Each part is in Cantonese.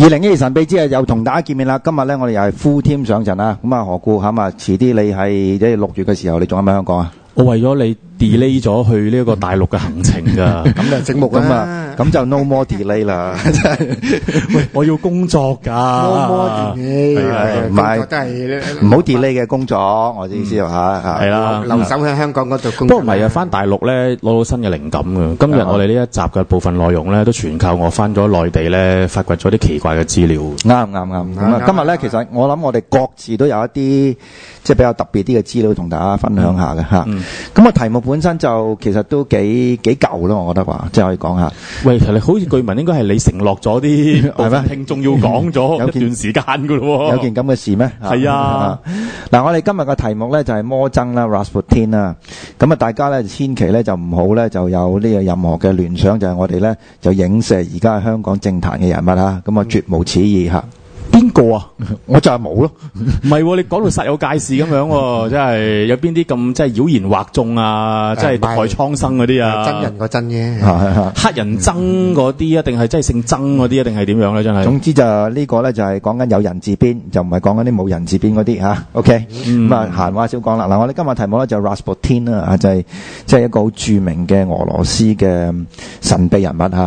二零一二神秘之夜又同大家見面啦！今日咧我哋又係 full team 上陣啦！咁啊何故吓嘛？遲啲你係即係六月嘅時候，你仲喺唔喺香港啊？我為咗你。delay 咗去呢一個大陸嘅行程㗎，咁就醒目㗎嘛，咁就 no more delay 啦，真係，喂，我要工作㗎，no more delay，唔係，唔好 delay 嘅工作，我先知嚇？係啦，留守喺香港嗰度工作，不過唔係啊，翻大陸咧攞到新嘅靈感㗎。今日我哋呢一集嘅部分內容咧，都全靠我翻咗內地咧，發掘咗啲奇怪嘅資料。啱唔啱？啱，咁啊，今日咧其實我諗我哋各自都有一啲即係比較特別啲嘅資料同大家分享下嘅嚇。咁啊題目。本身就其實都幾幾舊咯，我覺得話，即係可以講下。喂，其實好似據聞應該係你承諾咗啲，係咩？聽眾要講咗有段時間嘅咯？有件咁嘅事咩？係啊，嗱、嗯嗯嗯嗯嗯，我哋今日嘅題目咧就係魔僧啦，Rasputin 啦，咁啊大家咧千祈咧就唔好咧就有呢個任何嘅聯想，就係、是、我哋咧就影射而家香港政壇嘅人物啦咁啊，嗯、絕無此意個啊，我就係冇咯，唔 係、啊、你講到實有介事咁樣、啊 真，真係有邊啲咁即係妖言惑眾啊，即係禍害蒼生嗰啲啊？真人真啫，黑人憎嗰啲，一定係真係姓憎嗰啲，一定係點樣咧？真係，總之就呢、是這個咧就係講緊有人字邊，就唔係講緊啲冇人字邊嗰啲吓。OK，咁啊閒話少講啦。嗱，我哋今日題目咧就 Rasputin 啦、啊，就係即係一個好著名嘅俄羅斯嘅神秘人物吓。咁啊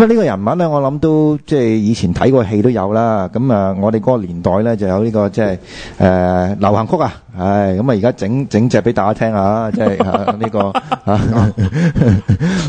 呢、嗯、個人物咧，我諗都即係、就是、以前睇過戲都有啦。咁啊。啊！我哋嗰個年代咧就有呢個即係誒流行曲啊，係咁啊！而家整整隻俾大家聽下，即係呢個啊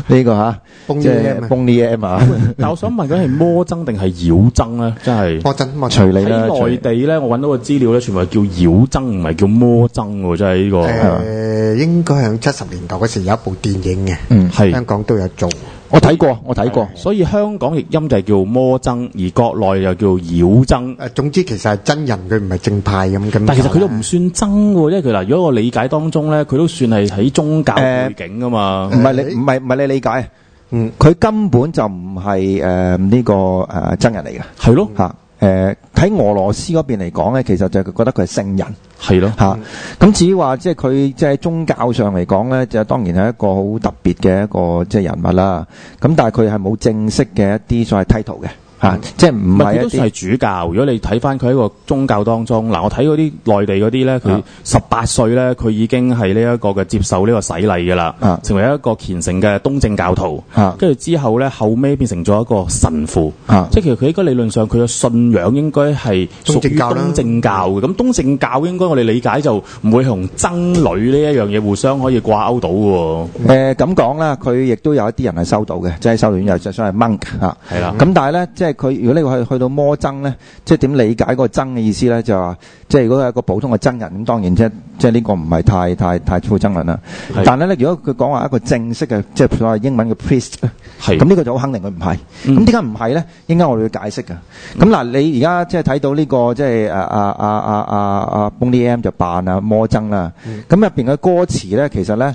呢個吓，即係 Boney M 啊嘛。但係我想問緊係魔僧定係妖僧咧？真係魔僧啊！隨你啦。喺內地咧，我揾到個資料咧，全部係叫妖僧，唔係叫魔僧嘅，真係呢個。誒，應該喺七十年代嗰時有一部電影嘅，香港都有做。我睇過，我睇過，所以香港譯音就係叫魔僧，而國內又叫妖僧。誒，總之其實係真人，佢唔係正派咁。但其實佢都唔算僧，因為佢嗱，如果我理解當中咧，佢都算係喺宗教背景噶嘛。唔係你，唔係唔係你理解，嗯，佢根本就唔係誒呢個誒、呃、真人嚟嘅，係咯吓。嗯誒、呃、喺俄羅斯嗰邊嚟講咧，其實就係佢覺得佢係聖人係咯嚇。咁至於話即係佢即係宗教上嚟講咧，就當然係一個好特別嘅一個即係人物啦。咁但係佢係冇正式嘅一啲所謂 title 嘅。吓、啊，即係唔係？佢都算係主教。如果你睇翻佢喺個宗教當中，嗱、啊，我睇嗰啲內地嗰啲咧，佢十八歲咧，佢已經係呢一個嘅接受呢個洗禮嘅啦，成為一個虔誠嘅東正教徒。跟、啊、住之後咧，後尾變成咗一個神父。啊、即係其實佢應該理論上佢嘅信仰應該係屬於東正教嘅。咁東正教應該我哋理解就唔會同僧侶呢一樣嘢互相可以掛鈎到嘅、啊。誒咁講啦，佢亦都有一啲人係收到嘅，即、就、係、是、收到嘅，又再想係 monk 啦，咁、嗯、但係咧即即係佢如果呢個去去到魔僧咧，即係點理解嗰個僧嘅意思咧？就話、是、即係如果係一個普通嘅僧人，咁當然即係即係呢個唔係太太太負責任啦。但係咧，如果佢講話一個正式嘅，即係所謂英文嘅 priest，咁呢個就好肯定佢唔係。咁點解唔係咧？應該我哋要解釋噶。咁嗱，你而家即係睇到呢、這個即係啊啊啊啊啊啊 Boney M 就扮啊魔僧啦。咁入邊嘅歌詞咧，其實咧。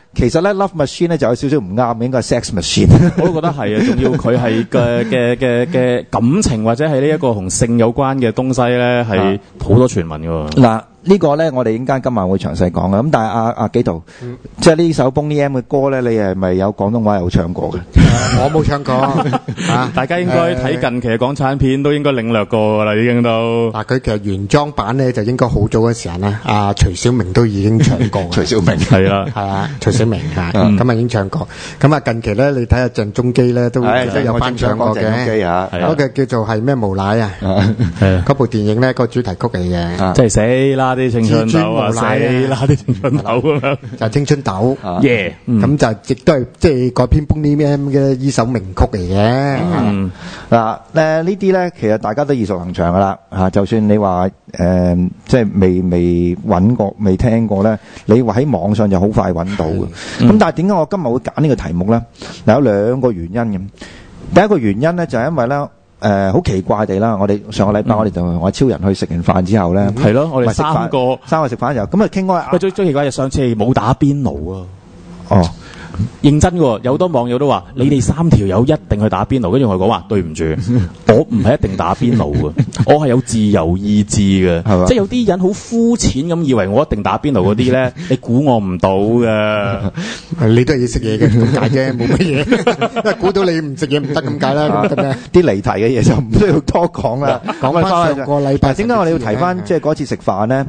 其實咧，Love Machine 咧就有少少唔啱，應該係 Sex Machine，我都覺得係啊，仲要佢係嘅嘅嘅嘅感情或者係呢一個同性有關嘅東西咧，係好多傳聞噶。嗱，呢個咧我哋應該今晚會詳細講嘅。咁但係阿阿紀陶，即係呢首 Boney M 嘅歌咧，你係咪有廣東話有唱過嘅？我冇唱過，大家應該睇近期嘅港產片都應該領略過噶啦，已經都。嗱，佢其實原裝版咧就應該好早嘅時間啦。阿徐小明都已經唱過，徐小明係啦，係啊，徐。知名啊，咁啊已經唱過，咁啊近期咧，你睇下鄭中基咧都，即係有翻唱過嘅，嗰個叫做係咩無賴啊？嗰部電影咧個主題曲嚟嘅，即係死啦啲青春豆啊，死啦啲青春豆咁樣，就青春豆，yeah，咁就亦都係即係改編 Boney M 嘅呢首名曲嚟嘅。嗱，誒呢啲咧其實大家都耳熟能詳噶啦，嚇，就算你話誒即係未未揾過、未聽過咧，你話喺網上又好快揾到嘅。咁、嗯、但係點解我今日會揀呢個題目咧？嗱，有兩個原因，咁第一個原因咧就係、是、因為咧，誒、呃，好奇怪地啦，我哋上個禮拜、嗯、我哋就同我超人去食完飯之後咧，係、嗯、咯，我哋食個三個食飯之後。咁啊，傾開最最奇怪就上次冇打邊爐啊，哦。認真嘅，有多網友都話：你哋三條友一定去打邊爐。跟住我講話：對唔住，我唔係一定打邊爐嘅，我係有自由意志嘅，係嘛？即係有啲人好膚淺咁，以為我一定打邊爐嗰啲咧，你估我唔到嘅。你都係要食嘢嘅，咁解啫，冇乜嘢。估到你唔食嘢唔得，咁解啦，得啲離題嘅嘢就唔需要多講啦。講翻上個禮拜，點解我哋要提翻即係嗰次食飯咧？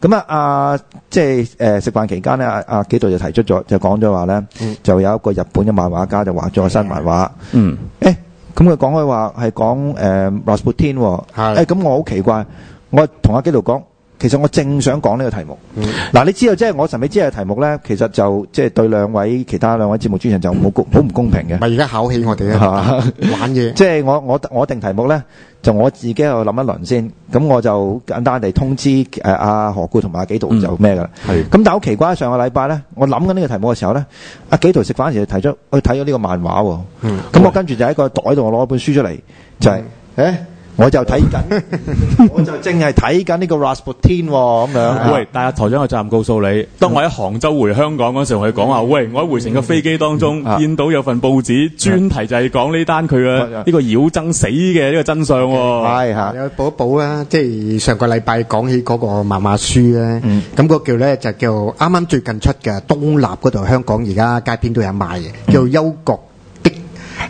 咁啊，阿即係誒食飯期間咧，阿阿紀陶就提出咗，就講咗話咧。就有一個日本嘅漫畫家就畫咗個新漫畫。嗯，誒、欸，咁佢講開話係講誒，Lost But 天。係，誒、呃，咁、欸、我好奇怪，我同阿紀陶講。其實我正想講呢個題目。嗱、嗯啊，你知道即係我神秘之夜嘅題目咧，其實就即係對兩位其他兩位節目主持人就冇好唔公平嘅。唔係而家考起我哋啊，玩嘢。即係我我我定題目咧，就我自己又諗一輪先。咁我就簡單地通知誒阿、啊啊、何故同埋阿紀陶就咩噶啦。係、嗯。咁、嗯、但係好奇怪，上個禮拜咧，我諗緊呢個題目嘅時候咧，阿紀陶食飯時就提出去睇咗呢個漫畫。嗯。咁我跟住就喺個袋度我攞本書出嚟，就係、是、誒。嗯欸我就睇緊， 我就正係睇緊呢個 Rasputin 咁、啊、樣。喂，啊、但係台長，我暫時，我唔告訴你，當我喺杭州回香港嗰時候、嗯，我哋講話：「喂，我喺回程嘅飛機當中、嗯嗯嗯、見到有份報紙，專、嗯、題就係講呢單佢嘅呢個妖僧死嘅呢、這個真相。係吓有寶寶啊，嗯嗯、補一補即係上個禮拜講起嗰個漫畫書咧，咁、嗯那個叫咧就叫啱啱最近出嘅東立嗰度，香港而家街邊都有賣嘅，叫幽閣。嗯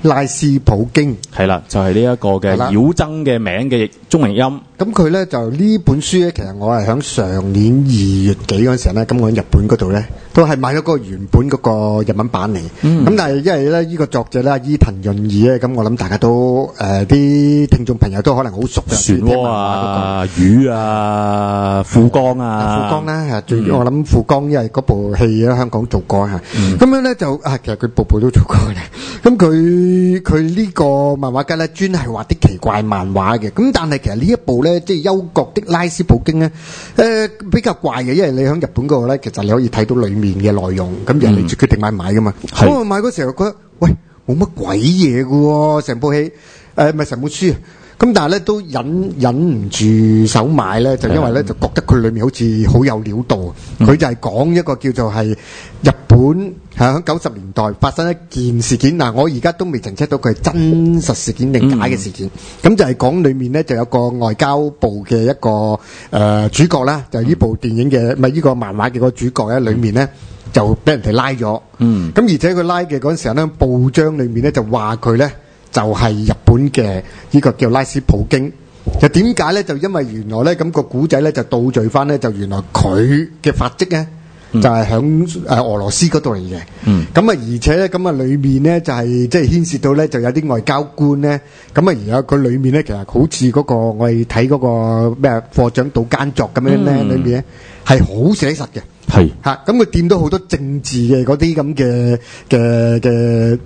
拉斯普京係啦，就係呢一個嘅妖僧嘅名嘅中文音。咁佢咧就呢本書咧，其實我係喺上年二月幾嗰陣時咧，咁我喺日本嗰度咧，都係買咗個原本嗰個日文版嚟。咁但係因為咧呢個作者咧伊藤潤二咧，咁我諗大家都誒啲聽眾朋友都可能好熟嘅漩渦啊、魚啊、富江啊、富江咧，最我諗富江因為嗰部戲咧香港做過嚇。咁樣咧就啊，其實佢部部都做過嘅。咁佢佢呢個漫畫家咧專係畫啲奇怪漫畫嘅。咁但係其實呢一部。咧即係《憂國的拉斯普京》咧，誒比較怪嘅，因為你喺日本嗰個咧，其實你可以睇到裡面嘅內容，咁人哋就決定買唔買噶嘛。我買嗰時候覺得，喂，冇乜鬼嘢㗎喎，成部戲誒唔係成部書。咁但係咧都忍忍唔住手買咧，就因為咧就覺得佢裏面好似好有料到，佢就係講一個叫做係日本喺九十年代發生一件事件。嗱，我而家都未曾 check 到佢係真實事件定假嘅事件。咁就係講裏面咧就有個外交部嘅一個誒主角咧，就呢部電影嘅唔係呢個漫畫嘅個主角咧，裏面咧就俾人哋拉咗。咁而且佢拉嘅嗰陣時候咧，報章裏面咧就話佢咧。就係、是、日本嘅呢個叫拉斯普京，就點解咧？就因為原來咧，咁個古仔咧就倒敍翻咧，就原來佢嘅發跡咧就係喺誒俄羅斯嗰度嚟嘅。嗯，咁啊，而且咧咁啊，裏面咧就係即係牽涉到咧就有啲外交官咧，咁啊，而家佢裏面咧，其實好似嗰個我哋睇嗰個咩課長島耕作咁樣咧，裏面咧係好寫實嘅。係嚇，咁佢掂到好多政治嘅嗰啲咁嘅嘅嘅。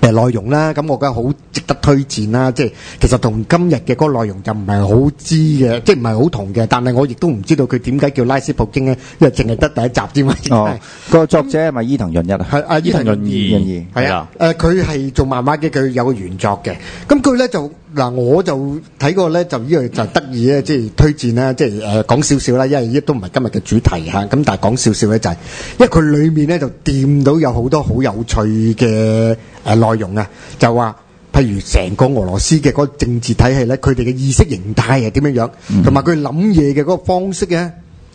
誒，內容啦，咁我覺得好值得推薦啦。即係其實同今日嘅嗰個內容就唔係好知嘅，即係唔係好同嘅。但係我亦都唔知道佢點解叫拉斯普京咧，因為淨係得第一集啫嘛。哦，嗰個作者係咪伊藤潤一啊？係阿伊藤潤二，潤二係啊。誒、啊，佢、呃、係做漫畫嘅，佢有個原作嘅。咁佢咧就。嗱，我就睇過咧就呢個就得意咧，即係推薦啦，即係誒講少少啦，因為呢都唔係今日嘅主題，咁，但係講少少咧就係，因為佢裏面咧就掂到有好多好有趣嘅誒內容啊，就話譬如成個俄羅斯嘅嗰個政治體系咧，佢哋嘅意識形態係點樣樣，同埋佢諗嘢嘅嗰個方式咧。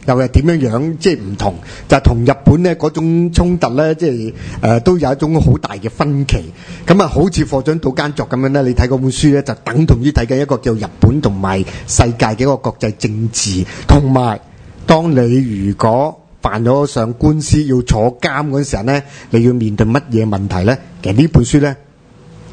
又係點樣樣？即係唔同，就同、係、日本呢嗰種衝突呢，即係誒、呃、都有一種好大嘅分歧。咁啊，好似《課長島耕作》咁樣呢，你睇嗰本書呢，就等同於睇緊一個叫日本同埋世界嘅一個國際政治。同埋，當你如果犯咗上官司要坐監嗰時候呢，你要面對乜嘢問題呢？其實呢本書呢。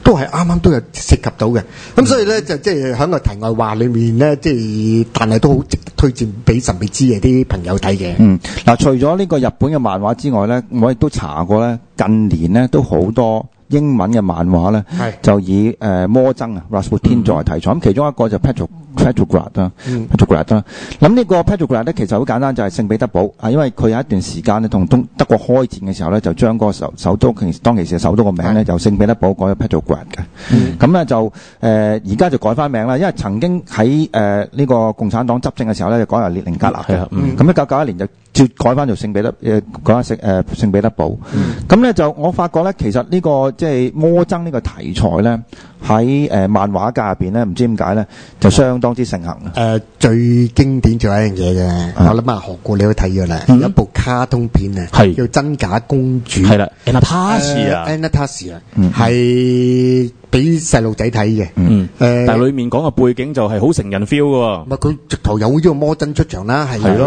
都係啱啱都有涉及到嘅，咁所以咧就即係喺個題外話裏面咧，即係但係都好值得推薦俾神秘之夜嘅啲朋友睇嘅。嗯，嗱、啊，除咗呢個日本嘅漫畫之外咧，我亦都查過咧，近年咧都好多英文嘅漫畫咧，就以誒魔、呃、僧啊，Rasputin 作為題材，咁、嗯、其中一個就 Petrol。嗯 Petrograd 啦、嗯、Petrograd 啦，咁呢個 Petrograd 咧其實好簡單，就係聖彼得堡啊，因為佢有一段時間咧同中德國開戰嘅時候咧，就將嗰個首都首都其當其時嘅首都個名咧由聖彼得堡改咗 Petrograd 嘅、嗯，咁咧就誒而家就改翻名啦，因為曾經喺誒呢個共產黨執政嘅時候咧，就改為列寧格勒嘅，咁一九九一年就照改翻做聖彼得誒改翻聖誒、呃、聖彼得堡，咁、嗯、咧就我發覺咧其實呢、這個即係魔僧呢個題材咧。喺誒、呃、漫畫界入邊咧，唔知點解咧，就相當之盛行。誒、呃、最經典仲有一樣嘢嘅，啊、我諗啊學過，你過，你去睇咗啦。一部卡通片啊，係叫《真假公主》。係啦，Anastasia 啊，係。俾細路仔睇嘅，誒，但係裏面講嘅背景就係好成人 feel 嘅。唔係佢直頭有呢個魔僧出場啦，係裏面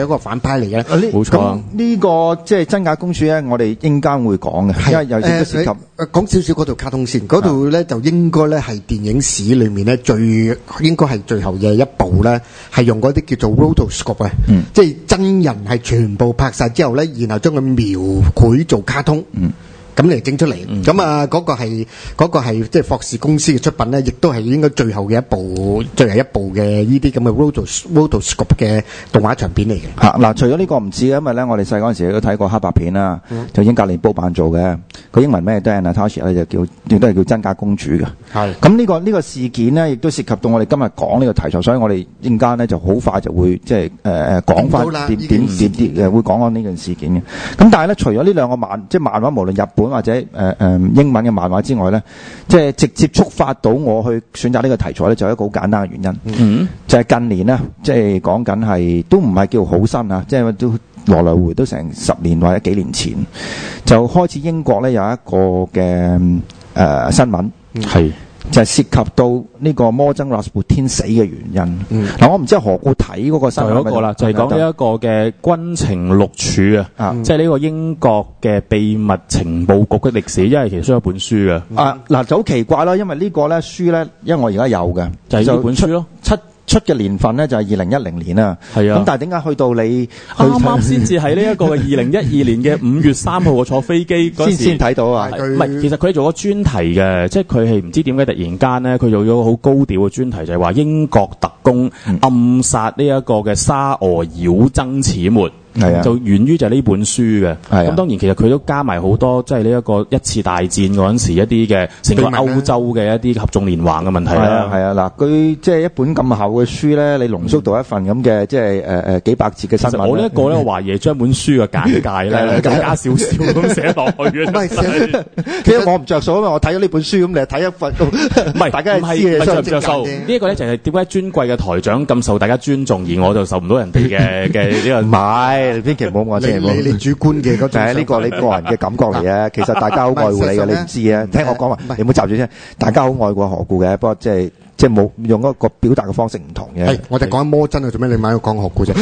嘅一個反派嚟嘅。冇錯。咁呢個即係真假公主咧，我哋應間會講嘅，因為有少少涉及。誒，講少少嗰度卡通先，嗰度咧就應該咧係電影史裏面咧最應該係最後嘅一部咧，係用嗰啲叫做 rotoscope 嘅，即係真人係全部拍晒之後咧，然後將佢描繪做卡通。咁嚟整出嚟，咁啊嗰、那個係嗰、那個係即係霍士公司嘅出品咧，亦都係應該最後嘅一部最後一部嘅呢啲咁嘅 rotos rotoscope 嘅動畫長片嚟嘅、啊。嚇、啊、嗱，除咗呢個唔知，因為咧我哋細嗰陣時都睇過黑白片啦，就、嗯、英格烈褒曼做嘅，佢英文咩 Anastasia 就叫亦都係叫真假公主嘅。係。咁、啊、呢、這個呢、這個事件咧，亦都涉及到我哋今日講呢個題材，所以我哋陣間咧就好快就會即係誒誒講翻點點點點會講下呢件事件嘅。咁、啊、但係咧，除咗呢兩個即漫即係漫畫，無論日本。本或者、呃嗯、英文嘅漫畫之外呢，即、就、係、是、直接觸發到我去選擇呢個題材呢，就係、是、一個好簡單嘅原因。Mm-hmm. 就係近年呢，即係講緊係都唔係叫好新啊，即、就、係、是、都來來回都成十年或者幾年前，就開始英國呢有一個嘅、呃、新聞係。Mm-hmm. 是就係、是、涉及到呢個魔僧拉斯普丁死嘅原因。嗱、嗯啊，我唔知何故睇嗰個新聞，嗰個啦，就係講呢一個嘅、就是、軍情六處啊，即係呢個英國嘅秘密情報局嘅歷史、嗯啊啊，因為其實有一本書嘅。啊，嗱就好奇怪啦，因為呢個咧書咧，因為我而家有嘅，就係、是、呢本書咯，七。出嘅年份呢就係二零一零年啊，咁但係點解去到你啱啱先至喺呢一個二零一二年嘅五月三號我坐飛機先先睇到啊？唔係是他，其實佢做個專題嘅，即係佢係唔知點解突然間呢，佢做咗好高調嘅專題，就係、是、話英國特工暗殺呢一個嘅沙俄妖僧始末。係啊，就源於就呢本書嘅。咁、啊、當然其實佢都加埋好多，即係呢一個一次大戰嗰陣時候一啲嘅，成個歐洲嘅一啲合縱連橫嘅問題，啊啊啊啊、啦。係啊，嗱，佢即係一本咁厚嘅書咧，你濃縮到一份咁嘅，即係誒誒幾百字嘅新聞，我呢個咧懷疑將本書嘅簡介咧，加少少咁寫落去嘅。其實我唔、這、着、個嗯啊 就是、數，因為我睇咗呢本書，咁你睇一份，唔係 大家唔係唔係着數。呢一、這個咧就係點解尊貴嘅台長咁受大家尊重，而我就受唔到人哋嘅嘅呢個買。 誒，千祈唔好我先，你你主觀嘅，就喺呢個你個人嘅感覺嚟嘅。其實大家好愛護你嘅，你唔知啊，聽我講話，你唔好攪住先。大家好愛過何故嘅，不過即係。即係冇用一個表達嘅方式唔同嘅。係，我哋講魔僧啊，做咩你買個講學故啫？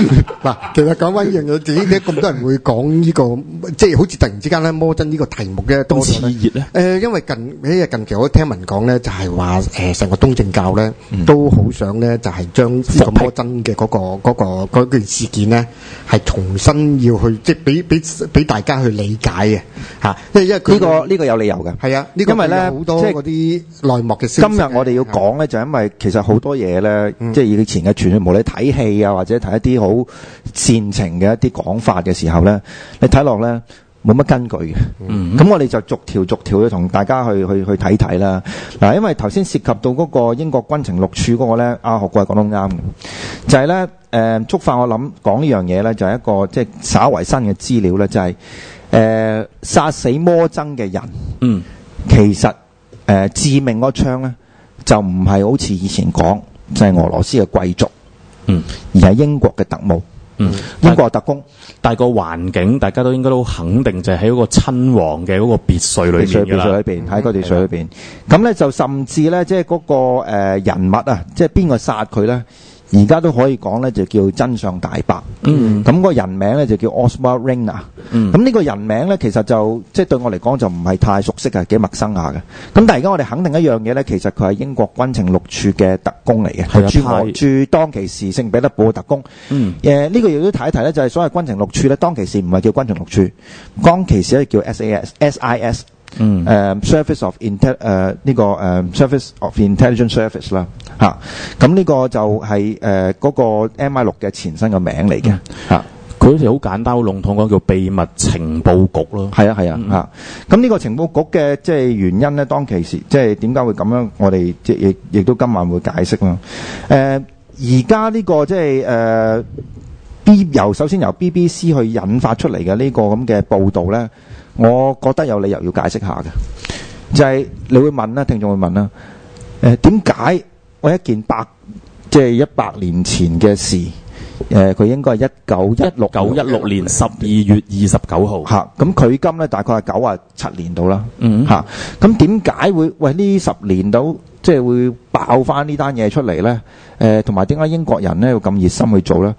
嗱，其實講翻呢樣嘢點解咁多人會講呢個？即係好似突然之間咧，魔僧呢個題目咧都似熱咧。誒，因為近喺日近期我聽聞講咧，就係話誒成個東正教咧都好想咧，就係將呢個魔僧嘅嗰個嗰個嗰件事件咧，係重新要去即係俾俾俾大家去理解嘅嚇。即係因為呢個呢個有理由嘅。係啊，因為咧好多即係嗰啲內幕嘅消息。今日我哋要講咧就係。因為其實好多嘢呢，即、嗯、係以前嘅傳説，無論睇戲啊，或者睇一啲好煽情嘅一啲講法嘅時候呢，你睇落呢，冇乜根據嘅。咁、嗯、我哋就逐條逐條去同大家去去去睇睇啦。嗱，因為頭先涉及到嗰個英國軍情六處嗰、那個呢，阿、啊、學貴講得啱就係呢。誒觸發我諗講呢樣嘢呢，就係、是呃、一個即係、就是、稍為新嘅資料呢，就係、是、誒、呃、殺死魔僧嘅人、嗯，其實誒、呃、致命嗰槍呢。就唔係好似以前講，就係、是、俄羅斯嘅貴族，嗯，而係英國嘅特務，嗯，英國嘅特工。但係個環境，大家都應該都肯定，就係喺嗰個親王嘅嗰個別墅裏面，面，喺別別墅裏邊，喺個別墅裏邊。咁呢就甚至呢，即係嗰個、呃、人物啊，即係邊個殺佢呢？而家都可以講咧，就叫真相大白。嗯，咁、嗯嗯嗰人名咧就叫 Oswald Rayner。嗯，咁呢個人名咧，其實就即係對我嚟講就唔係太熟悉嘅，幾陌生下嘅。咁但而家我哋肯定一樣嘢咧，其實佢係英國軍情六處嘅特工嚟嘅，係啊，係駐，駐當其時聖彼得堡嘅特工。嗯，誒、呃、呢、呢個要都睇一提咧，就係、是、所謂軍情六處咧，當其時唔係叫軍情六處，當其時咧叫 S A S S I S。嗯，誒、uh,，surface of int Intelli- 誒呢、uh, 個誒 surface of intelligence service 啦嚇，咁呢個就係誒嗰個 MI 六嘅前身嘅名嚟嘅嚇，佢好似好簡單好籠統，講叫秘密情報局咯。係啊係啊嚇，咁呢個情報局嘅即係原因咧，當其時即係點解會咁樣？我哋即亦亦都今晚會解釋咯。誒，而家呢個即係 B 由首先由 BBC 去引發出嚟嘅呢個咁嘅報導咧。我覺得有理由要解釋下嘅，就係、是、你會問啦，聽眾會問啦，誒點解我一件百，即係一百年前嘅事，誒、呃、佢應該係一九一六九一六年十二月二十九號，嚇，咁佢今呢大概係九啊七年到啦，嗯，嚇，咁點解會喂呢十年到即係會爆翻呢單嘢出嚟呢？誒同埋點解英國人呢要咁熱心去做呢？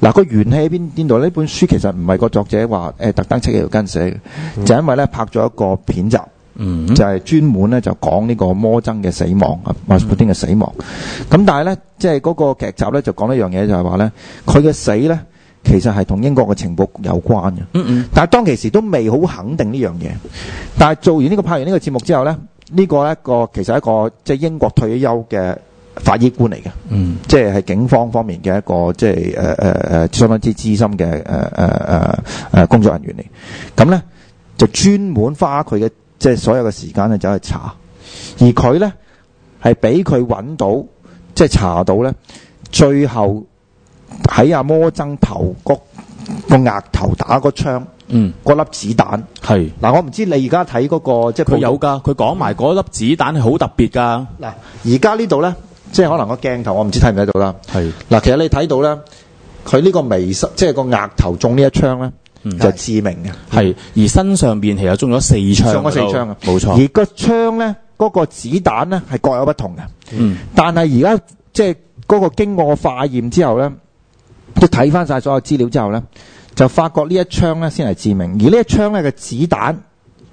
嗱、個元氣喺邊邊度？呢本書其實唔係個作者話、呃、特登寫嚟跟寫嘅，mm-hmm. 就因為咧拍咗一個片集，mm-hmm. 就係專門咧就講呢個魔僧嘅死亡啊，馬斯普丁嘅死亡。咁、mm-hmm. 但係咧，即係嗰個劇集咧就講一樣嘢，就係話咧佢嘅死咧其實係同英國嘅情報有關嘅。嗯嗯。但係當其時都未好肯定呢樣嘢。但係做完呢、這個拍完呢個節目之後咧，這個、呢個一個其實一個即係、就是、英國退休嘅。法醫官嚟嘅、嗯，即係喺警方方面嘅一個，即係誒誒誒，相當之資深嘅誒誒工作人員嚟。咁咧就專門花佢嘅即係所有嘅時間咧，走去查。而佢咧係俾佢揾到，即係查到咧，最後喺阿摩僧頭嗰個額頭打個槍，嗯，嗰粒子彈係。嗱，我唔知你而家睇嗰個即係佢有㗎，佢講埋嗰粒子彈係好特別㗎。嗱、嗯，而家呢度咧。即係可能個鏡頭我唔知睇唔睇到啦。係嗱，其實你睇到咧，佢呢個眉即係個額頭中呢一槍咧，就係致命嘅。係、嗯、而身上邊其實中咗四槍，中咗四槍啊，冇錯。而個槍咧，嗰個子彈咧係各有不同嘅。嗯，但係而家即係嗰個經過化驗之後咧，都睇翻晒所有資料之後咧，就發覺呢一槍咧先係致命，而呢一槍咧嘅子彈，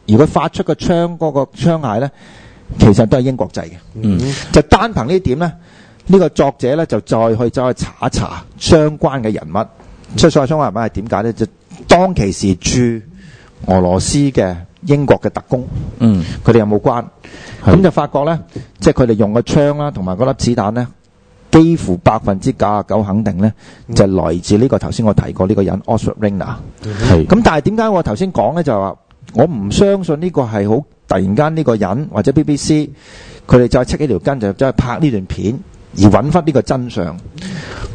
如果發出個槍嗰個槍械咧。其實都係英國製嘅，mm-hmm. 就單憑呢點呢，呢、這個作者呢，就再去再查一查相關嘅人物。即、mm-hmm. 係所謂相關人物係點解呢？就當其時駐俄羅斯嘅英國嘅特工，嗯、mm-hmm.，佢哋有冇關？咁就發覺呢，即係佢哋用嘅槍啦、啊，同埋嗰粒子彈呢，幾乎百分之九啊九肯定呢，mm-hmm. 就來自呢個頭先我提過呢、mm-hmm. 個人 Oshtrinna。係。咁但係點解我頭先講呢？就話、是、我唔相信呢個係好？突然間呢個人或者 BBC，佢哋再出幾條筋就走去拍呢段片，而揾翻呢個真相。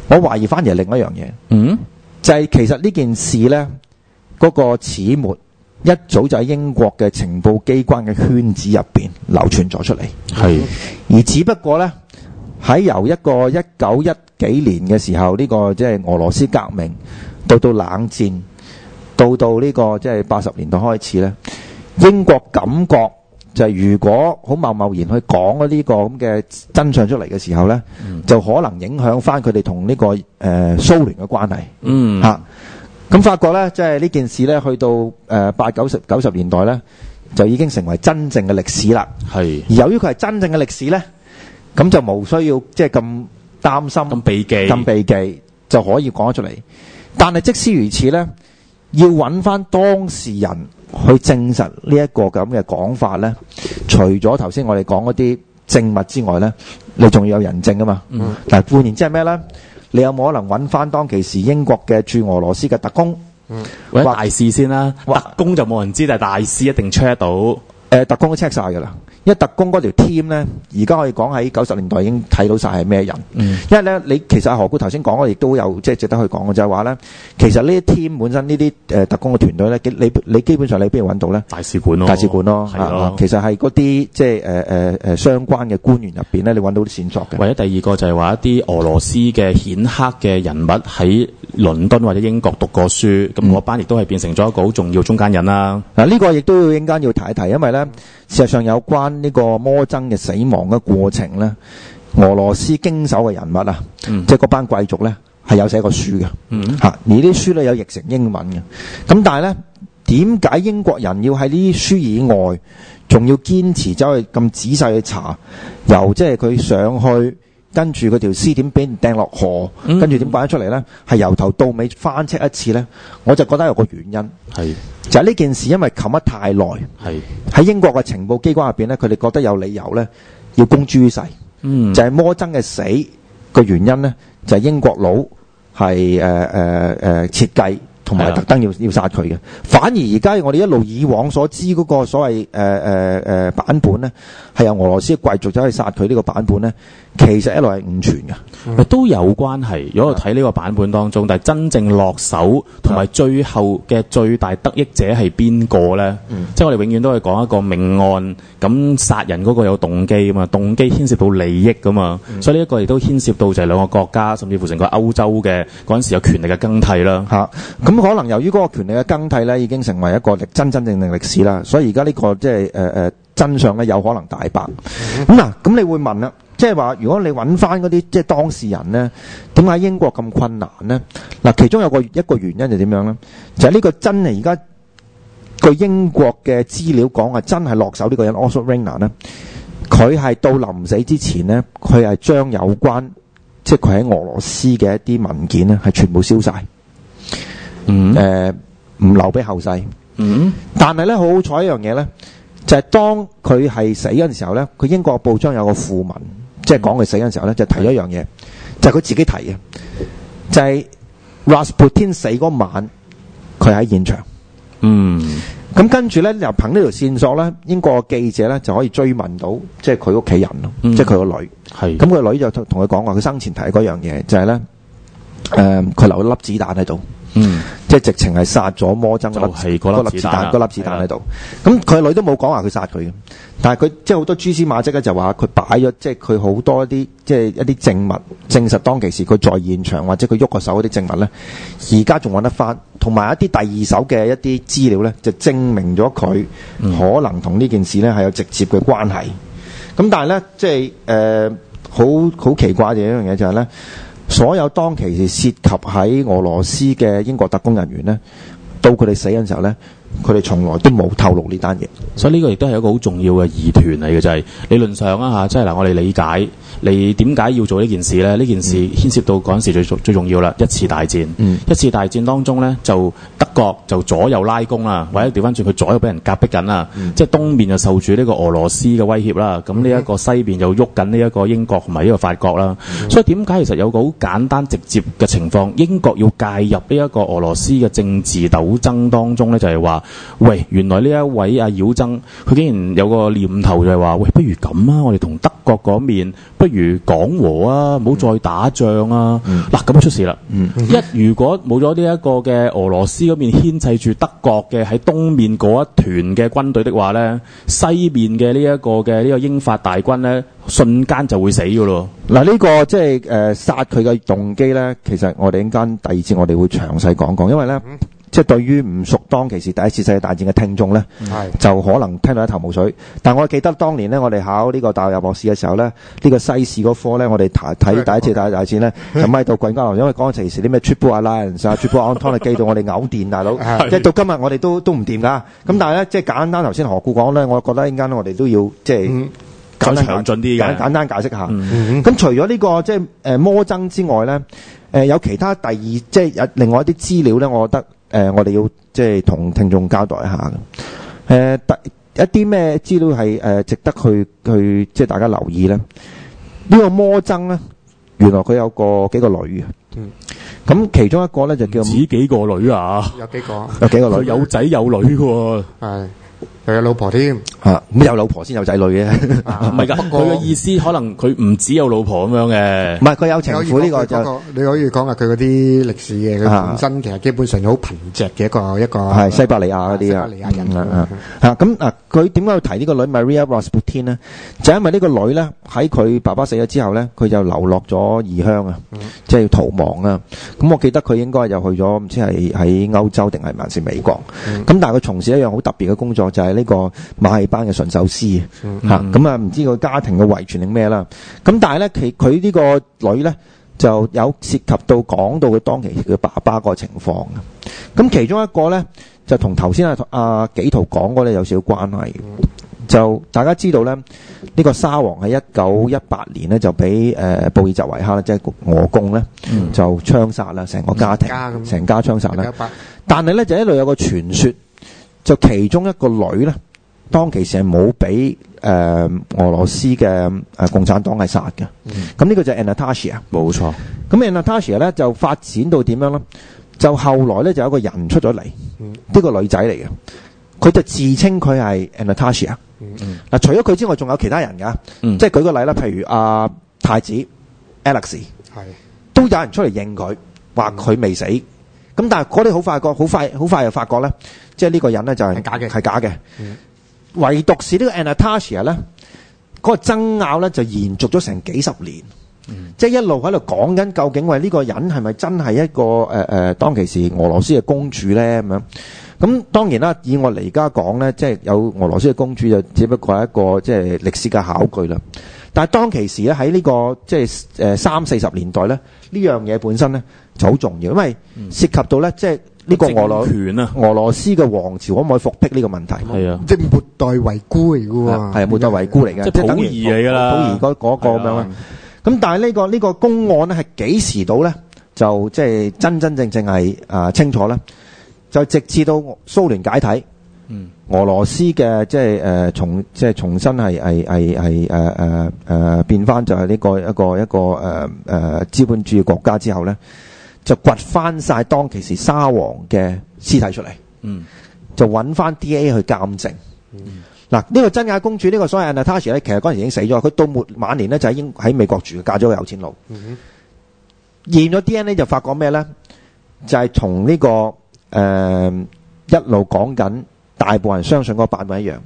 我懷疑翻而係另一樣嘢，嗯，就係、是、其實呢件事呢，嗰、那個始末一早就喺英國嘅情報機關嘅圈子入邊流傳咗出嚟。係而只不過呢，喺由一個一九一幾年嘅時候，呢、這個即係俄羅斯革命，到到冷戰，到到呢個即係八十年代開始呢。英國感覺就係、是、如果好貿貿然去講呢個咁嘅真相出嚟嘅時候呢、嗯、就可能影響翻佢哋同呢個誒、呃、蘇聯嘅關係。嗯、啊，咁法國呢，即係呢件事呢去到誒、呃、八九十九十年代呢，就已經成為真正嘅歷史啦。係。由於佢係真正嘅歷史呢，咁就無需要即係咁擔心咁避忌、忌，咁避忌就可以講得出嚟。但係即使如此呢，要揾翻當事人。去證實呢一個咁嘅講法呢，除咗頭先我哋講嗰啲證物之外呢，你仲要有人證啊嘛。嗯、但係換言之係咩呢？你有冇可能揾翻當其時英國嘅駐俄羅斯嘅特工，嗯、或大使先啦？特工就冇人知，但係大使一定 check 到、呃。特工都 check 晒噶啦。一特工嗰條 team 咧，而家我哋講喺九十年代已經睇到晒係咩人，嗯。因為咧，你其實阿何故頭先講我亦都有即係值得去講嘅，就係話咧，其實呢啲 team 本身呢啲誒特工嘅團隊咧，你你基本上你邊度揾到咧？大使館咯，大使館咯，嚇、啊啊，其實係嗰啲即係誒誒誒相關嘅官員入邊咧，你揾到啲線索嘅。或者第二個就係話一啲俄羅斯嘅顯赫嘅人物喺倫敦或者英國讀過書，咁、嗯、我班亦都係變成咗一個好重要中間人啦、啊。嗱、啊，呢、呢個亦都要應間要提一提，因為咧。事實上，有關呢個魔僧嘅死亡嘅過程呢，俄羅斯經手嘅人物啊、嗯，即係嗰班貴族呢，係有寫過書嘅，吓、嗯、而啲書呢，有譯成英文嘅。咁但係呢，點解英國人要喺呢啲書以外，仲要堅持走去咁仔細去查？由即係佢上去。跟住嗰條屍點俾人掟落河，跟住點擺得出嚟呢？係由頭到尾翻車一次呢。我就覺得有個原因。就係、是、呢件事，因為冚得太耐，喺英國嘅情報機關入面呢，佢哋覺得有理由呢，要公諸於世、嗯。就係、是、魔僧嘅死個原因呢，就係、是、英國佬係設計。呃呃呃同埋特登要要殺佢嘅，反而而家我哋一路以往所知嗰個所謂誒誒誒版本咧，係由俄羅斯貴族走去殺佢呢個版本咧，其實一路係誤傳嘅，都有關係，如果我睇呢個版本當中，嗯、但係真正落手同埋最後嘅最大得益者係邊個咧？即係我哋永遠都係講一個命案，咁殺人嗰個有動機啊嘛，動機牽涉到利益㗎嘛，嗯、所以呢一個亦都牽涉到就係兩個國家甚至乎成個歐洲嘅嗰陣時有權力嘅更替啦。吓、嗯。咁、嗯。嗯嗯咁可能由於嗰個權力嘅更替咧，已經成為一個歷真真正正歷史啦，所以而家呢個即係誒誒真相咧，有可能大白。咁、嗯、嗱，咁你會問啦，即係話如果你揾翻嗰啲即係當事人咧，點解英國咁困難咧？嗱，其中有個一個原因就點樣咧？就係、是、呢個真係，而家據英國嘅資料講啊，真係落手呢個人 Oswald Rayner 咧，佢、嗯、係到臨死之前咧，佢係將有關即係佢喺俄羅斯嘅一啲文件咧，係全部燒晒。」嗯、mm-hmm. 呃，誒，唔留俾後世。嗯、mm-hmm.，但係咧，好好彩一樣嘢咧，就係、是、當佢係死嗰陣時候咧，佢英國報章有個訃聞，即係講佢死嗰陣時候咧，就提咗一樣嘢，mm-hmm. 就係佢自己提嘅，就係、是、Rasputin 死嗰晚，佢喺現場。Mm-hmm. 嗯，咁跟住咧，又憑呢條線索咧，英國記者咧就可以追問到，即係佢屋企人咯，即係佢個女係。咁、mm-hmm. 佢女就同佢講話，佢生前提嗰樣嘢就係、是、咧，誒、呃，佢留粒子彈喺度。嗯，即係直情係殺咗魔僧嗰粒子彈，嗰粒子彈喺度。咁佢女都冇講話佢殺佢，但係佢即係好多蛛絲馬跡咧，就話佢擺咗，即係佢好多啲，即係一啲證物、嗯、證實當其時佢在現場或者佢喐過手嗰啲證物呢，而家仲揾得翻，同埋一啲第二手嘅一啲資料呢，就證明咗佢可能同呢件事呢係有直接嘅關係。咁、嗯、但係呢，即係誒，好、呃、好奇怪嘅一樣嘢就係呢。所有當其時涉及喺俄羅斯嘅英國特工人員呢，到佢哋死嘅時候呢，佢哋從來都冇透露呢單嘢，所以呢個亦都係一個好重要嘅疑團嚟嘅，就係、是、理論上啊嚇，即係嗱，我哋理解。你點解要做呢件事呢？呢件事牽涉到嗰陣時最重最重要啦，一次大戰、嗯。一次大戰當中呢，就德國就左右拉弓啦，或者調翻轉佢左右俾人夾逼緊啦。嗯、即係東面就受住呢個俄羅斯嘅威脅啦。咁呢一個西面又喐緊呢一個英國同埋呢個法國啦。嗯、所以點解其實有個好簡單直接嘅情況，英國要介入呢一個俄羅斯嘅政治鬥爭當中呢，就係、是、話：，喂，原來呢一位阿、啊、妖僧，佢竟然有個念頭就係話：，喂，不如咁啊，我哋同德國嗰面不如講和啊，唔好再打仗啊！嗱、嗯，咁、啊、出事啦、嗯嗯。一如果冇咗呢一個嘅俄羅斯嗰邊牽制住德國嘅喺東面嗰一團嘅軍隊的話呢，西面嘅呢一個嘅呢、呢個英法大軍呢，瞬間就會死噶咯。嗱、啊，呢、呢個即係誒殺佢嘅動機呢，其實我哋依家第二節我哋會詳細講講，因為呢。嗯即係對於唔熟當其時第一次世界大戰嘅聽眾咧，就可能聽到一頭霧水。但我記得當年咧、這個，我哋考呢個大學入博士嘅時候咧，呢個西史嗰科咧，我哋睇第一次世界大戰咧，就咪到滾瓜浪，因為講嗰陣時啲咩 Triple Alliance 啊、Triple Entente 記到我哋嘔電大佬，即係到今日我哋都都唔掂㗎。咁 但係咧，即係簡單頭先何故講咧？我覺得依家我哋都要即係、嗯、簡單詳盡啲，簡簡單，簡單解釋下。咁、嗯嗯、除咗呢、這個即係誒魔僧之外咧、呃，有其他第二即係另外一啲資料咧，我覺得。誒，我哋要即係同聽眾交代一下嘅。誒，第一啲咩資料係誒值得去去即係大家留意咧？呢個魔僧咧，原來佢有個幾個女嘅。嗯，咁其中一個咧就叫幾幾個女啊？有幾個？有幾個女？佢有仔有女嘅。係。佢有老婆添，咁有老婆先有仔女嘅，唔係㗎。佢嘅意思可能佢唔只有老婆咁樣嘅，唔係佢有情婦呢個，你可以講下佢嗰啲歷史嘅，佢本身其實基本上好貧瘠嘅一個一個，係西伯利亞嗰啲啊，西伯利亞人啊，嚇咁啊，佢點解要提呢個女 Maria Rasputin 咧？就因為呢個女咧喺佢爸爸死咗之後咧，佢就流落咗異鄉啊，即係要逃亡啊。咁我記得佢應該又去咗唔知係喺歐洲定係還是美國。咁但係佢從事一樣好特別嘅工作，就係。呢、這個馬戲班嘅馴獸師嚇，咁、嗯、啊唔、嗯嗯嗯、知個家庭嘅遺傳定咩啦？咁、嗯、但係咧，其佢呢個女咧就有涉及到講到佢當其時佢爸爸個情況嘅。咁其中一個咧就同頭先啊啊紀陶講嗰啲有少少關係。就大家知道咧，呢、這個沙皇喺一九一八年咧就俾誒、呃、布爾什維克即係俄共咧就槍殺啦，成個家庭，成家，家槍殺咧。但係咧就一路有一個傳說。嗯嗯就其中一個女咧，當其時係冇俾誒俄羅斯嘅、呃、共產黨係殺嘅。咁、嗯、呢個就係 Anastasia 冇錯。咁 Anastasia 咧就發展到點樣咧？就後來咧就有一個人出咗嚟，呢、嗯呢個女仔嚟嘅，佢就自稱佢係 Anastasia 嗱，除咗佢之外，仲有其他人㗎、嗯。即係舉個例啦，譬如阿、呃、太子 Alexy，都有人出嚟認佢，話佢未死。嗯嗯咁但係嗰啲好快覺，好快好快就發覺咧，即係呢個人咧就係、是、係假嘅，係假嘅、嗯。唯獨是呢個 Anatasia 咧，嗰個爭拗咧就延續咗成幾十年，嗯、即係一路喺度講緊究竟，喂呢個人係咪真係一個誒誒、呃呃、當其時俄羅斯嘅公主咧？咁樣咁當然啦，以我嚟家講咧，即係有俄羅斯嘅公主，就只不過係一個即係歷史嘅考據啦。嗯但係當其時咧、這個，喺呢個即係誒三四十年代咧，呢樣嘢本身咧就好重要，因為涉及到咧即係呢個俄羅權、啊、俄羅斯嘅王朝可唔可以復辟呢個問題？係啊，啊，啊，即係末代遺孤嚟嘅喎。係末代遺孤嚟嘅，即係溥儀嚟㗎啦。溥儀嗰嗰個咁樣。咁、啊、但係、呢個呢個公案咧，係幾時到咧？就即係真真正正係啊、呃、清楚咧，就直至到蘇聯解體。嗯，俄羅斯嘅即係誒、呃，重即係重新係係係係誒誒誒變翻就係呢、這個一個一個誒誒資本主義國家之後咧，就掘翻晒當其時沙皇嘅屍體出嚟。嗯，就揾翻 D A 去鑒證。嗯，嗱呢、這個真假公主呢、這個所謂 Anastasia 咧，其實嗰時已經死咗。佢到末晚年咧就喺英喺美國住，嫁咗個有錢佬。嗯哼，驗咗 D N A 就發覺咩咧？就係從呢個誒、呃、一路講緊。大部分人相信嗰個版本一樣，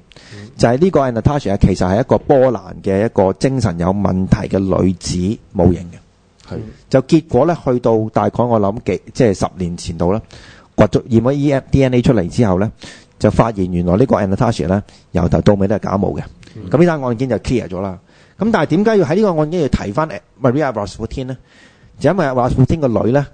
就係、是、呢個 Anastasia 其實係一個波蘭嘅一個精神有問題嘅女子模型嘅。就結果咧，去到大概我諗幾即係十年前度啦，掘足驗咗 E m D N A 出嚟之後咧，就發現原來呢個 Anastasia 呢個 Anastasia 咧由頭到尾都係假冒嘅。咁呢單案件就 clear 咗啦。咁但係點解要喺呢個案件要提翻 Maria Rasputin 咧？就因為 Rasputin 個女咧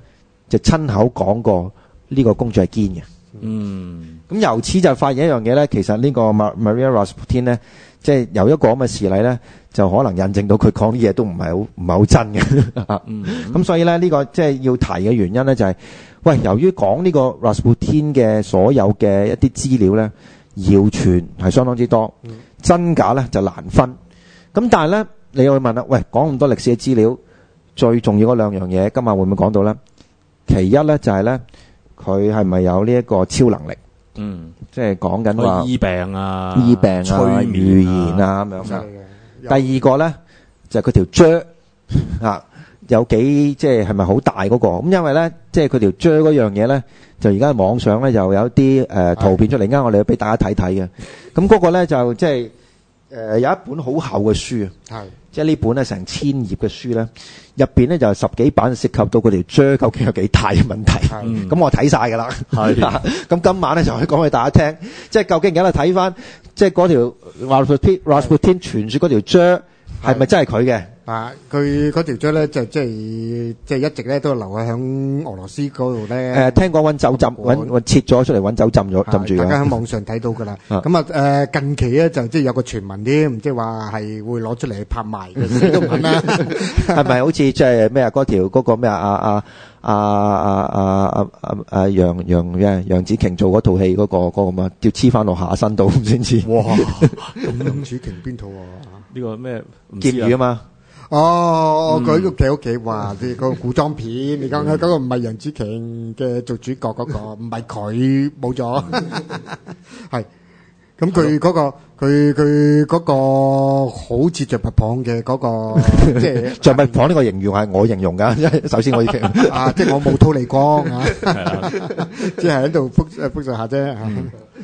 就親口講過呢個公主係堅嘅。嗯，咁由此就發現一樣嘢咧，其實呢個 Maria Rasputin 呢，咧，即係由一個咁嘅事例咧，就可能印證到佢講啲嘢都唔係好唔係好真嘅吓、 嗯嗯、所以咧、這個，呢個即係要提嘅原因咧、就是，就係喂，由於講呢個 Rasputin 嘅所有嘅一啲資料咧，謠傳係相當之多、嗯，真假咧就難分。咁但係咧，你會問啦，喂，講咁多歷史嘅資料，最重要嗰兩樣嘢，今晚會唔會講到咧？其一咧就係、是、咧。佢係咪有呢一個超能力？嗯，即係講緊話醫病啊、醫病啊、催眠啊、預言啊咁、啊啊、樣。第二個咧就佢、是、條脣 啊，有幾即係係咪好大嗰、那個？咁因為咧，即係佢條脣嗰樣嘢咧，就而、是、家網上咧又有啲誒、呃、圖片出嚟，啱我哋要俾大家睇睇嘅。咁嗰個咧就即係誒有一本好厚嘅書啊，即係呢本咧成千頁嘅書咧。入便咧就係，是，十幾版涉及到嗰條 J 究竟有幾大嘅問題，咁、嗯、我睇晒㗎啦。咁 今晚咧就可以講俾大家聽，即係究竟而家睇翻，即係嗰條 Rasputin 傳説嗰條 J 係咪真係佢嘅？啊！佢嗰條章咧，就即係即係一直咧都留喺響俄羅斯嗰度咧。誒，聽講揾酒浸，揾切咗出嚟揾酒浸咗、啊，浸住、啊。大家喺網上睇到噶啦。咁啊，啊近期咧就即、是、係有個傳聞添，即係話係會攞出嚟拍賣嘅新聞啦。係咪好似即係咩啊？嗰、 就是、條嗰、那個咩啊？阿阿阿阿阿楊楊咩？楊紫瓊做嗰套戲嗰、那個嗰、那個嘛？叫黐翻落下身度咁先知。哇！咁楊紫瓊邊套啊？呢個咩？鯡魚啊嘛？哦，佢屋企屋企話佢嗰個古裝片，你講嗰個唔係楊紫瓊嘅做主角嗰個，唔係佢冇咗，係咁佢嗰個佢佢嗰個好似着皮棒嘅嗰個，即係着皮棒呢個形容係我形容噶，因為首先我要啊，即 係 我冇拖你光，啊， 即係喺度複複述下啫。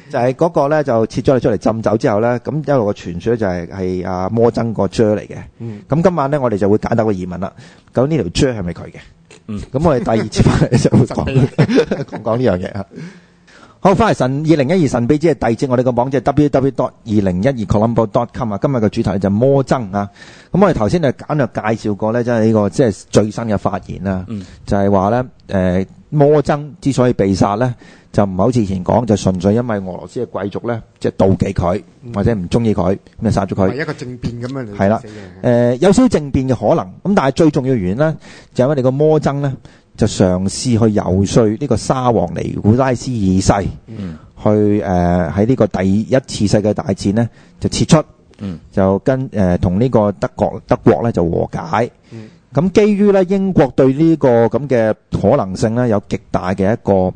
就係、是、嗰個咧，就切咗你出嚟浸酒之後咧，咁一路個傳說就係係阿魔僧個 J 嚟嘅。咁、嗯、今晚咧，我哋就會解答個疑問啦。究竟呢條 J」係咪佢嘅？咁我哋第二次翻嚟就會講講呢樣嘢好。翻嚟神二零一二神秘之夜，係第二節我哋個網即係 www. 二零一二 columbo.com 啊。今日個主題就魔僧啊。咁我哋頭先就簡略介紹過咧，即係呢個即係、就是、最新嘅發言啦、嗯。就係話咧，誒，魔僧之所以被殺咧。就唔係好似以前講，就純粹因為俄羅斯嘅貴族咧，即係妒忌佢或者唔中意佢，咁就殺咗佢。一個政變咁樣嚟，係啦，誒有少少政變嘅可能咁，但係最重要原因咧，就係因為呢個魔僧咧，就嘗試去遊説呢個沙皇尼古拉斯二世去誒喺呢個第一次世界大戰咧就撤出，就跟誒同呢個德國德國咧就和解。咁基於咧英國對呢個咁嘅可能性咧有極大嘅一個。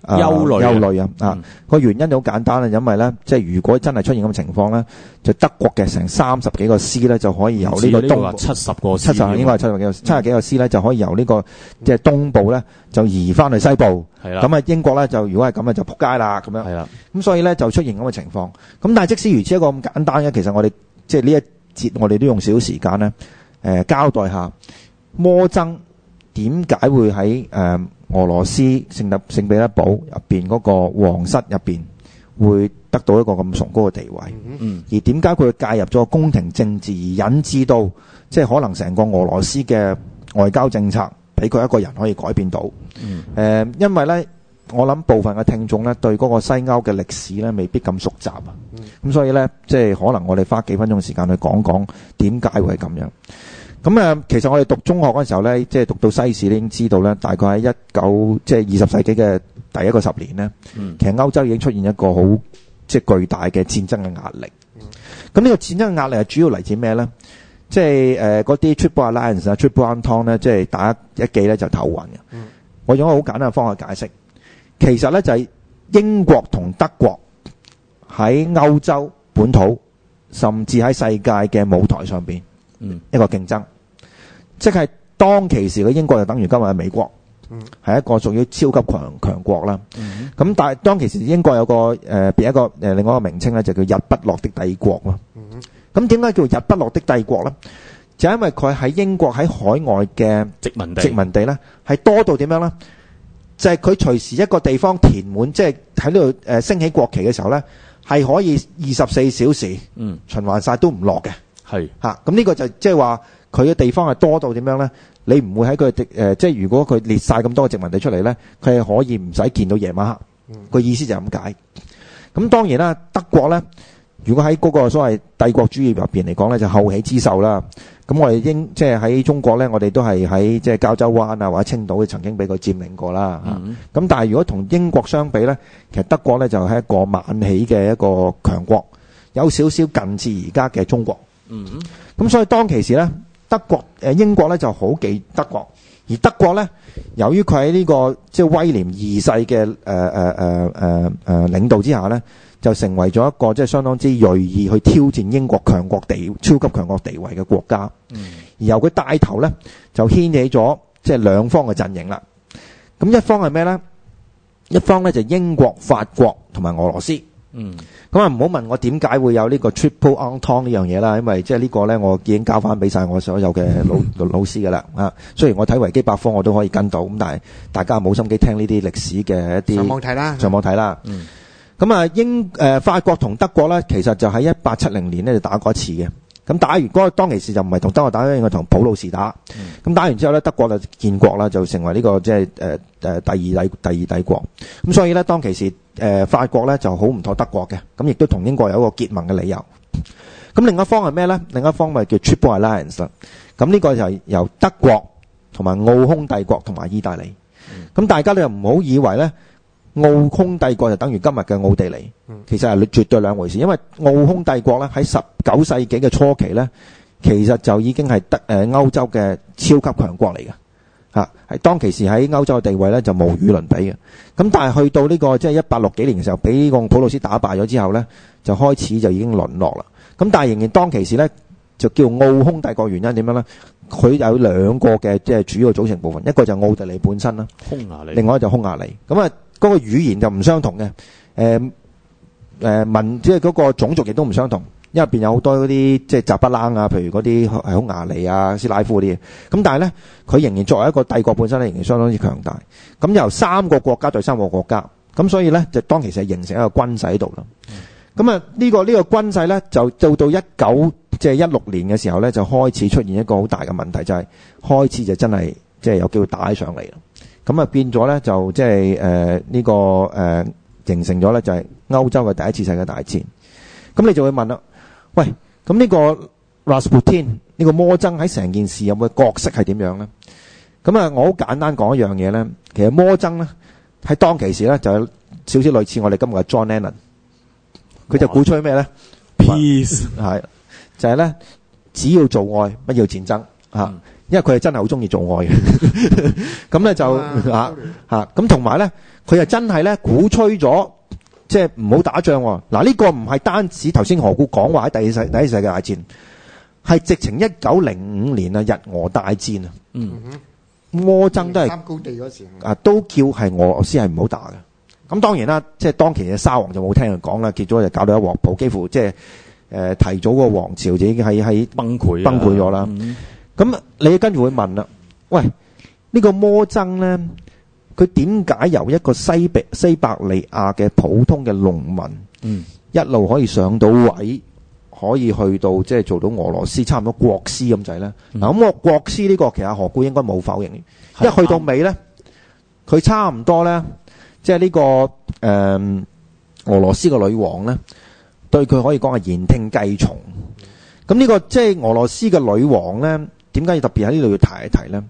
憂、呃、慮啊，啊！啊，個、嗯、原因就好簡單啦，因為咧，即、就、係、是、如果真係出現咁嘅情況咧，就德國嘅成三十幾個師咧，就可以由呢個東部個個七十個七十應該係七十幾個、嗯個這個嗯、七十幾個師咧，就可以由呢個即係東部咧，就移翻去西部。係啦。咁啊，英國咧就如果係咁啊，就仆街啦咁樣啦。咁所以咧就出現咁嘅情況。咁但係即使如此一個咁簡單嘅，其實我哋即係呢一節我哋都用少少時間咧、呃，交代下魔僧點解會喺誒？呃俄羅斯聖特聖彼得堡入邊嗰個皇室入邊會得到一個咁崇高嘅地位，嗯、而點解佢介入咗個宮廷政治，而引致到即係、就是、可能成個俄羅斯嘅外交政策俾佢一個人可以改變到？誒、嗯呃，因為呢，我諗部分嘅聽眾呢對嗰個西歐嘅歷史呢未必咁熟習啊，咁、嗯、所以呢，即、就、係、是、可能我哋花幾分鐘時間去講講點解會係咁樣。咁、嗯、啊，其實我哋讀中學嗰時候咧，即係讀到西史咧，已經知道咧，大概喺一九即係二十世紀嘅第一個十年咧、嗯，其實歐洲已經出現一個好即係巨大嘅戰爭嘅壓力。咁、嗯、呢個戰爭嘅壓力係主要嚟自咩咧？即係誒嗰啲 Triple Alliance、嗯、啊、Triple Entente 咧，即係打一一記咧就頭暈嘅。我用一個好簡單嘅方法解釋，其實咧就係、是、英國同德國，喺歐洲本土，甚至喺世界嘅舞台上邊嗯，一個競爭，即係當其時嘅英國就等於今日嘅美國，係一個仲要超級強強國啦。咁、嗯、但係當其時英國有個誒、呃、別一個誒、呃、另外一個名稱咧，就叫日不落的帝國咯。咁點解叫日不落的帝國呢？就因為佢喺英國喺海外嘅殖民地，殖民地呢係多到點樣呢？就係、是、佢隨時一個地方填滿，即係喺呢度誒升起國旗嘅時候呢，係可以二十四小時嗯循環晒都唔落嘅。嗯咁呢、啊、個就即係話佢嘅地方係多到點樣呢？你唔會喺佢、呃、即係如果佢列晒咁多殖民地出嚟呢，佢係可以唔使見到夜晚黑個、嗯、意思就係咁解。咁當然啦，德國呢，如果喺嗰個所謂帝國主義入邊嚟講呢，就後起之秀啦。咁我哋英即係喺中國呢，我哋都係喺即係膠州灣啊，或者青島曾經俾佢佔領過啦。咁、嗯、但係如果同英國相比呢，其實德國呢就係一個晚起嘅一個強國，有少少近似而家嘅中國。嗯，咁所以當其時咧，德國誒英國咧就好忌德國，而德國咧由於佢喺呢個即係、就是、威廉二世嘅誒誒誒誒誒領導之下咧，就成為咗一個即係、就是、相當之銳意去挑戰英國強國地超級強國地位嘅國家。嗯，然後佢帶頭咧就掀起咗即係兩方嘅陣營啦。咁一方係咩咧？一方咧就是、英國、法國同埋俄羅斯。嗯，咁、嗯、啊，唔好問我點解會有呢個 Triple Entente 呢樣嘢啦，因為即係呢個呢我已經交翻俾晒我所有嘅老、嗯、老師噶啦啊。雖然我睇維基百科，我都可以跟到，咁但係大家冇心機聽呢啲歷史嘅一啲上網睇啦，上網睇啦。咁、嗯、啊，英、嗯、誒法國同德國呢，其實就喺一八七零年呢就打過一次嘅。咁打完嗰當其時就唔係同德國打，應該同普魯士打。咁、嗯、打完之後呢，德國就建國啦，就成為呢個即係誒誒第二帝第、第二帝國。咁所以呢，當其時。誒、呃、法國咧就好唔妥德國嘅，咁亦都同英國有一個結盟嘅理由。咁另一方係咩呢？另一方咪叫 Triple Alliance 啦。咁呢個就係由德國同埋奧匈帝國同埋意大利。咁、嗯、大家咧又唔好以為呢奧匈帝國就等於今日嘅奧地利，嗯、其實係絕對兩回事。因為奧匈帝國咧喺十九世紀嘅初期呢，其實就已經係德、呃、歐洲嘅超級強國嚟嘅。嚇，係當其時喺歐洲嘅地位咧就無與倫比嘅。咁但係去到呢、這個即係、就是、一八六幾年嘅時候，俾個普魯斯打敗咗之後咧，就開始就已經淪落啦。咁但係仍然當其時咧，就叫奧匈帝國，原因點樣咧？佢有兩個嘅即係主要組成部分，一個就係奧地利本身啦，另外一個就係匈牙利。咁啊，嗰個語言就唔相同嘅，誒、呃、誒、呃、文即係嗰個種族亦都唔相同。因為入邊有好多嗰啲即係雜不楞啊，譬如嗰啲係匈牙利啊、斯拉夫嗰啲嘢。咁但係呢，佢仍然作為一個帝國本身咧，仍然相當之強大。咁由三個國家對三個國家咁，所以呢，就當其實形成一個軍勢喺度啦。咁、嗯、啊，呢、呢個呢、呢個軍勢呢，就到到一九即係一六年嘅時候呢，就開始出現一個好大嘅問題，就係、是、開始就真係即係有機會打起上嚟啦。咁啊變咗呢，就即係誒呢個、呃、形成咗呢，就係歐洲嘅第一次世界大戰。咁你就會問啦。喂，咁呢個 Rasputin 呢個魔僧喺成件事有冇角色係點樣咧？咁啊，我好簡單講一樣嘢咧。其實魔僧咧喺當其時咧就有少少類似我哋今日嘅 John Lennon，佢就鼓吹咩咧？Peace 係就係咧，只要做愛，不要戰爭嚇。因為佢係真係好中意做愛嘅。咁咧就嚇嚇。咁同埋咧，佢又真係咧鼓吹咗。即係唔好打仗喎，啊！嗱、啊，呢、呢個唔係單止頭先何故講話喺第一世第一世界大戰，係直情一九零五年啊，日俄大戰啊，嗯，魔僧都係，高地嗰時啊，都叫係俄羅斯係唔好打嘅。咁當然啦，即係當其嘅沙皇就冇聽佢講啦，結咗就搞到一鑊泡，幾乎即係誒提早個王朝就已經係喺崩潰崩潰咗啦。咁、嗯、你跟住會問啦，喂，呢個、摩呢個魔僧咧？佢點解由一個西伯西伯利亞嘅普通嘅農民，嗯、一路可以上到位，嗯、可以去到即係、就是、做到俄羅斯差唔多國師咁滯呢？嗱、嗯，咁、啊、我國師呢、這個其實何故應該冇否認，一去到尾呢，佢差唔多呢，即係呢個誒、嗯、俄羅斯嘅女王呢，對佢可以講係言聽計從。咁呢、這個即係、就是、俄羅斯嘅女王呢，點解要特別喺呢度要提一提呢？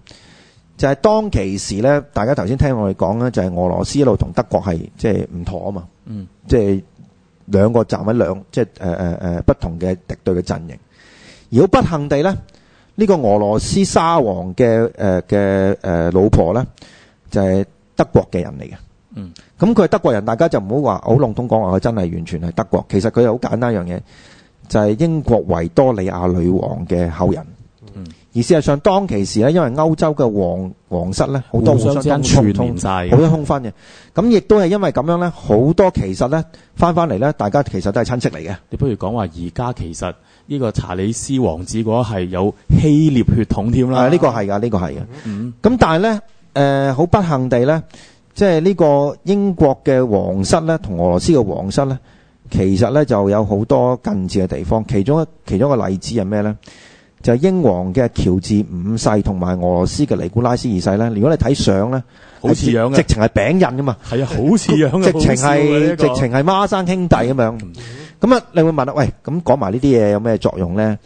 就係、是、當其時咧，大家頭先聽我哋講咧，就係、是、俄羅斯一路同德國係即係唔妥啊嘛，即、嗯、係、就是、兩個站喺兩即係誒誒不同嘅敵對嘅陣營。如果不幸地咧，呢、這個俄羅斯沙皇嘅誒嘅誒老婆咧，就係、是、德國嘅人嚟嘅。咁佢係德國人，大家就唔好話好籠統講話佢真係完全係德國。其實佢又好簡單一樣嘢，就係、是、英國維多利亞女王嘅後人。而事實上，當其時咧，因為歐洲嘅皇王，王室咧，好多互相跟串通曬，好多通婚嘅。咁亦都係因為咁樣咧，好多其實咧翻翻嚟咧，大家其實都係親戚嚟嘅。你不如講話，而家其實呢個查理斯王子嗰係有希臘血統添啦。係，呢個係㗎，呢個係㗎。咁但係咧，誒，好不幸地咧，即係呢個英國嘅皇室咧，同俄羅斯嘅皇室咧，其實咧就有好多近似嘅地方。其中一個其中一個例子係咩咧？就係、是、英皇嘅喬治五世同埋俄羅斯嘅尼古拉斯二世咧。如果你睇相咧，好似樣嘅，直情係餅印噶嘛，係啊，好似樣嘅，直情係直情係孖生兄弟咁、嗯、樣。咁、嗯、啊，你會問啦喂，咁講埋呢啲嘢有咩作用咧？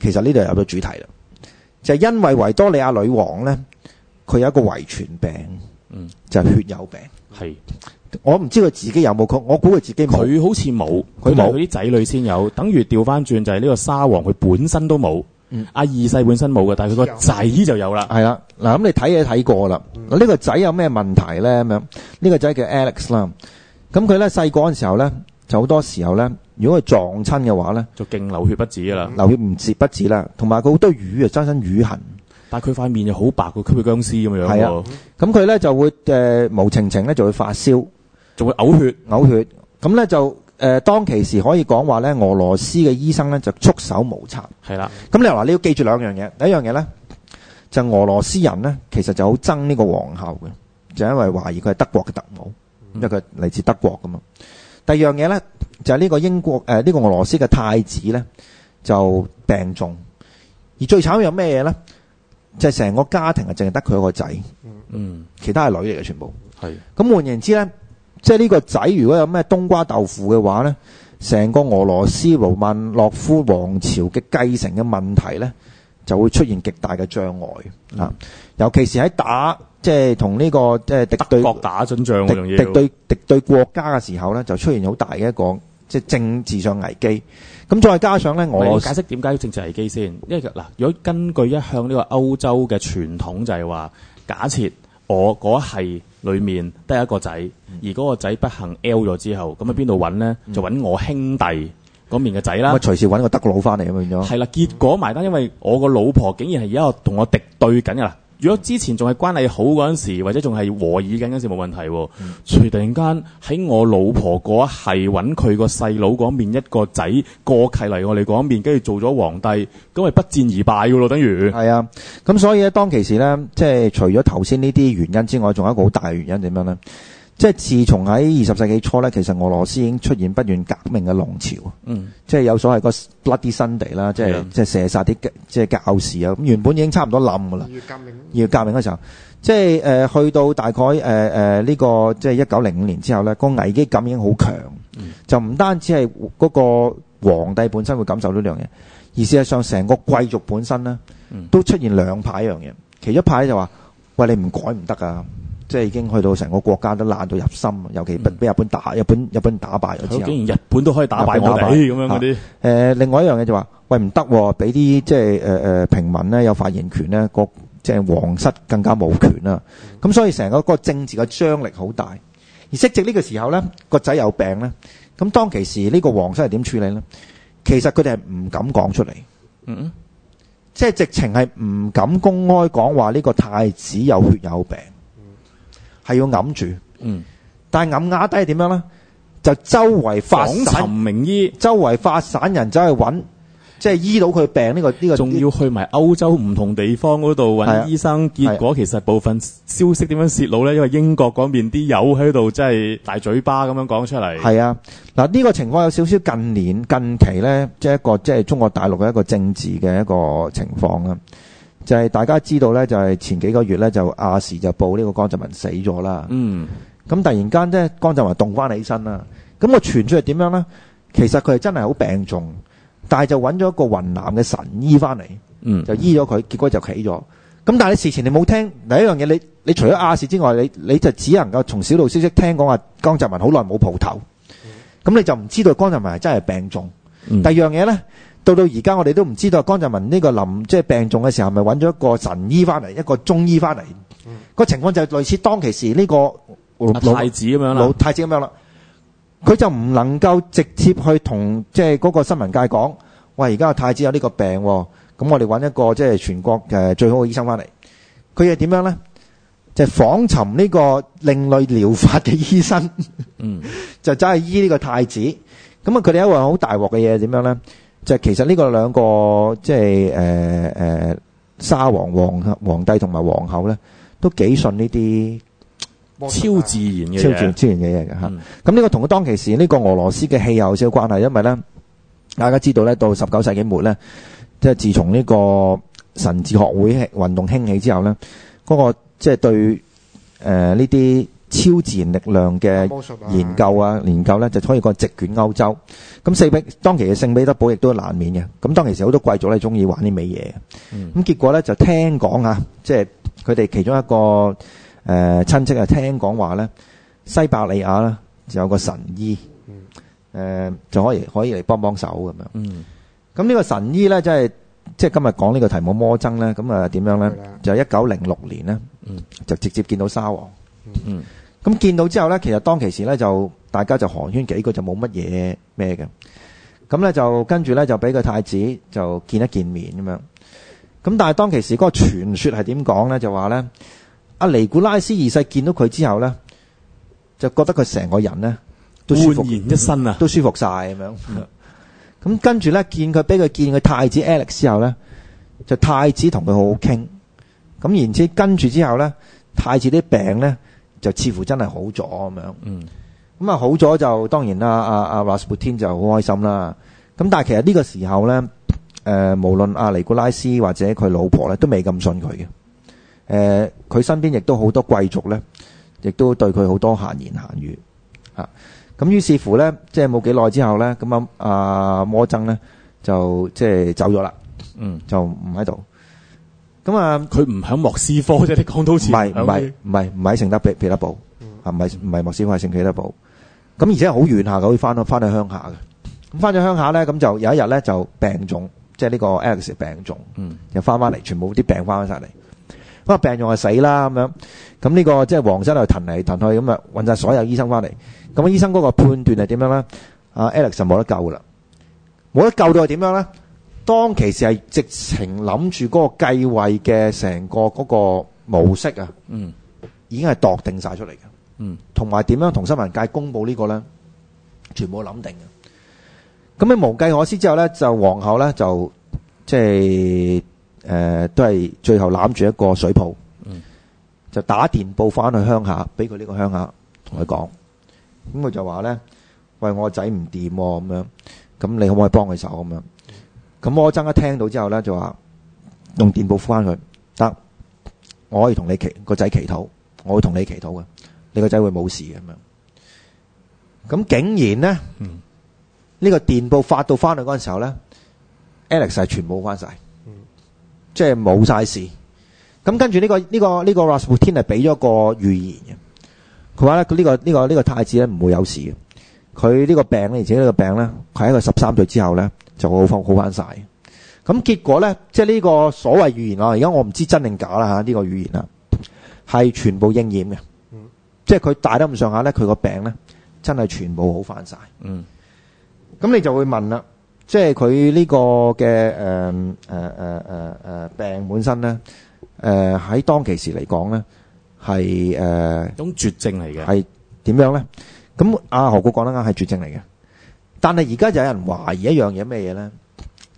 其實呢度入咗主題啦，就係、是、因為維多利亞女王咧，佢有一個遺傳病，嗯、就係、是、血友病。係，我唔知佢自己有冇，佢我估佢自己佢好似冇，佢冇。佢啲仔女先有，等於調翻轉就係呢個沙皇佢本身都冇。阿、嗯、二世本身冇嘅，但係佢個仔就有啦。係啦，嗱咁你睇嘢，睇過啦。呢、呢個仔有咩問題咧？咁樣呢個仔叫 Alex 啦。咁佢咧細個嘅時候咧，就好多時候咧，如果佢撞親嘅話咧，就勁流血不止噶啦，流血唔止不止啦。同埋佢好多瘀啊，成身瘀痕。但係佢塊面又好白，個似吸血僵屍咁樣。係啊，咁佢咧就會誒、呃、無情呢情咧就會發燒，就會嘔血，嘔血。咁咧就。誒、呃，當其時可以講話咧，俄羅斯嘅醫生咧就束手無策。係啦，咁你話你要記住兩樣嘢。第一樣嘢咧，就俄羅斯人咧，其實就好憎呢個皇后嘅，就因為懷疑佢係德國嘅特務、嗯，因為佢嚟自德國噶嘛。第二樣嘢咧，就係、是、呢個英國誒、呢、呃這個俄羅斯嘅太子咧就病重，而最慘有咩嘢咧？就成、是、個家庭係淨係得佢個仔，嗯，其他係女嚟嘅全部。係，咁換言之咧。即係呢個仔，如果有咩冬瓜豆腐嘅話呢，成個俄羅斯羅曼諾夫王朝嘅繼承嘅問題呢，就會出現極大嘅障礙啊、嗯！尤其是喺打即係同呢個即係敵，敵，敵對國打仗，敵對敵對國家嘅時候呢，就出現好大嘅一個即係政治上危機。咁再加上呢，我解釋點解要政治危機先，因為嗱，如果根據一向呢個歐洲嘅傳統就，就係話假設我嗰係。裡面得一個仔，而嗰個仔不幸 L 咗之後，咁啊邊度揾咧？就揾我兄弟嗰面嘅仔啦。咁、嗯、啊、嗯，隨時揾個德佬翻嚟咁變咗。係啦，結果埋單，因為我個老婆竟然係而家度同我敵對緊噶啦。如果之前仲係關係好嗰陣時，或者仲係和議緊嗰陣時冇問題，嗯、隨突然間喺我老婆嗰係揾佢個細佬嗰面一個仔過契嚟我哋嗰面，跟住做咗皇帝，咁咪不戰而敗㗎咯，等於係啊。咁所以咧，當其時呢，即係除咗頭先呢啲原因之外，仲有一個好大嘅原因點樣呢？即係自從喺二十世紀初咧，其實俄羅斯已經出現不斷革命嘅浪潮。嗯，即係有所謂嗰個 Bloody Sunday 啦，即係即係射殺啲即係教士啊。咁原本已經差唔多冧噶啦。二月革命。二月革命嘅時候，即係誒、呃、去到大概誒誒呢個即係一九零五年之後咧，嗰個危機感已經好強，嗯、就唔單止係嗰個皇帝本身會感受到呢樣嘢，而事實上成個貴族本身咧、嗯、都出現兩派一樣嘢，其中一派就話：喂，你唔改唔得啊！即係已經去到成個國家都爛到入心，尤其被日本打，嗯、日本日本打敗咗之後，竟然日本都可以打敗我哋咁樣嗰啲，啊呃。另外一樣嘢就話，喂，唔得，俾啲即係誒平民咧有發言權咧，個即係皇室更加冇權啦，啊。咁，嗯啊、所以成個嗰個政治嘅張力好大。而息直呢個時候咧，個仔有病咧，咁當其時呢個皇室係點處理咧？其實佢哋係唔敢講出嚟，嗯，即係直情係唔敢公開講話呢個太子有血有病。係要揞住、嗯，但係揞壓低係點樣呢？就周圍發散尋名醫，周圍發散人走去揾，即、就、係、是、醫到佢病呢、這個呢、這個仲要去埋歐洲唔同地方嗰度揾醫生、嗯，結果其實部分消息點樣泄露呢？因為英國嗰邊啲友喺度即係大嘴巴咁樣講出嚟。係啊，嗱呢個情況有少少近年近期呢，即、就、係、是、一個即係、就是、中國大陸嘅一個政治嘅一個情況啊。就係、是、大家知道咧，就係、是、前幾個月咧，就亞視就報呢個江澤民死咗啦。嗯，咁突然間咧，江澤民動翻起身啦。咁個傳出去點樣咧？其實佢係真係好病重，但係就揾咗一個雲南嘅神醫翻嚟，嗯，就醫咗佢，結果就起咗。咁、嗯嗯、但係你事前你冇聽第一樣嘢，你你除咗亞視之外，你你就只能夠從小道消息聽講話江澤民好耐冇蒲頭，咁你就唔知道江澤民係真係病重。嗯、第二樣嘢咧。到到而家，我哋都唔知道江澤民呢個臨即係病重嘅時候，係咪揾咗一個神醫翻嚟，一個中醫翻嚟個情況就類似當其時呢個老太子咁樣啦，老太子咁樣啦。佢就唔能夠直接去同即係嗰個新聞界講喂，而家太子有呢個病咁，噉我哋揾一個即係、就是、全國誒最好嘅醫生翻嚟。佢係點樣呢？就係訪尋呢個另類療法嘅醫生，嗯， 就真係醫呢個太子咁啊。佢哋一位好大鑊嘅嘢點樣呢？就是、其實呢個兩個即係誒誒沙皇皇皇帝同埋皇后咧，都幾信呢啲超自然嘅、嗯、超自然超然嘅嘢嘅嚇。咁、嗯、呢、嗯、個同佢當其時呢、呢個俄羅斯嘅氣候有少關係，因為咧，大家知道咧，到十九世紀末咧，即、就、係、是、自從呢個神智學會運動興起之後咧，嗰、那個即係、就是、對誒呢啲。呃這些超自然力量嘅研究啊，啊研，究啊研究呢就可以講席捲歐洲。咁四比當其時聖彼得堡亦都難免嘅。咁當其時好多貴族咧中意玩啲咩嘢？咁結果呢就聽講啊，即係佢哋其中一個誒親、呃、戚啊聽講話呢，西伯利亞呢就有個神醫，誒、嗯呃、就可以可以嚟幫幫手咁樣。咁、嗯、呢個神醫呢，即係即係今日講呢個題目魔僧呢，咁啊點樣呢？就一九零六年呢、嗯，就直接見到沙皇。嗯嗯咁見到之後呢，其實當其時呢，就大家就寒暄幾句，就冇乜嘢咩嘅。咁呢就跟住呢，就俾個太子就見一見面咁樣。咁但係當其時嗰個傳説係點講呢？就話呢，阿尼古拉斯二世見到佢之後呢，就覺得佢成個人呢，都舒然一身啊，都舒服晒咁樣。咁、啊、 跟住呢，見佢，俾佢見佢太子 Alex 之後呢，就太子同佢好好傾。咁然之跟住之後呢，太子啲病呢。就似乎真係好咗咁樣，嗯，嗯，咁啊好咗就當然啦，阿阿阿拉斯布丁就好開心啦。咁但係其實呢個時候呢，誒、呃、無論阿、啊、尼古拉斯或者佢老婆呢，都未咁信佢嘅。佢、呃、身邊亦都好多貴族呢，亦都對佢好多閒言閒語嚇。咁、啊、於是乎呢，即係冇幾耐之後呢，咁啊阿摩僧呢，就即係走咗啦，嗯就，就唔喺度。咁、嗯、啊，佢唔喺莫斯科啫，你講到似。唔係唔係唔係唔係喺聖德彼彼得堡啊，唔係唔係莫斯科係聖彼得堡。咁而且遠好遠下，下，佢翻去翻去鄉下嘅。咁翻咗鄉下咧，咁就有一日咧就病重，即係呢個 Alex 病重，嗯、又翻翻嚟，全部啲病翻翻晒嚟。咁啊，病重啊死啦咁樣。咁呢個即係皇室就騰嚟騰去咁啊，揾晒所有醫生翻嚟。咁啊，醫生嗰個判斷係點樣咧？啊，Alex 就冇得救噶啦，冇得救到係點樣咧？當其時係直情諗住嗰個繼位嘅成個嗰個模式啊，嗯，已經係度定晒出嚟嘅，嗯，同埋點樣同新聞界公布呢個呢？全部諗定嘅。咁你無計可施之後呢，就皇后呢，就即係誒，都係最後攬住一個水泡，嗯，就打電報翻去鄉下，俾佢呢個鄉下同佢講。咁佢就話呢，喂，我仔唔掂咁樣，咁你可唔可以幫佢手咁樣？咁魔僧一聽到之後咧，就話用電報返翻佢得，我可以同你祈個仔祈禱，我會同你祈禱嘅，你個仔會冇事嘅咁樣。咁竟然咧，呢、嗯呢個電報發到翻去嗰陣時候咧、嗯、Alex 係全部翻晒、嗯，即係冇晒事。咁跟住呢個呢、呢個呢、呢個 Rasputin 係俾咗個預言嘅，佢話咧呢個呢、呢個呢、呢個太子咧唔會有事嘅。佢呢個病咧，而且呢個病咧，喺佢個十三歲之後咧就會好翻好翻晒。咁結果咧，即係呢個所謂預言啊，而家我唔知真定假啦吓，呢個預言啊，係全部應驗嘅、嗯。即係佢大得唔上下咧，佢個病咧真係全部好翻晒。嗯，咁你就會問啦，即係佢呢個嘅誒誒誒誒病本身咧，誒、呃、喺當其時嚟講咧係誒種絕症嚟嘅，係點樣咧？咁阿、啊、何故講得啱係絕症嚟嘅。但係而家就有人懷疑一樣嘢咩嘢咧？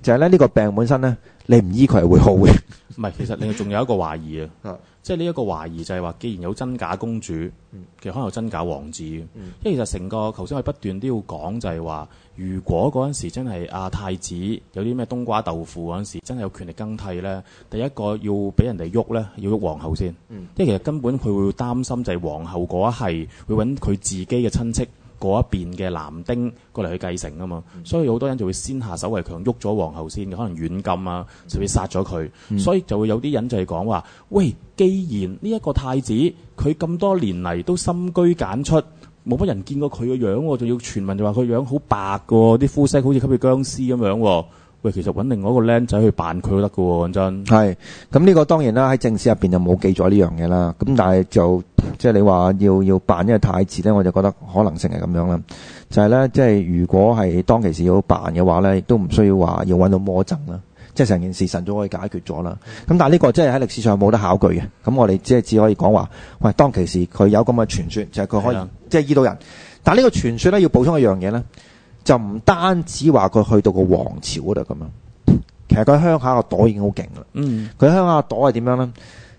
就係咧呢個病本身咧，你唔醫佢係會好嘅。唔係，其實你仲有一個懷疑啊。 即係呢一個懷疑就係話，既然有真假公主，嗯、其實可能有真假王子、嗯、因為其實成個頭先我哋不斷都要講，就係話，如果嗰陣時真係阿、啊、太子有啲咩冬瓜豆腐嗰陣時，真係有權力更替呢，第一個要俾人哋喐呢，要喐皇后先。嗯、因為其實根本佢會擔心就係皇后嗰一係會揾佢自己嘅親戚。嗰一邊嘅男丁過嚟去繼承啊嘛，嗯、所以好多人就會先下手為強，喐咗皇后先，可能軟禁啊，甚至殺咗佢，嗯、所以就會有啲人就係講話，喂，既然呢一個太子佢咁多年嚟都深居簡出，冇乜人見過佢嘅樣喎、啊，仲要傳聞就話佢樣好白喎、啊，啲膚色好似吸血僵屍咁樣喎、啊。其實揾另外一個僆仔去扮佢都得㗎喎，講真。係，咁呢個當然啦，喺正史入面就冇記載呢樣嘢啦。咁但係就即係你話要要扮一個太子咧，我就覺得可能性係咁樣啦。就係、是、咧，即、就、係、是、如果係當其時要扮嘅話咧，都唔需要話要揾到魔僧啦。即係成件事神早可以解決咗啦。咁、嗯、但係呢個即係喺歷史上冇得考據嘅。咁我哋即係只可以講話，喂，當其時佢有咁嘅傳説，就係、是、佢可以即係醫到人。但係呢個傳説咧，要補充一樣嘢咧。就唔單止話佢去到個王朝嗰度咁樣，其實佢喺鄉下個朵已經好勁啦。佢、嗯、喺鄉下個朵係點樣咧？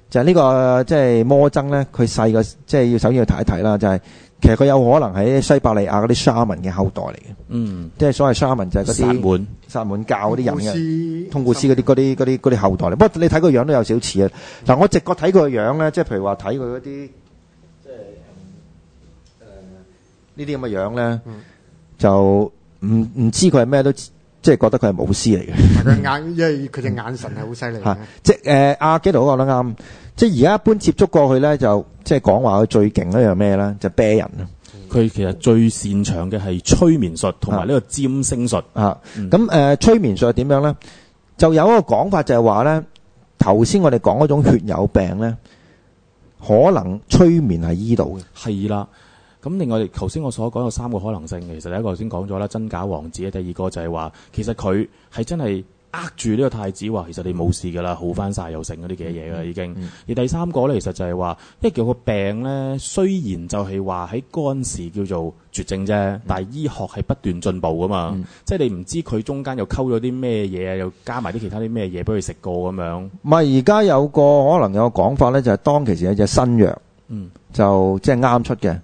就係、是、呢、這個即係、就是、魔僧咧，佢細個即係要首先要睇一睇啦。就係、是、其實佢有可能喺西伯利亞嗰啲沙文嘅後代嚟嘅、嗯。即係所謂沙文就係嗰啲薩滿、薩滿教嗰啲人嘅通古斯嗰啲、啲、啲、啲後代嚟。不過你睇個樣都有少似、嗯、啊。嗱，我直覺睇佢個樣咧，即係譬如話睇佢一啲即係誒呢啲咁嘅樣咧，就。唔唔知佢係咩都，即係覺得佢係巫師嚟嘅。佢眼，因為佢隻眼神係好犀利吓，即係誒、呃，阿紀陶講得啱。即係而家一般接觸過去咧，就即係講話佢最勁咧，樣咩咧？就是、啤人佢、嗯、其實最擅長嘅係催眠術同埋呢個占星術。吓、啊、咁、啊、誒、嗯嗯呃，催眠術係點樣咧？就有一個講法就係話咧，頭先我哋講嗰種血友病咧，可能催眠係醫到嘅。係啦。咁另外，頭先我所講有三個可能性。其實第一個先講咗啦，真假王子。第二個就係話其實佢係真係呃住呢個太子話，其實你冇事㗎啦，好返晒又剩嗰啲嘅嘢啦，嗯、已經、嗯。而第三個呢，其實就係話，因為個病呢，雖然就係話喺嗰時叫做絕症啫、嗯，但醫學係不斷進步㗎嘛，即、嗯、係、就是、你唔知佢中間又溝咗啲咩嘢啊，又加埋啲其他啲咩嘢俾佢食過咁樣。唔係而家有個可能有個講法呢，就係當其時有隻新藥、嗯、就即係啱出嘅。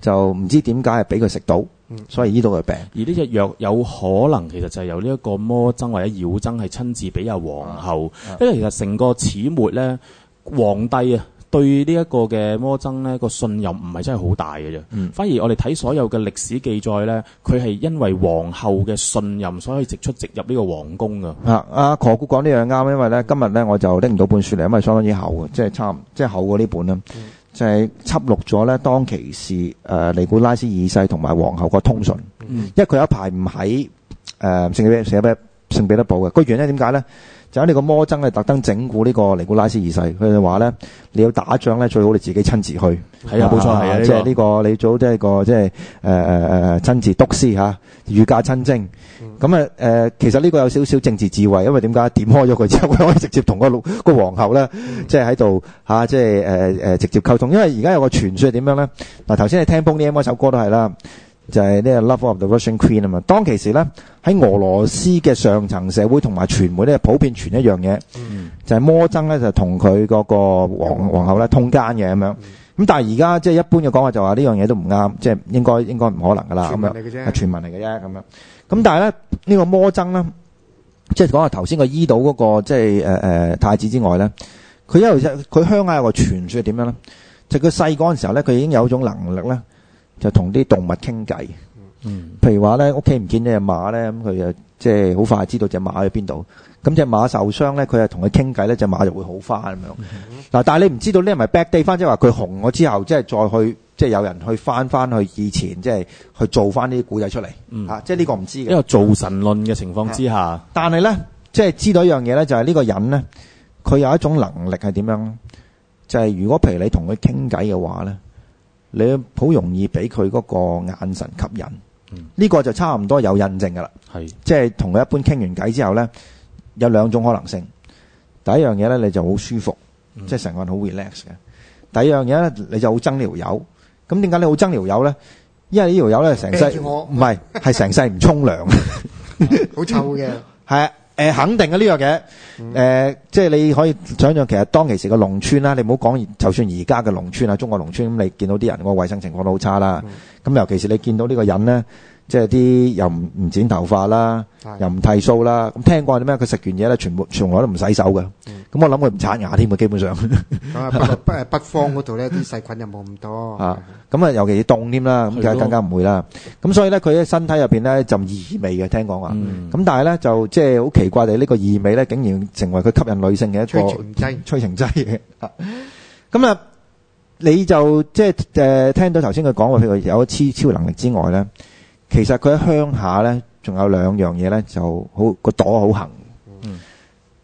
就唔知點解係俾佢食到，所以醫到佢病。而呢隻藥有可能其實就係由呢一個魔僧或者妖僧係親自俾啊皇后啊，因為其實成個始末呢，皇帝啊對呢一個嘅魔僧呢個信任唔係真係好大嘅啫、嗯。反而我哋睇所有嘅歷史記載呢，佢係因為皇后嘅信任，所以直出直入呢個皇宮㗎。啊，阿、啊、何故講呢樣啱，因為呢今日呢，我就拎唔到本書嚟，因為相當之厚嘅，即係差，即係厚過呢本啦。嗯就係輯錄咗咧當其時誒尼古拉斯二世同埋皇后個通訊，嗯、因為佢有一排唔喺誒聖彼得聖彼得聖彼得堡嘅個原因點解咧？.就喺、是、你個魔僧係特登整蠱呢個尼古拉斯二世，佢哋話咧，你要打仗咧，最好你自己親自去。係、哎、啊，冇錯，即係呢個、就是這個、你做即、這、係個即係誒誒誒親自督師吓御駕親征。咁、嗯、啊、呃、其實呢個有少少政治智慧，因為點解點開咗佢之後，佢可以直接同、那個老、那個、皇后咧，即係喺度吓即係誒直接溝通。因為而家有個傳説係點樣咧嗱，頭先你聽《Boney M》呢首歌都係啦。就係、是、呢個 Love of the Russian Queen 啊嘛。當其時咧，喺俄羅斯嘅上層社會同埋傳媒咧，普遍傳一樣嘢、嗯，就係魔僧咧就同佢嗰個皇、皇后咧通奸嘅咁樣。咁但係而家即係一般嘅講法就話呢樣嘢都唔啱，即、就、係、是、應該應該唔可能噶啦咁樣。係傳聞嚟嘅啫，咁樣。咁但係咧呢、這個魔僧咧，即、就、係、是、講下頭先個伊島嗰個即係誒誒太子之外咧，佢因為佢鄉下有個傳説係點樣咧，就佢細個嘅時候咧，佢已經有一種能力咧。就同啲動物傾偈，譬如話咧，屋企唔見隻馬咧，咁佢又即係好快知道隻馬喺邊度。咁隻馬受傷咧，佢又同佢傾偈咧，隻馬就會好翻咁樣。嗱、嗯，但係你唔知道呢係咪 back day 翻，即係話佢紅咗之後，即係再去，即係有人去翻翻去以前，即係去做翻啲古仔出嚟。嚇、嗯啊，即係呢個唔知嘅。因為造神論嘅情況之下，啊、但係咧，即係知道一樣嘢咧，就係、是、呢個人咧，佢有一種能力係點樣？就係、是、如果譬如你同佢傾偈嘅話咧。你好容易俾佢嗰個眼神吸引，呢、嗯呢個就差唔多有印證噶啦。即係同佢一般傾完偈之後咧，有兩種可能性。第一樣嘢咧，你就好舒服，嗯、即係成個人好 relax 嘅。第二樣嘢咧，你就好憎呢條友。咁點解你好憎呢條友咧？因為呢條友咧，成世唔係係成世唔沖涼，好臭嘅。係啊。誒肯定嘅呢樣嘢，誒、這個呃、即係你可以想象，其實當其時個農村啦，你唔好講，就算而家嘅農村啊，中國農村，咁你見到啲人個衞生情況都好差啦，咁、嗯、尤其是你見到呢個人呢。即係啲又唔唔剪頭髮啦，又唔剃鬚啦。咁聽講話點咩？佢食完嘢咧，全部從來都唔洗手嘅。咁我諗佢唔刷牙添啊，基本上。咁啊，北北北方嗰度咧啲細菌又冇咁多。啊，咁啊，尤其是凍添啦，咁梗係更加唔會啦。咁所以咧，佢喺身體入邊咧一陣異味嘅，聽講話。咁但係咧，就即係好奇怪哋，呢個異味咧，竟然成為佢吸引女性嘅一個催情劑。催情劑嘅。咁啊，你就即係誒聽到頭先佢講話，譬如有一超超能力之外咧。其實佢喺鄉下咧，仲有兩樣嘢咧就好、那個朵好行。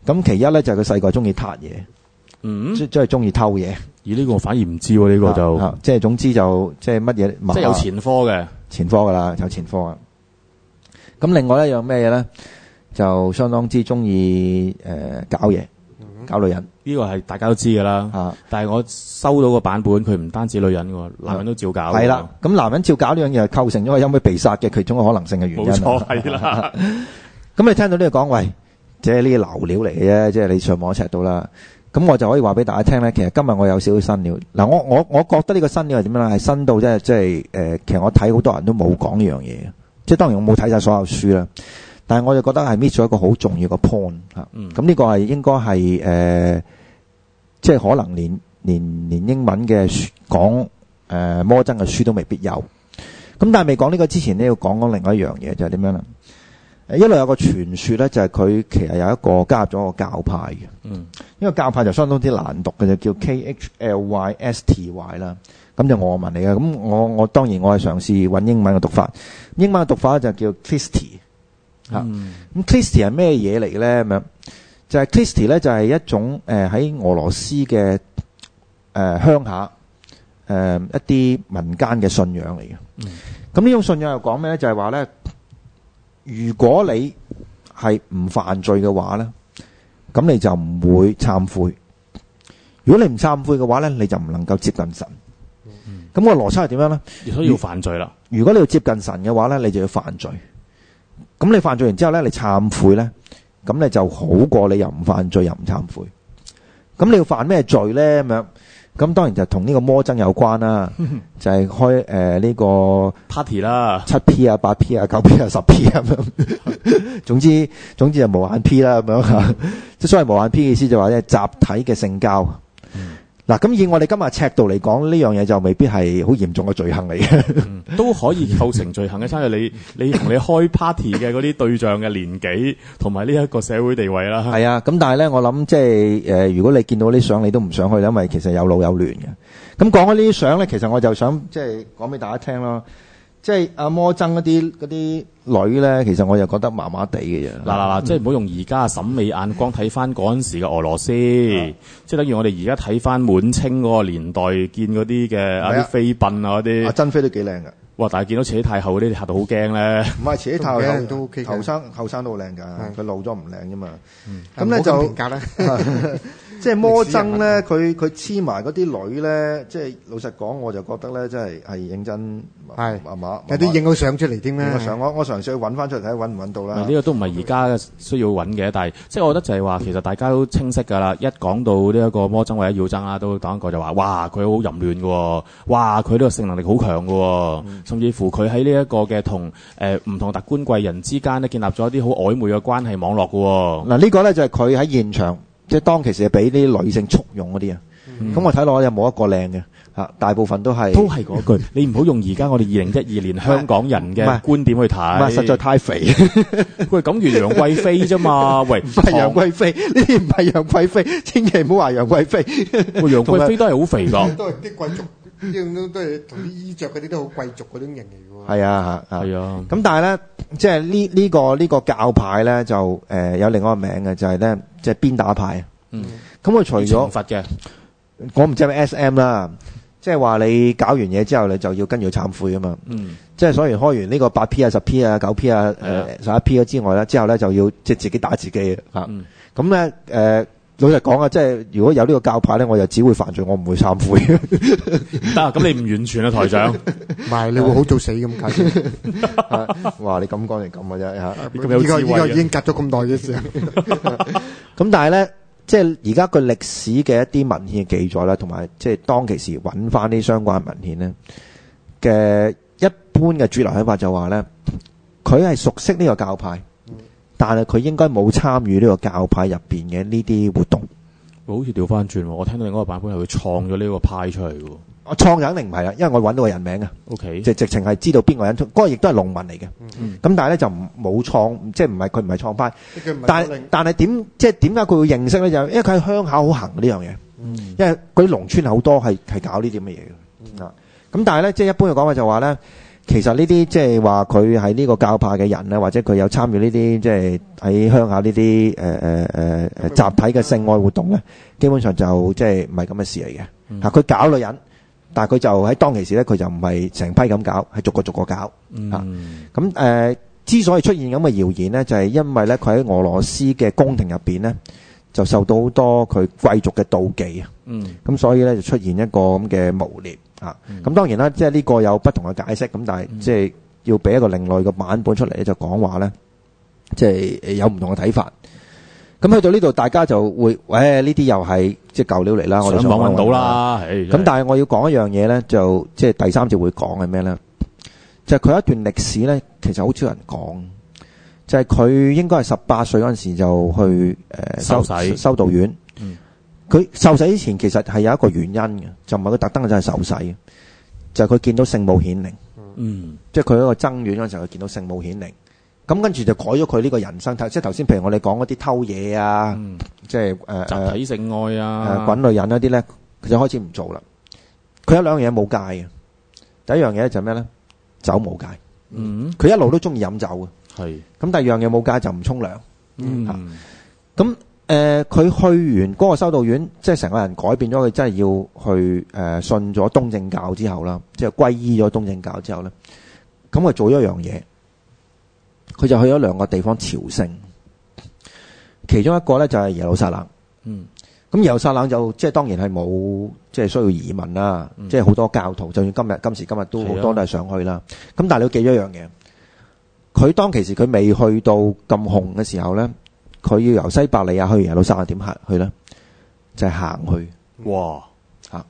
咁、嗯、其一咧就係佢細個中意撻嘢，即係中意偷嘢。而、呃、呢、這個我反而唔知喎，呢、這個就即係、就是、總之就即係乜嘢，即、就、係、是就是、有前科嘅前科噶啦，有前科啊。咁另外一樣咩嘢咧，就相當之中意誒搞嘢搞女人呢個係大家都知噶啦，啊，但係我收到個版本，佢唔單止女人㗎喎，男人都照搞。係啦，咁男人照搞呢樣嘢，構成咗有冇被殺嘅其中嘅可能性嘅原因。係啦。咁，啊啊啊啊啊啊啊啊，你聽到呢個講，喂，即係呢啲流料嚟嘅啫，即係你上網 check 到啦。咁我就可以話俾大家聽咧，其實今日我有少少新料。嗱，啊，我我我覺得呢個新料係點樣咧？係新到即係即係誒，其實我睇好多人都冇講呢樣嘢，即係當然我冇睇晒所有書啦。但係，我就覺得係 miss 咗一個好重要嘅 point 嚇、嗯。咁、啊、呢、這個係應該係誒，即係可能連連連英文嘅書講誒魔僧嘅書都未必有。咁但係未講呢個之前咧，要講講另外一、就是、怎樣嘢就係點樣啦。一路有一個傳說呢，就係、是、佢其實有一個加入咗個教派嘅。嗯，因為教派就相當之難讀嘅，就叫 K H L Y S T Y 啦。咁就俄文嚟嘅。咁我我當然我係嘗試揾英文嘅讀法，英文嘅讀法就叫 Klisty。吓咁 Christy 係係咩嘢嚟咧？咁、啊、樣就係 Christy 呢，咧，就係、是、一種誒喺、呃、俄羅斯嘅誒鄉下誒、呃、一啲民間嘅信仰嚟嘅。咁、嗯、呢種信仰又講咩咧？就係話咧，如果你係唔犯罪嘅話咧，咁你就唔會懺悔。如果你唔懺悔嘅話咧，你就唔能夠接近神。咁、嗯，那個邏輯係點樣咧？亦都要犯罪啦。如果你要接近神嘅話咧，你就要犯罪。咁你犯罪完之後咧，你懺悔咧，咁你就好過你又唔犯罪又唔懺悔。咁你要犯咩罪咧？咁樣，咁當然就同呢個魔僧有關啦、嗯，就係、是、開誒呢、呃這個 party 啦，七 P 啊、八 P 啊、九 P 啊、十 P 咁、啊、樣， 總之總之就無限 P 啦咁樣吓，即 所謂無限 P 意思就話、是、咧集體嘅性交。嗱，咁以我哋今日尺度嚟講，呢樣嘢就未必係好嚴重嘅罪行嚟嘅、嗯，都可以構成罪行嘅。參 與你，你同你開 party 嘅嗰啲對象嘅年紀同埋呢一個社會地位啦。係啊，咁但係咧，我諗即係、呃、如果你見到啲相，你都唔想去，因為其實有老有嫩嘅。咁講開呢啲相咧，其實我就想即係講俾大家聽囉。即係魔僧嗰啲女呢，其實我又覺得麻麻地嘅嘢。嗱嗱嗱，即係唔好用而家審美眼光睇返嗰時嘅俄羅斯，啊、即係等於我哋而家睇返滿清嗰個年代，見嗰啲嘅啊啲妃、啊、嬪啊嗰啲。珍妃都幾靚㗎。哇！但係見到慈禧太後嗰啲嚇到好驚咧。唔係慈禧太后都 OK 後生都好靚㗎，佢、嗯、老咗唔靚㗎嘛。咁、嗯、咧、嗯嗯、就～即係魔僧咧，佢佢黐埋嗰啲女咧，即係老實講，我就覺得咧，真係係認真，麻麻有啲影到相出嚟添咧呢。相我我嘗試去揾翻出嚟睇，揾唔揾到啦。呢、呢個都唔係而家需要揾嘅，但係即係我覺得就係話，其實大家都清晰㗎啦。一講到呢一個魔僧或者妖僧啦，都講一個就話，哇！佢好淫亂嘅，哇！佢呢個性能力好強嘅，甚至乎佢喺呢一個嘅同誒唔同達官貴人之間咧，建立咗一啲好曖昧嘅關係網絡嘅。嗱、嗯、呢、呢個咧就係佢喺現場。即係當其時係俾啲女性慫恿嗰啲啊，咁我睇落有冇一個靚嘅吓？大部分都係都係嗰句，你唔好用而家我哋二零一二年香港人嘅觀點去睇，實在太肥。喂，咁如楊貴妃啫嘛，喂，唔係楊貴妃，呢啲唔係楊貴妃，千祈唔好話楊貴妃。楊貴妃都係好肥㗎。都係啲貴族。 都係同啲衣着嗰啲都好貴族嗰種型嚟嘅喎。係啊嚇，係啊。咁、啊啊、但係咧，即係呢呢個呢、呢個教派咧，就誒、呃、有另外一個名嘅，就係、是、咧，即係鞭打派。嗯。咁佢除咗，我唔知係咪 S M 啦，即係話你搞完嘢之後，你就要跟住懺悔啊嘛。嗯。即係所以開完呢個八 P、呃、啊、十 P 啊、九 P 啊、誒十一 P 咗之外咧，之後咧就要即係自己打自己啊。咁咧誒。嗯。老實講啊，即係如果有呢個教派咧，我就只會犯罪，我唔會懺悔。唔得，咁你唔完全啊，台長，唔 係你會好早死咁解釋。 哇，你咁講嚟，咁嘅啫吓。依家依家已經隔咗咁耐嘅事。咁 但係咧，即係而家個歷史嘅一啲文獻嘅記載啦，同埋即係當其時揾翻啲相關文獻咧嘅一般嘅主流睇法就話咧，佢係熟悉呢個教派。但係佢應該冇參與呢個教派入邊嘅呢啲活動。我好似調翻轉喎，我聽到另嗰個版本係佢創咗呢個派出嚟嘅。我創肯定唔係啦，因為我揾到個人名嘅。O K，即直情係知道邊個人，嗰、嗰個亦都係農民嚟嘅。咁、嗯、但係咧就冇創，即係唔係佢唔係創派。是他是，但係但係點即係點解佢會認識咧？就因為佢喺鄉下好行呢樣嘢，因為佢啲、嗯、農村好多係係搞呢啲咁嘅嘢嘅。咁、嗯、但係咧，即係一般嘅講法就話、是、咧。其實呢啲即係話佢喺呢個教派嘅人咧，或者佢有參與呢啲即係喺鄉下呢啲誒誒誒集體嘅性愛活動咧，基本上就即係唔係咁嘅事嚟嘅。吓、嗯，佢搞女人，但係佢就喺當其時咧，佢就唔係成批咁搞，係逐個逐個搞。吓、嗯、咁、啊、誒、呃，之所以出現咁嘅謠言咧，就係、是、因為咧佢喺俄羅斯嘅宮廷入邊咧，就受到好多佢貴族嘅妒忌啊。嗯，咁所以咧就出現一個咁嘅誣衊。咁、嗯、當然啦，即係呢個有不同嘅解釋，咁但係即係要俾一個另類嘅版本出嚟咧，就講話咧，即、就、係、是、有唔同嘅睇法。咁去到呢度，大家就會，誒呢啲又係即係舊料嚟啦,啦。我上網講到啦，咁但係我要講一樣嘢咧，就即、是、係第三節會講係咩咧？就佢、是、一段歷史咧，其實好少人講。就係、是、佢應該係十八歲嗰陣時就去誒、呃、修修道院。佢受洗之前其實係有一個原因嘅，就唔係佢特登真係受洗，就係佢見到聖母顯靈，嗯，即係佢一個僧院嗰陣時，佢見到聖母顯靈，咁跟住就改咗佢呢個人生，即係頭先譬如我哋講嗰啲偷嘢啊，即係誒集體性愛啊、滾女人嗰啲咧，佢就開始唔做啦。佢有兩樣嘢冇戒嘅，第一樣嘢就咩咧？酒冇戒，嗯，佢一路都鍾意飲酒嘅，係，咁第二樣嘢冇戒就唔沖涼，嗯，咁。誒、呃，佢去完嗰、那個修道院，即係成個人改變咗，佢真係要去誒、呃、信咗東正教之後啦，即係皈依咗東正教之後呢。咁佢做咗一樣嘢，佢就去咗兩個地方朝聖，其中一個呢就係、是、耶路撒冷。嗯，咁耶路撒冷就即係當然係冇即係需要移民啦、嗯，即係好多教徒，就算今日今時今日都好多都係想去啦。咁但係你記咗一樣嘢，佢當其時佢未去到咁紅嘅時候呢。佢要由西伯利亞去耶路撒冷啊，點行去咧？就係行去哇吓，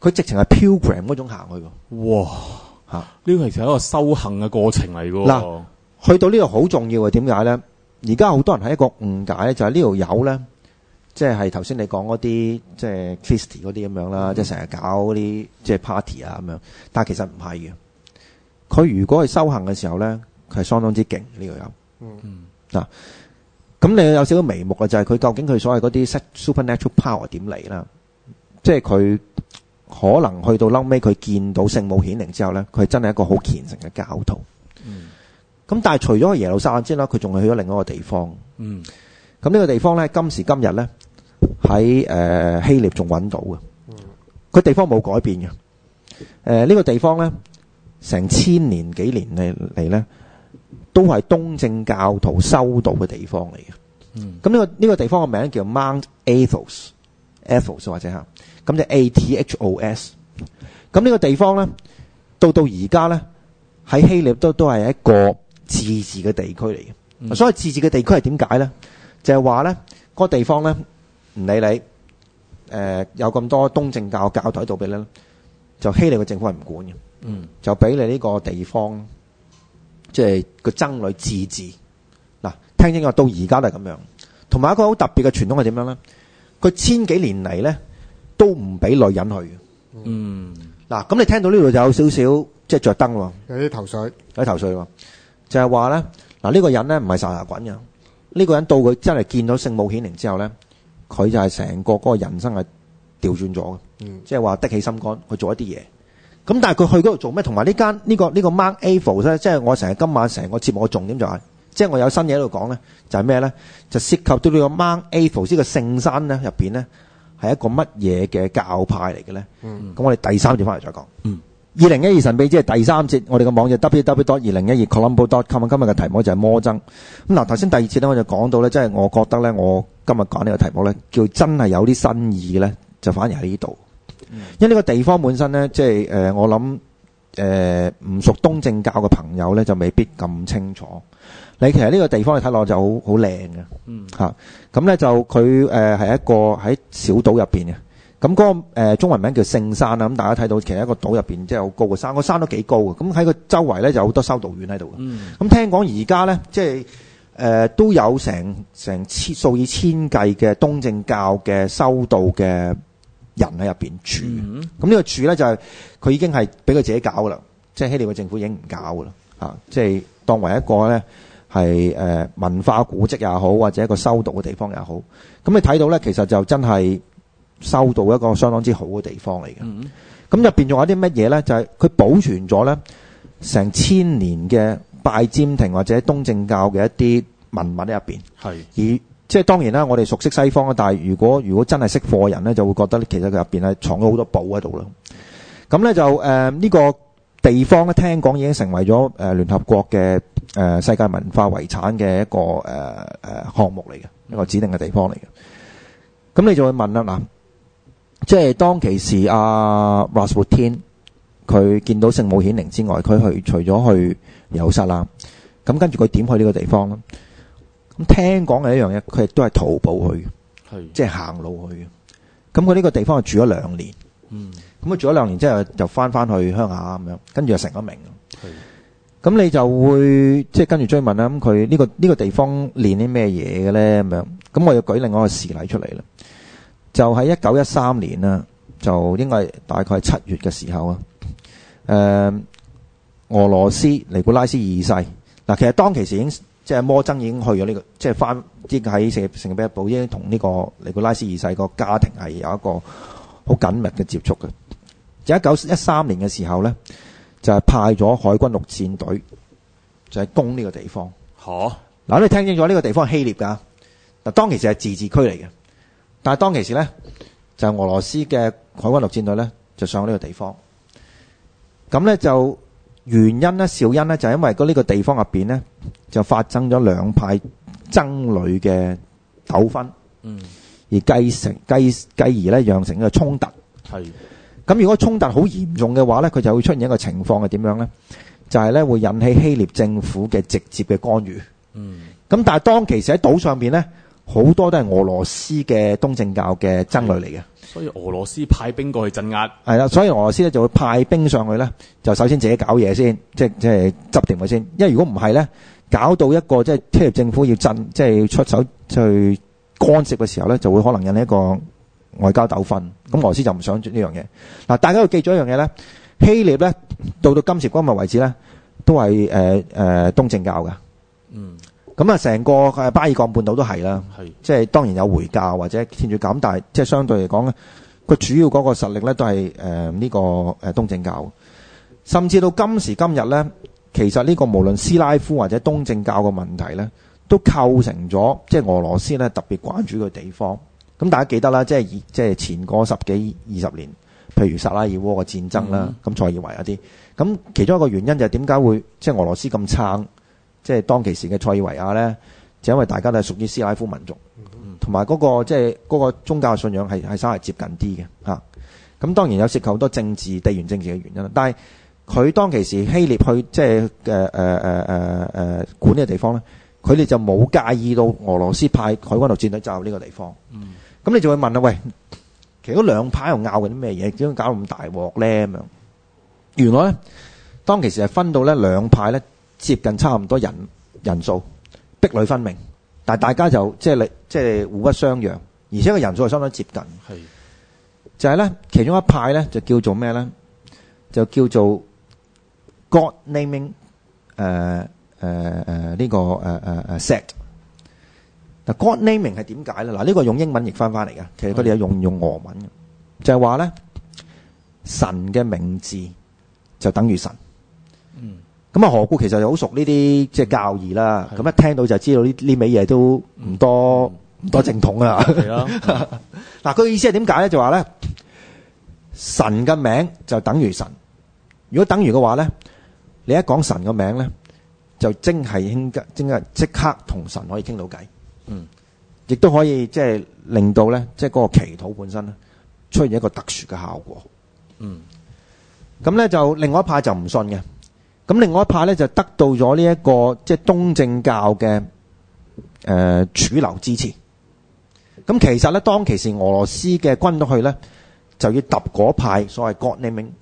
佢直情係 pilgrim 嗰種行去噶哇吓，呢個其實係一個修行嘅過程嚟噶。嗱，去到呢度好重要嘅點解咧？而家好多人係一個誤解咧，就係、是、呢條友咧，即係係頭先你講嗰啲，即、就、係、是、Christy 嗰啲咁樣啦，即係成日搞嗰啲即係 party 啊咁樣。但係其實唔係嘅，佢如果係修行嘅時候咧，佢係相當之勁呢條友。嗯嗯。嗱、啊，咁你有少少眉目嘅就係、是、佢究竟佢所謂嗰啲 supernatural power 點嚟啦？即係佢可能去到後尾，佢見到聖母顯靈之後呢，佢真係一個好虔誠嘅教徒。咁、嗯、但係除咗耶路撒冷之外，佢仲去咗另一個地方。咁、嗯、呢個地方呢，今時今日呢，喺誒、呃、希臘仲搵到嘅。佢地方冇改變嘅。誒、呃、呢、這個地方呢，成千年幾年嚟嚟都係東正教徒修道嘅地方嚟嘅。咁、嗯、呢、這個呢、這個地方嘅名叫 Mount Athos，Athos 或者嚇，咁就 A T H O S。咁呢個地方呢，到到而家呢，喺希臘都都係一個自治嘅地區嚟嘅。所以自治嘅地區係點解呢？就係、是、話呢、那個地方呢，唔理你，誒、呃、有咁多東正教教徒喺度，俾你，就希臘嘅政府係唔管嘅，嗯，就俾你呢個地方。即係個僧侶自治嗱，聽清楚到而家都係咁樣，同埋一個好特別嘅傳統係點樣咧？佢千幾年嚟咧都唔俾女人去嘅。嗯，嗱、嗯、咁你聽到呢度就有少少即係着燈喎。有啲頭緒，有啲頭緒喎，就係話咧嗱呢、呢個人咧唔係傻牙滾嘅。呢、呢個人到佢真係見到聖母顯靈之後咧，佢就係成個嗰個人生係調轉咗嘅。即係話的起心肝去做一啲嘢。咁但係佢去嗰度做咩？同埋呢間呢、這個呢、這個 Mount a f u 咧，即係我成日今晚成個節目嘅重點就係、是，即、就、係、是、我有新嘢喺度講咧，就係咩咧？就涉及到呢個 Mount a f u 呢個聖山咧入面咧，係一個乜嘢嘅教派嚟嘅咧？咁、嗯、我哋第三節翻嚟再講。二零一二神秘，即係第三節，我哋個網址 www.2012columbo.com 今日嘅題目就係魔僧。咁嗱，頭先第二節咧我就講到咧，即、就、係、是、我覺得咧，我今日講呢個題目咧，叫真係有啲新意咧，就反而喺呢度。因為呢個地方本身呢，即係誒，我諗誒唔屬東正教嘅朋友呢，就未必咁清楚。你其實呢個地方你睇落就好好靚嘅，吓咁呢就佢誒係一個喺小島入面嘅。咁、那、嗰個、呃、中文名叫聖山啦。咁、嗯、大家睇到其實一個島入面即係好高嘅山，個山都幾高嘅。咁喺個周圍呢，就有好多修道院喺度。咁聽講而家呢，即係誒都有成成千數以千計嘅東正教嘅修道嘅。人喺入面住，咁、mm-hmm. 呢個住呢、就是，就係佢已經係俾佢自己搞噶啦，即、就、係、是、希臘嘅政府已經唔搞噶啦，即、啊、係、就是、當為一個呢係誒、呃、文化古蹟也好，或者一個修道嘅地方也好，咁你睇到呢，其實就真係修道一個相當之好嘅地方嚟嘅。咁入邊仲有啲乜嘢呢？就係、是、佢保存咗呢成千年嘅拜占庭或者東正教嘅一啲文物喺入面。Mm-hmm. 以。即係當然啦，我哋熟悉西方啊，但係如果如果真係識貨人咧，就會覺得其實佢入邊係藏咗好多寶喺度啦。咁、嗯、咧就誒呢、呃這個地方咧，聽講已經成為咗誒、呃、聯合國嘅誒、呃、世界文化遺產嘅一個誒、呃呃、項目嚟嘅，一個指定嘅地方嚟嘅。咁、嗯、你就會問啦，嗱、啊，即係當其時阿、啊、Rasputin 佢見到聖母顯靈之外，佢去除咗去有失啦，咁跟住佢點去呢個地方咧？咁聽講嘅一樣嘢，佢亦都係徒步去，即係行路去。咁佢呢個地方係住咗兩年，咁、嗯、佢住咗兩年之後就翻、係、翻去鄉下咁樣，跟住就成咗名。咁你就會即係、就係、跟住追問啦。咁佢呢個呢、這個地方練啲咩嘢嘅咧？咁樣，咁我要舉另外一個事例出嚟啦。就喺一九一三年啦，就應該大概係七月嘅時候啊。誒，俄羅斯尼古拉斯二世嗱，其實當其時已經。即係魔僧已經去咗呢個，即係翻即係喺聖彼得堡已經同呢個尼古拉斯二世個家庭係有一個好緊密嘅接觸嘅。就一九一三年嘅時候咧，就係派咗海軍陸戰隊就係攻呢個地方。嚇、哦！嗱，你聽清楚，呢個地方係希臘㗎。嗱，當其時係自治區嚟嘅，但係當其時咧就係俄羅斯嘅海軍陸戰隊咧就上呢個地方。咁咧就。原因呢，小恩呢，就是、因為嗰呢個地方入邊呢，就發生咗兩派僧侶嘅糾紛，嗯，而繼承繼繼而呢，釀成一個衝突，係。咁如果衝突好嚴重嘅話呢，佢就會出現一個情況係點樣呢？就係、是、呢，會引起希臘政府嘅直接嘅干預，嗯。咁但係當其時喺島上邊呢，好多都係俄羅斯嘅東正教嘅僧侶嚟嘅。所以俄羅斯派兵過去鎮壓係啦，所以俄羅斯咧就會派兵上去咧，就首先自己搞嘢先，即係即係執掂佢先。因為如果唔係咧，搞到一個即係希臘政府要鎮，即係要出手去干涉嘅時候咧，就會可能引起一個外交糾紛。咁俄羅斯就唔想呢樣嘢嗱。大家要記住一樣嘢咧，希臘咧到到今時今日為止咧都係誒誒東正教嘅。咁啊，成個誒巴爾幹半島都係啦，即係當然有回教或者天主教，但係即係相對嚟講咧，佢主要嗰個實力咧都係誒呢個誒東正教。甚至到今時今日咧，其實呢個無論斯拉夫或者東正教嘅問題咧，都構成咗即係俄羅斯咧特別關注嘅地方。咁大家記得啦，即係即係前嗰十幾二十年，譬如薩拉爾沃嘅戰爭啦，咁塞爾維亞啲。咁其中一個原因就係點解會即係俄羅斯咁撐？即係當其時嘅塞爾維亞呢，就因為大家都係屬於斯拉夫民族，同埋嗰個即係嗰個宗教信仰係係稍係接近啲嘅。咁當然有涉及好多政治地緣政治嘅原因，但係佢當其時希臘去即係誒誒誒管呢個地方呢，佢哋就冇介意到俄羅斯派海軍陸戰隊佔呢個地方。咁、嗯、你就會問啦，啊，「喂，其實兩派又拗緊啲咩嘢，點解搞到咁大鑊呢？」咁原來呢當其時係分到呢兩派呢接近差唔多人人數，壁壘分明，但係大家就即係你即係互不相讓，而且個人數係相當接近。係就係咧，其中一派咧就叫做咩咧？就叫做 God Naming 誒誒誒呢個誒誒誒 set。嗱 God Naming 係點解咧？嗱呢個用英文譯翻翻嚟嘅，其實佢哋有用用俄文嘅，就係話咧神嘅名字就等於神。咁啊，何故其實就好熟呢啲即係教義啦？咁一聽到就知道呢呢味嘢都唔多唔 多正統啊！係咯，嗱，佢嘅意思係點解咧？就話咧，神嘅名就等於神。如果等於嘅話咧，你一講神嘅名咧，就真係傾即刻即刻同神可以傾到偈。嗯，亦都可以即係令到咧，即係嗰個祈禱本身咧，出現一個特殊嘅效果。嗯呢，咁咧就另外一派就唔信嘅。咁另外一派咧，就得到咗呢一個即係、就是、東正教嘅誒主流支持。咁其實咧，當其時俄羅斯嘅軍隊去咧，就要揼嗰派，所謂國名名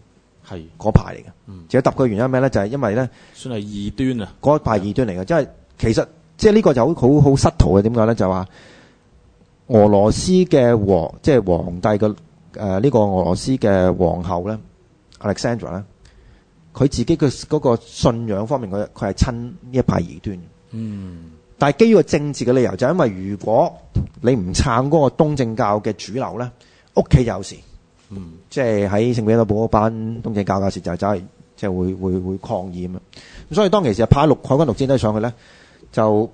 係嗰派嚟嘅。嗯，仲要揼嘅原因咩咧？就係、是、因為咧，算係異端啊。嗰一派異端嚟嘅，即、就、係、是、其實即係呢個就好好好失途嘅。點解咧？就話、是、俄羅斯嘅皇，即、就、係、是、皇帝嘅誒，呢、呃這個俄羅斯嘅皇后咧，Alexandra 咧。佢自己嘅嗰個信仰方面，佢佢係親呢一派異端。嗯，但係基於政治嘅理由，就係，因為如果你唔撐嗰個東正教嘅主流咧，屋企有事。嗯，即係喺聖彼得堡嗰班東正教教士就走係即係會、就係、會會，會抗議啊！咁所以當其時派陸海軍陸戰隊上去咧，就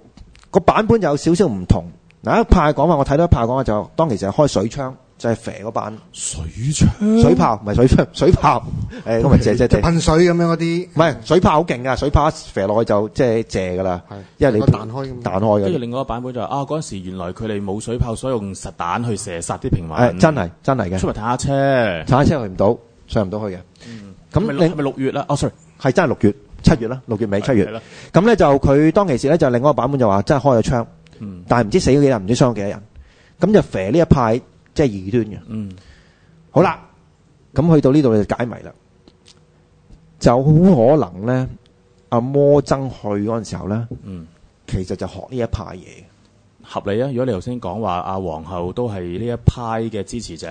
個版本有少少唔同。嗱，派講話我睇到派講話就當其時開水槍。就係肥嗰版水槍、水炮，唔係水水炮，誒、哎，咁咪射射射噴水咁樣嗰啲，唔係水炮好勁噶，水炮一射落去就即係射噶啦，因為你彈開嘅。彈開嘅。跟住另外一個版本就話、是、啊，嗰陣時原來佢哋冇水炮，所以用實彈去射殺啲平民。哎、真係真係嘅。出嚟踩下車，踩下車去唔到，上唔到去嘅。嗯，咁咪六咪六月啦。哦、oh，sorry，係真係六月、七月啦，六月尾七月。係啦。咁咧就佢當其時咧就另外一個版本就話真係開咗槍、嗯，但係唔知死咗幾人，唔知傷咗幾多人，咁就肥呢一派。即係異端嘅。嗯，好啦，咁去到呢度你就解謎啦。就好可能呢，阿、啊、魔僧去嗰陣時候呢，嗯，其實就學呢一派嘢合理啊。如果你頭先講話阿皇后都係呢一派嘅支持者，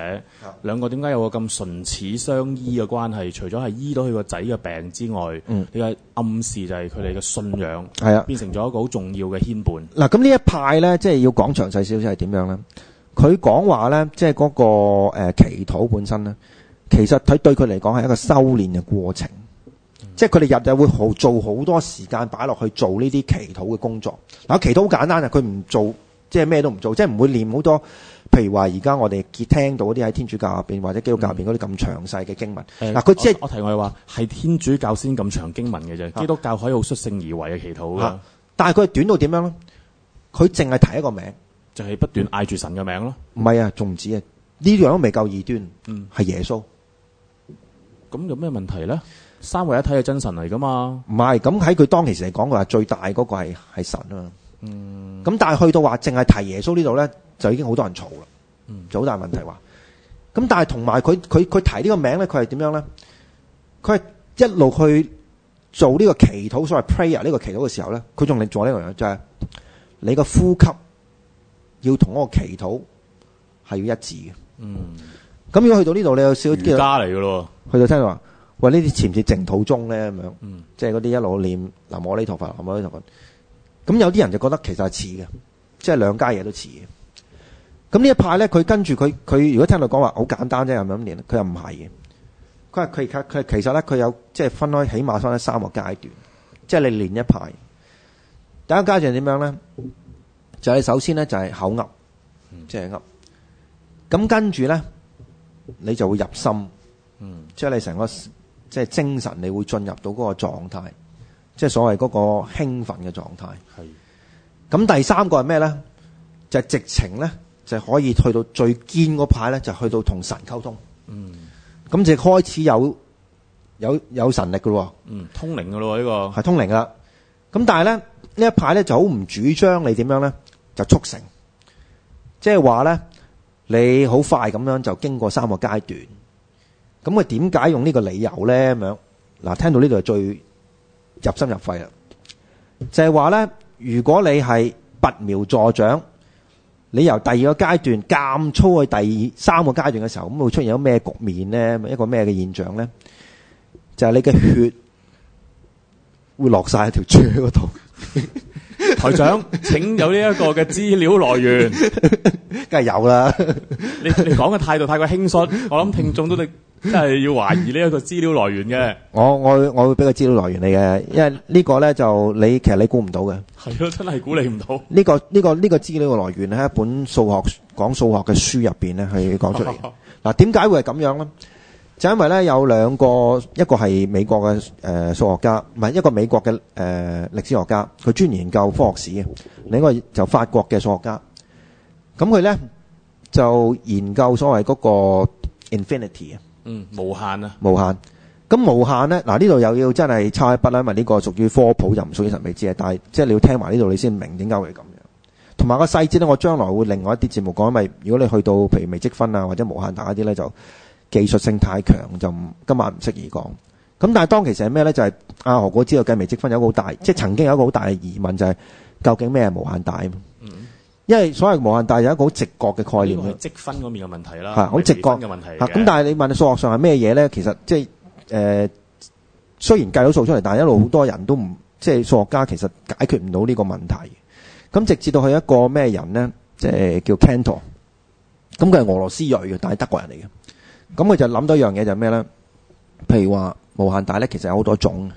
兩、啊、個點解有個咁唇齒相依嘅關係？除咗係醫到佢個仔嘅病之外，嗯，呢個暗示就係佢哋嘅信仰係啊，變成咗一個好重要嘅牽絆。嗱、啊，咁呢一派呢，即係要講詳細少少係點樣呢？佢講話呢，即係嗰個、呃、祈禱本身呢，其實佢對佢嚟講係一個修煉嘅過程，嗯、即係佢哋入就日日會好做好多時間擺落去做呢啲祈禱嘅工作。嗱，祈禱好簡單啊，佢唔做即係咩都唔做，即係唔會念好多，譬如話而家我哋聽到嗰啲喺天主教入邊或者基督教入邊嗰啲咁詳細嘅經文。嗱，佢即係我提我哋話係天主教先咁長經文嘅啫，基督教可以好率性而為嘅祈禱、啊啊、但係佢短到點樣呢？佢淨係提一個名。就係、是、不斷嗌住神嘅名咯，唔、嗯、係啊，仲唔止啊？呢樣都未夠二端，係、嗯、耶穌。咁、嗯、有咩問題呢？三位一體係真神嚟噶嘛？唔係，咁喺佢當其時嚟講，佢話最大嗰個係係神啊。咁、嗯、但係去到話淨係提耶穌呢度呢，就已經好多人嘈啦、嗯，就好大問題話。咁但係同埋佢佢佢提呢個名呢，佢係點樣呢？佢係一路去做呢個祈禱，所謂 prayer 呢個祈禱嘅時候呢，佢仲令做呢樣嘢，就係、是、你個呼吸。要同嗰個祈禱係要一致嘅。嗯。咁如果去到呢度，你有少少瑜伽嚟嘅咯。去到聽到話，喂呢啲似唔似淨土宗咧？咁樣，嗯，即係嗰啲一攞念嗱南無阿彌陀佛，南無阿彌陀佛。」咁有啲人就覺得其實係似嘅、嗯，即係兩家嘢都似嘅。咁呢一派咧，佢跟住佢佢如果聽到講話好簡單啫，係咪咁練？佢又唔係嘅。佢話佢而家佢其實咧佢有即係、就是、分開，起碼分開三個階段，即、就、係、是、你練一派。第一階段點樣咧？就係、是、首先咧，就係、是、口噏，即係噏。咁跟住咧，你就會入心，即、嗯、係、就是、你成個即係、就是、精神，你會進入到嗰個狀態，即、就、係、是、所謂嗰個興奮嘅狀態。咁第三個係咩咧？就係、是、直情咧，就可以去到最堅嗰派咧，就去到同神溝通。咁、嗯、就開始有有有神力噶咯，嗯，通靈噶咯，呢個係通靈啦。咁但係咧呢一派咧就好唔主張你點樣咧？就促成，即係話呢，你好快咁樣就經過三個階段，咁佢點解用呢個理由呢？咁樣嗱，聽到呢度最入心入肺啦，就係話呢，如果你係拔苗助長，你由第二個階段監粗去第三個階段嘅時候，咁會出現咗咩局面呢？一個咩嘅現象呢？就係你嘅血會落晒喺條柱嗰度。 台長，請有呢一個嘅資料來源，梗係有啦。 你你講嘅態度太過輕率，我諗聽眾都真係要懷疑呢一個資料來源嘅。我我我會俾個資料來源你嘅，因為呢個呢，就你其實你估唔到嘅。係咯，真係估你唔到。呢個呢個呢個資料嘅來源喺一本數學講數學嘅書入邊呢，去講出嚟。嗱，點解會係咁樣呢？就因為咧有兩個，一個係美國嘅誒、呃、數學家，唔係一個美國嘅誒、呃、歷史學家，佢專門研究科學史。另一個就法國嘅數學家，咁佢咧就研究所謂嗰個 infinity 啊，嗯，無限啊，無限。咁無限呢，嗱呢度又要真係差一筆啦，因為呢個屬於科普，又唔屬於神秘知嘅。但係即係你要聽埋呢度，你先明點解會咁樣。同埋個細節咧，我將來會另外一啲節目講。因為如果你去到譬如微積分啊，或者無限大嗰啲咧，就。技術性太強就今晚唔適宜講。咁但係當其實係咩呢？就係、是、阿、啊、何果知道計微積分有一個好大，嗯、即係曾經有一個好大嘅疑問就係、是、究竟咩係無限大，嗯？因為所謂無限大有、就是、一個好直覺嘅概念嘅。啊、積分嗰面嘅問題啦。好直覺嘅問題。咁、啊啊、但係你問你數學上係咩嘢呢？其實即係誒、呃，雖然計到數出嚟，但係一路好多人都唔即係數學家其實解決唔到呢個問題。咁直至到去一個咩人呢？即係叫 Cantor。咁佢係俄羅斯裔嘅，但係德國人嚟嘅。咁佢就諗到一樣嘢，就係咩呢？譬如話無限大呢，其實有好多種。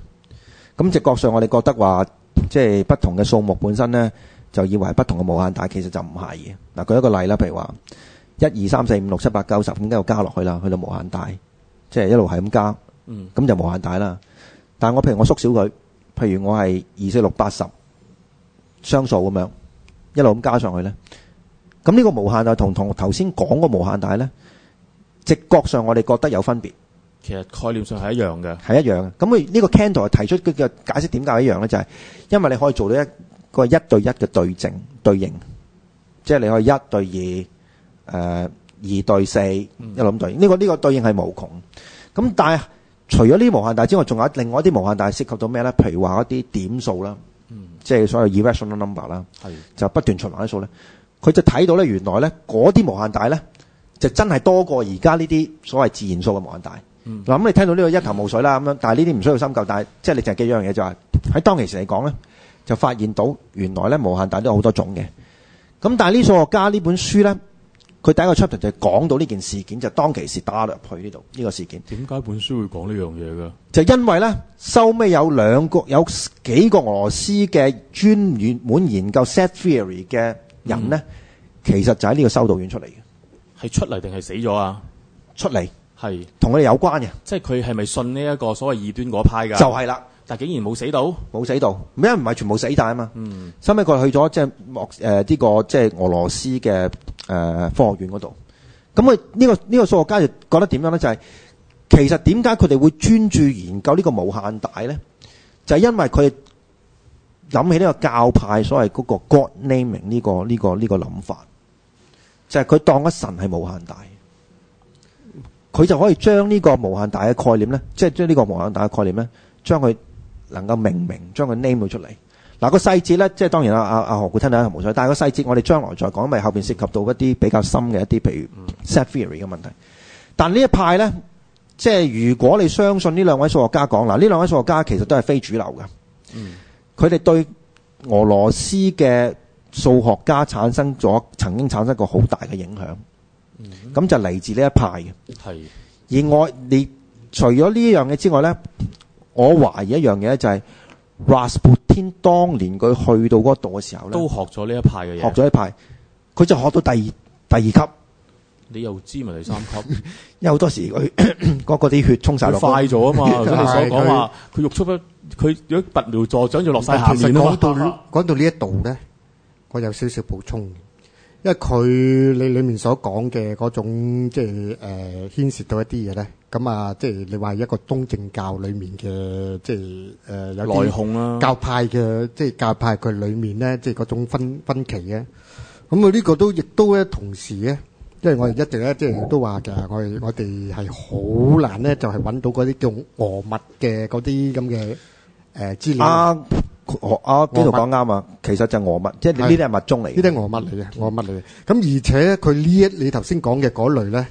咁直覺上我哋覺得話，即係不同嘅數目本身呢，就以為係不同嘅無限大，其實就唔係嘅。嗱、啊，舉一個例啦，譬如話一二三四五六七八九十，咁繼續加落去啦，去到無限大，即係一路係咁加，咁、嗯、就無限大啦。但係我譬如我縮小佢，譬如我係二四六八十雙數咁樣，一路咁加上去呢。咁呢個無限就同同頭先講嘅無限大呢。直覺上，我哋覺得有分別。其實概念上係一樣嘅，係一樣嘅。咁佢呢個 Cantor 提出嘅解釋點解一樣呢？就係、是、因為你可以做到一個一，個一對一嘅對正，對應，即、就、係、是、你可以一對二，誒、呃、二對四，一諗對應。呢、這個呢、這個對應係無窮。咁但係除咗呢啲無限大之外，仲有另外一啲無限大係涉及到咩呢？譬如話一啲點數啦、嗯，即係所謂 irrational number 啦，就不斷循環嘅數呢。佢就睇到呢，原來呢嗰啲無限大呢。就真係多過而家呢啲所謂自然數嘅無限大。嗱、嗯、咁、嗯、你聽到呢個一頭霧水啦咁樣，但係呢啲唔需要深究。但係即係你淨係記住樣嘢就係、是、喺當其時嚟講咧，就發現到原來咧無限大都有好多種嘅。咁但係呢數學家呢本書咧，佢第一個 chapter 就講到呢件事件，就是、當其時打落去呢度呢個事件。點解本書會講呢樣嘢㗎？就因為咧收尾有兩個有幾個俄羅斯嘅專門研究 set theory 嘅人咧、嗯，其實就喺呢個修道院出嚟。係出嚟定係死咗啊？出嚟係同佢哋有關嘅，即係佢係咪信呢一個所謂異端嗰派噶？就係、是、啦，但竟然冇死到，冇死到，咩唔係全部死晒啊嘛。嗯，收尾佢去咗即係莫誒呢個即係、就是、俄羅斯嘅誒、呃、科學院嗰度。咁佢呢個呢、這個數學家就覺得點樣呢？就係、是、其實點解佢哋會專注研究呢個無限大呢？就係、是、因為佢哋諗起呢個教派所謂嗰個 God Naming 呢、這個呢、這個呢、這個諗法。就係、是、佢當一神係無限大，佢就可以將呢個無限大嘅概念呢，即係將呢個無限大嘅概念呢，將佢能夠命名，將佢 name 咗出嚟。嗱，個細節呢，即係當然阿啊啊何故聽都係冇錯，但係個細節我哋將來再講，咪後面涉及到一啲比較深嘅一啲譬如 set theory 嘅問題。但呢一派呢，即、就、係、是、如果你相信呢兩位數學家講嗱，呢兩位數學家其實都係非主流嘅，佢、嗯、哋對俄羅斯嘅。數學家產生咗，曾經產生過好大嘅影響。咁、嗯、就嚟自呢一派嘅。係。而我，你除咗呢樣嘢之外咧，我懷疑一樣嘢咧，就係 Rasputin 當年佢去到嗰度嘅時候咧，都學咗呢一派嘅嘢，學咗一派。佢就學到第二第二級。你又知咪第三級？ 因為好多時佢嗰啲血沖曬落快咗啊嘛。我講話佢欲速不，佢如果拔苗助長就落曬下下。講到講到呢一度咧。我有少少補充，因為佢你裡面所講嘅嗰種即係誒牽涉到一啲嘢咧，咁啊，即係你話一個東正教裡面嘅即係誒有內訌啊教派嘅即係教派佢裡面咧，即係嗰種分分歧嘅。咁啊，呢個都亦都咧，同時咧，因為我哋一直咧即係都話嘅，我哋我哋係好難咧，就係揾到嗰啲叫俄物嘅嗰啲咁嘅誒資料。我邊度講啱啊？其實就鵝密，即係你呢啲係密宗嚟。呢啲鵝密嚟嘅，鵝密嚟。咁而且佢呢一你頭先講嘅嗰類咧，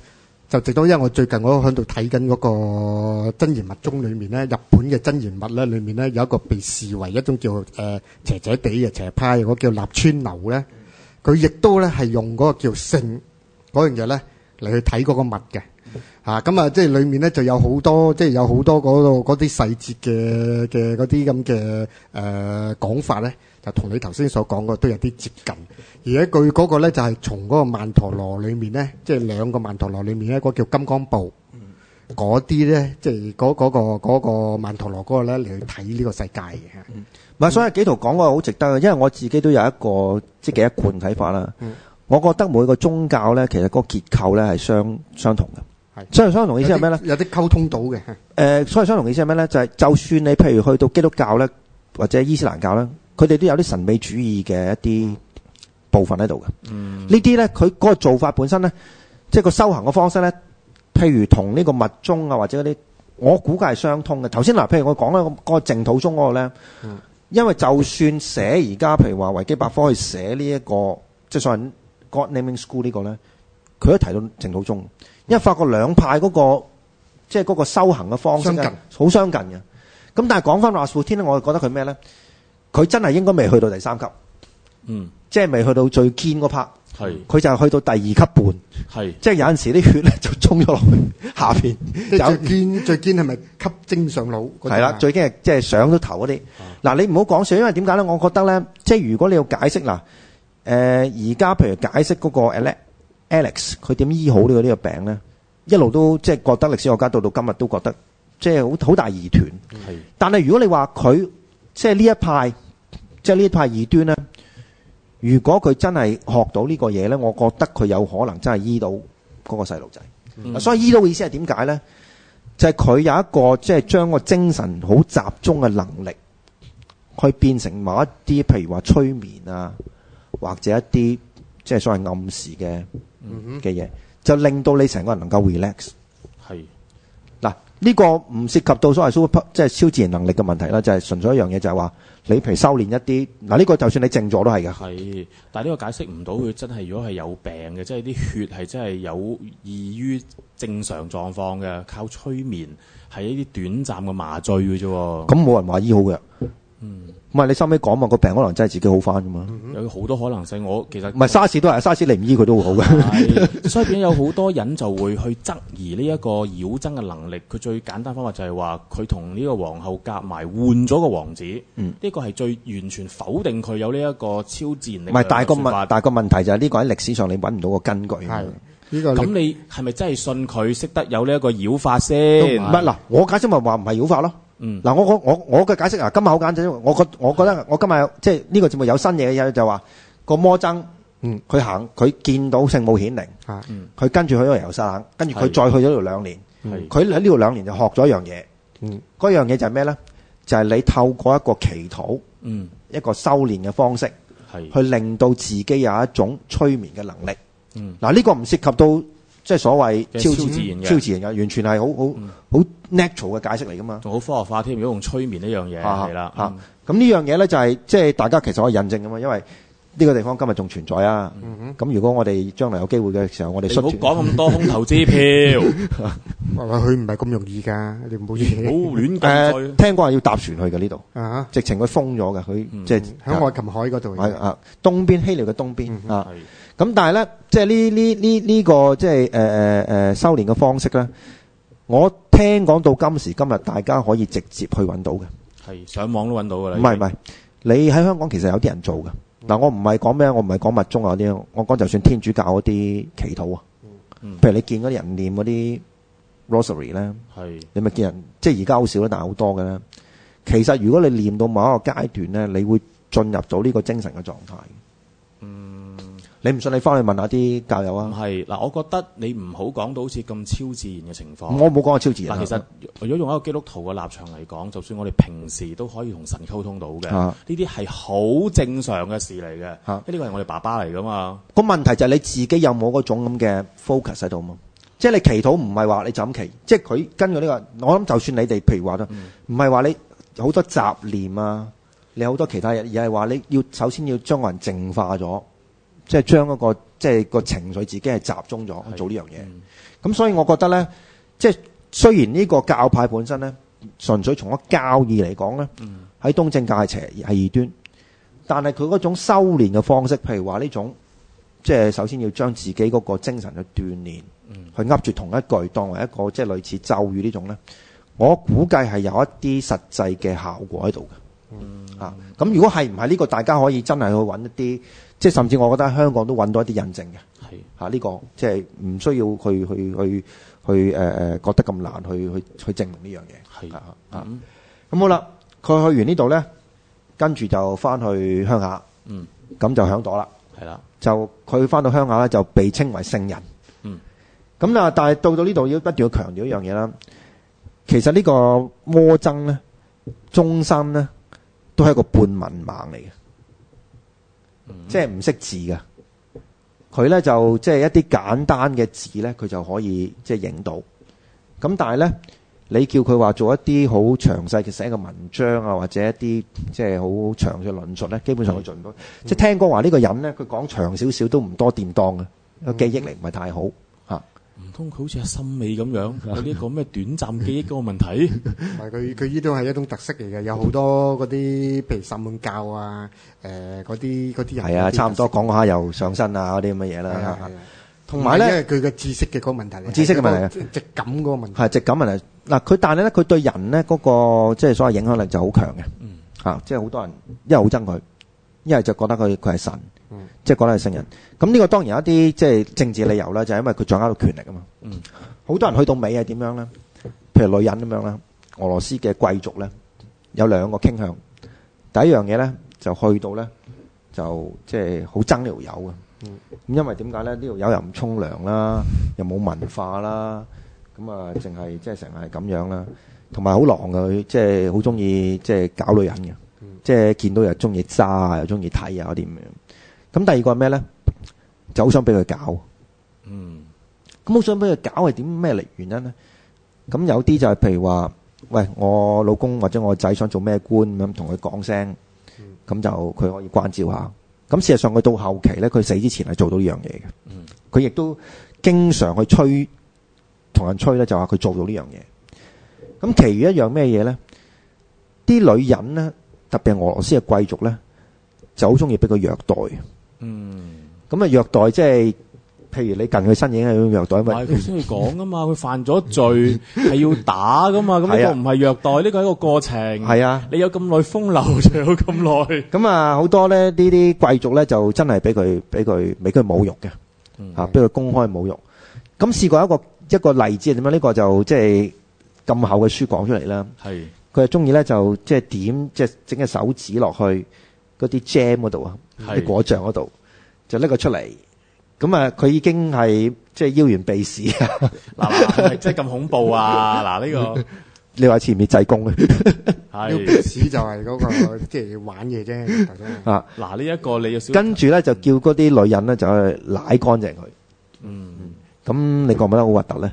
就直到因為我最近我都喺度睇緊嗰個真言密宗裏面咧，日本嘅真言密咧裏面咧有一個被視為一種叫誒邪邪地嘅邪派，我叫立川流咧，佢亦都咧係用嗰個叫性嗰樣嘢咧嚟去睇嗰個密嘅。.吓咁啊！即係裏面咧就有好多，即係有好多嗰度嗰啲細節嘅嘅嗰啲咁嘅誒講法咧，就同你頭先所講嘅都有啲接近。而且佢嗰個咧就係從嗰個曼陀羅裏面咧，即係兩個曼陀羅裏面咧，嗰、嗰個、叫金剛布，嗰啲咧即係嗰、嗰個、嗰個嗰個曼陀羅嗰個咧嚟去睇呢個世界嘅。唔、嗯、係，所以幾套講嘅好值得，因為我自己都有一個即係幾一貫睇法啦、嗯。我覺得每個宗教咧，其實嗰個結構咧係相相同嘅。所以相同意思係咩咧？有啲溝通到嘅誒、呃。所以相同意思係咩咧？就係、是、就算你譬如去到基督教咧，或者伊斯蘭教咧，佢哋都有啲神秘主義嘅一啲部分喺度嘅。嗯，呢啲咧佢嗰個做法本身咧，即、就、係、是、個修行嘅方式咧，譬如同呢個密宗啊，或者嗰啲，我估計係相通嘅。頭先嗱，譬如我講咧嗰個淨土宗嗰個咧、嗯，因為就算寫而家，譬如話維基百科去寫呢、這、一個，即係所謂 God Naming School 個呢個咧，佢都提到淨土宗。因為發覺兩派嗰、嗰個即係嗰個修行嘅方式，好相近嘅。咁但係講翻 Rasputin 咧，我就覺得佢咩咧？佢真係應該未去到第三級，嗯，即係未去到最堅嗰 part。係，佢就去到第二級半。係，即係有陣時啲血咧就衝咗落去下面，最堅， 最堅係咪吸精上腦？係啦、啊，最堅係即係上咗頭嗰啲。嗱、嗯啊，你唔好講笑，因為點解咧？我覺得咧，即、就、係、是、如果你要解釋啦，誒而家譬如解釋嗰個 Alex Alex 佢點醫好呢個呢個病呢？一路都即係、就是、覺得歷史學家到到今日都覺得即係好好大疑團。係，但係如果你話佢即係呢一派，即係呢一派異端呢，如果佢真係學到呢個嘢呢，我覺得佢有可能真係醫到嗰個細路仔。所以醫到嘅意思係點解呢？就係、是、佢有一個即係、就是、將個精神好集中嘅能力，去變成某一啲譬如話催眠啊，或者一啲即係所謂暗示嘅。嗯哼嘅嘢，就令到你成個人能夠 relax。係嗱，呢、啊這個唔涉及到所謂 super 即係超自然能力嘅問題啦，就係、是、純粹一樣嘢就係話你譬如修煉一啲嗱，呢、啊這個就算你靜坐都係㗎，係，但係呢個解釋唔到佢真係如果係有病嘅，即係啲血係真係有異於正常狀況嘅，靠催眠係一啲短暫嘅麻醉嘅啫。咁冇人話醫好嘅。嗯，唔係你收尾講嘛，個病可能真係自己好翻噶嘛，有好多可能性。我其實唔係沙士都係沙士，你唔醫佢都會好嘅。所以變有好多人就會去質疑呢一個妖僧嘅能力。佢最簡單方法就係話佢同呢個皇后夾埋換咗個王子。呢、嗯、個係最完全否定佢有呢一個超自然力。唔係，大係個問，但個問題就係、是、呢、這個喺歷史上你揾唔到個根據。係呢對的個咁你係咪真係信佢識得有呢一個妖法先？唔係嗱，我解釋咪話唔係妖法咯。嗯，嗱我我我嘅解釋啊，今日好簡單，我覺我覺得我今日即係呢個節目有新嘢嘅嘢就話個魔僧，嗯，佢行佢見到聖母顯靈，嗯，佢跟住去咗遊山，跟住佢再去咗度兩年，佢喺呢度兩年就學咗一樣嘢，嗯，嗰樣嘢就係咩呢？就係、是、你透過一個祈禱，嗯，一個修練嘅方式，係，去令到自己有一種催眠嘅能力，嗯，嗱、嗯、呢、這個唔涉及到。即係所謂超自然嘅，超自然嘅，完全係好好好 natural 嘅解釋嚟噶嘛，仲好科學化添，如果用催眠呢樣嘢係啦嚇。咁呢樣嘢咧就係、是、即係大家其實可以印證噶嘛，因為呢個地方今日仲存在啊。咁、嗯、如果我哋將來有機會嘅時候，嗯、我哋唔好講咁多空頭支票，佢唔係咁容易㗎。你唔好亂誒，聽講係要搭船去嘅，呢度直情佢封咗嘅，佢即係喺愛琴海嗰度啊，東邊希臘嘅東邊、嗯、啊。咁但係咧，即係呢呢呢呢個即係誒誒誒修練嘅方式咧，我聽講到今時今日，大家可以直接去揾到嘅，係上網都揾到嘅啦。唔係唔係，你喺香港其實有啲人做嘅嗱、嗯，我唔係講咩，我唔係講密宗啊啲，我講就算天主教嗰啲祈禱啊，嗯嗯，譬如你見嗰啲人念嗰啲 Rosary 咧，你咪見人，即係而家好少但好多嘅啦。其實如果你念到某一個階段咧，你會進入到呢個精神嘅狀態。你唔信，你翻去問下啲教友啊。唔係嗱，我覺得你唔好講到好似咁超自然嘅情況。我冇講過超自然。但係其實，如果用一個基督徒嘅立場嚟講，就算我哋平時都可以同神溝通到嘅，呢啲係好正常嘅事嚟嘅。呢個係我哋爸爸嚟㗎嘛。個問題就係你自己有冇嗰種咁嘅 focus 喺度嘛？即係你祈禱唔係話你就咁祈，即係佢跟住呢個。我諗就算你哋，譬如話啦，唔係話你好多雜念啊，你好多其他嘢，而係話你要首先要將個人淨化咗。即係將一、嗰個即係個情緒自己係集中咗做呢樣嘢，咁、嗯、所以我覺得呢，即係雖然呢個教派本身呢，純粹從一教義嚟講呢，喺、嗯、東正教係邪係異端，但係佢嗰種修練嘅方式，譬如話呢種，即係首先要將自己嗰個精神去鍛鍊、嗯，去噏住同一句當為一個即係類似咒語呢種呢，我估計係有一啲實際嘅效果喺度嘅。啊，咁如果係唔係呢個，大家可以真係去揾一啲。即係甚至，我覺得香港都搵到一啲印證嘅。係嚇呢個即係唔需要去去去去誒誒覺得咁難去去去證明呢樣嘢。係啊咁、嗯嗯、好啦，佢去完這呢度咧，跟住就返去鄉下。嗯，咁就響咗啦。係啦，就佢返到鄉下咧，就被稱為聖人。嗯。咁啊，但係到到呢度要不斷去強調一樣嘢啦。其實呢個魔僧咧，終身咧，都係一個半文盲嚟嘅。即係唔識字㗎。佢呢就即係一啲簡單嘅字呢，佢就可以即係影到。咁但係呢，你叫佢話做一啲好詳細嘅寫個文章啊，或者一啲即係好長嘅論述呢，基本上佢做唔到。即係聽講話呢個人呢，佢講長少少都唔多掂當嘅，記憶力唔係太好。唔通佢好似係心理咁樣，有呢個咩短暫記憶嗰個問題？唔係，佢佢呢度係一種特色嚟嘅，有好多嗰啲譬如神門教啊，誒嗰啲嗰啲人係啊，差唔多講下又上身啊嗰啲咁嘅嘢啦。同埋咧，佢嘅知識嘅嗰個問題，知識嘅問題，直感嗰個問題，係直感問題。嗱佢但係咧，佢對人咧嗰個即係所謂影響力就好強嘅。嗯，吓即係好多人一係好憎佢，一係就覺得佢佢係神。嗯，即係講得係聖人，咁呢個當然有一啲即係政治理由啦，就係、是、因為佢掌握到權力啊嘛。嗯，好多人去到尾係點樣咧？譬如女人咁樣啦，俄羅斯嘅貴族咧有兩個傾向。第一樣嘢咧就去到咧就即係好憎呢條友啊。嗯，咁因為點解咧？呢條友又唔沖涼啦，又冇文化啦，咁啊淨係即係成日係咁樣啦，同埋好狼噶佢，即係好中意即係搞女人嘅，嗯，即係見到又中意揸啊，又中意睇啊嗰啲咁樣。咁第二個係咩咧？就好想俾佢搞。嗯。咁好想俾佢搞係點咩嚟原因咧？咁有啲就係譬如話，喂，我老公或者我仔想做咩官咁同佢講聲，咁、嗯、就佢可以關照下。咁事實上佢到後期咧，佢死之前係做到呢樣嘢嘅。佢、嗯、亦都經常去催，同人催咧，就話佢做到呢樣嘢。咁，其餘一樣咩嘢咧？啲女人咧，特別係俄羅斯嘅貴族咧，就好中意俾佢虐待。嗯，咁啊虐待，即係譬如你近佢身影係咁虐待，唔係佢先要講噶嘛，佢犯咗罪係要打噶嘛，咁個唔係虐待，呢個係一個過程。係啊，你有咁耐風流，就有咁耐。咁啊，好多咧呢啲貴族咧就真係俾佢俾佢俾佢侮辱嘅，吓俾佢公開侮辱。咁試過一個一個例子係點樣？呢個就即係咁厚嘅書講出嚟啦。係，佢係中意咧就即係點即係整隻手指落去。嗰啲 jam 嗰度啊，啲果醬嗰度，就拎佢出嚟，咁啊佢已經係即係腰圓鼻屎啊！嗱，即係咁恐怖啊！嗱 呢、啊這個，你話似唔似濟公咧？鼻屎 就係嗰、那個即係玩嘢啫、 啊，啊！嗱、啊這個啊、呢一個你要，跟住咧就叫嗰啲女人咧就去舐乾淨佢，嗯，咁、啊、你覺唔覺得好核突咧？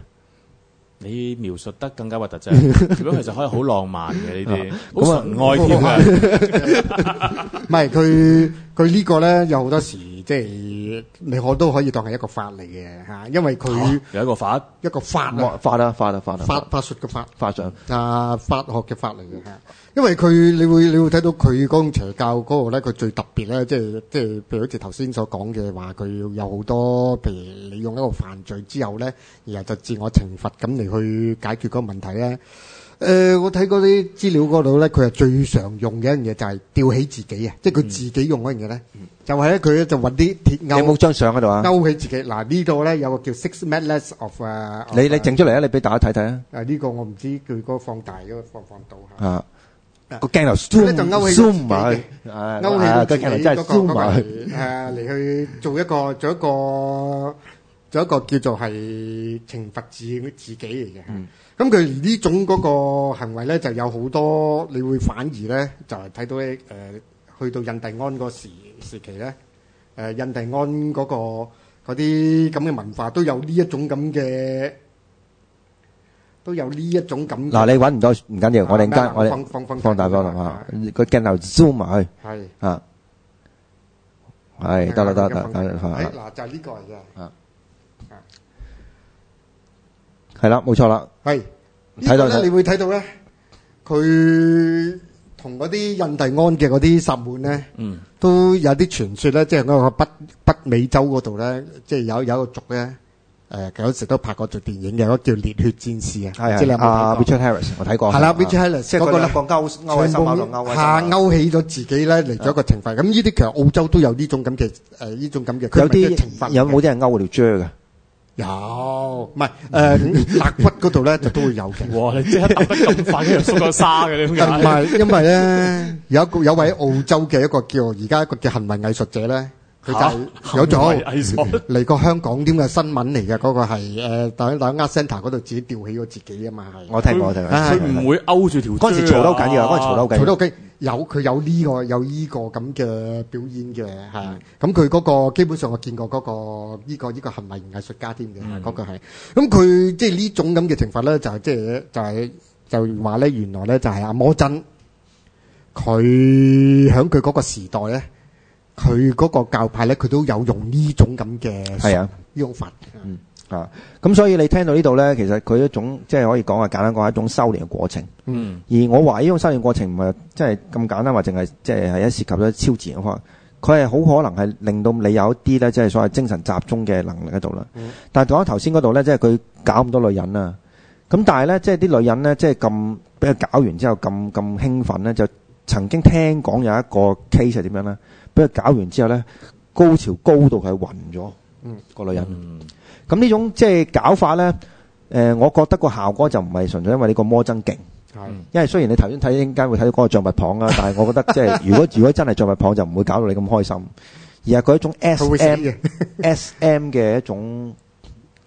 你描述得更加核突啫，咁 其實可以好浪漫嘅呢啲，好純愛添啊！唔係佢佢呢個咧，有好多時即係、就是、你可都可以當係一個法嚟嘅嚇，因為佢、啊、有一個法，一個法、哦、法啊法啦、啊、法啦、啊、法啦、啊、法法術嘅法，法上啊法學嘅法嚟嘅嚇。啊。因為佢你會你會睇到佢嗰種邪教嗰個咧，佢最特別咧，即係即係，譬如好似頭先所講嘅話，佢有好多，譬如你用一個犯罪之後咧，然後就自我懲罰咁嚟去解決嗰個問題咧。誒，我睇嗰啲資料嗰度咧，佢係最常用嘅一樣嘢就係吊起自己啊！即係佢自己用嗰樣嘢咧，就係咧佢就揾啲鐵鈎，你有冇張相喺度啊？鈎起自己嗱呢個咧有個叫 sixmetals of 啊，你你整出嚟啊！你俾大家睇睇啊！啊呢個我唔知佢嗰個放大嗰個放唔放到吓。個鏡頭 zoom zoom 埋，啊！個鏡頭真係 zoom 埋，係嚟去做一個做一個做一個叫做係懲罰自自己嚟嘅。咁佢呢種嗰個行為咧，就有好多你會反而咧，就係睇到咧誒，去到印第安個時時期咧，誒印第安嗰個嗰啲咁嘅文化都有呢一種咁嘅。都有呢一種感。嗱，你揾唔到唔緊要，我哋陣間我哋放大放大下，個鏡頭 zoom 埋去。係。啊。係，得啦得啦得啦。係，嗱，就係呢個嚟嘅。啊。係啦，冇錯啦。係。睇到咧，你會睇到咧，佢同嗰啲印第安嘅嗰啲薩滿咧，都有啲傳説咧，即係嗰個北北美洲嗰度咧，即係有有一個族咧。誒佢有時都拍過做電影嘅，嗰個叫《烈血戰士》啊，知你有冇睇過啊？Richard Harris，我睇過。係啦，Richard Harris 嗰個咧，勾勾喺手邊，下勾起咗自己咧，嚟咗一個懲罰。咁呢啲其實澳洲都有呢種咁嘅誒呢種咁嘅，有啲懲罰，有冇啲人勾嗰條蕉嘅？有，唔係誒肋骨嗰度咧就都會有嘅。哇！你即刻打得咁快，跟住送個沙嘅，你唔係因為咧有一個有位澳洲嘅一個叫而家一個嘅行為藝術者咧。佢就有咗嚟個香港啲咁嘅新聞嚟嘅，嗰、那個係誒等 Center 嗰度自己吊起咗自己啊嘛係我聽過，我聽過佢唔會勾住條、啊。嗰陣時嘈鳶緊嘅，嗰陣嘈鳶緊。嘈、啊、鳶有佢有呢、這個有呢個咁嘅表演嘅係。咁佢嗰個基本上我見過嗰、那個呢、這個呢、這個行為藝術家添嘅，嗰、那個係。咁佢即係呢種咁嘅懲罰咧，就係、是、即就係、是、就話咧，原來咧就係阿、啊、摩珍，佢響佢嗰個時代咧。佢嗰個教派咧，佢都有用呢種咁嘅係啊用法嗯，啊咁，所以你聽到呢度咧，其實佢一種即係、就是、可以講啊簡單講係一種修煉嘅過程嗯。而我懷疑呢種修煉過程唔係即係咁簡單，話淨係即係係一涉及咗超自然嘅可能佢係好可能係令到你有一啲咧，即、就、係、是、所謂精神集中嘅能力喺度啦。但係講頭先嗰度咧，即係佢搞咁多女人啦，咁但係咧，即係啲女人咧，即係咁俾佢搞完之後咁咁興奮咧，就曾經聽講有一個 case 係點樣咧？俾佢搞完之後咧，高潮高度係暈咗。嗯，個女人。咁呢種即係搞法咧、呃，我覺得個效果就唔係純粹因為呢個魔僧勁、嗯。因為雖然你頭先睇應該會睇到嗰個橡皮棒啦， 但係我覺得即、就、係、是、如果如果真係橡皮棒就唔會搞到你咁開心，而係佢一種 S M S M 嘅一種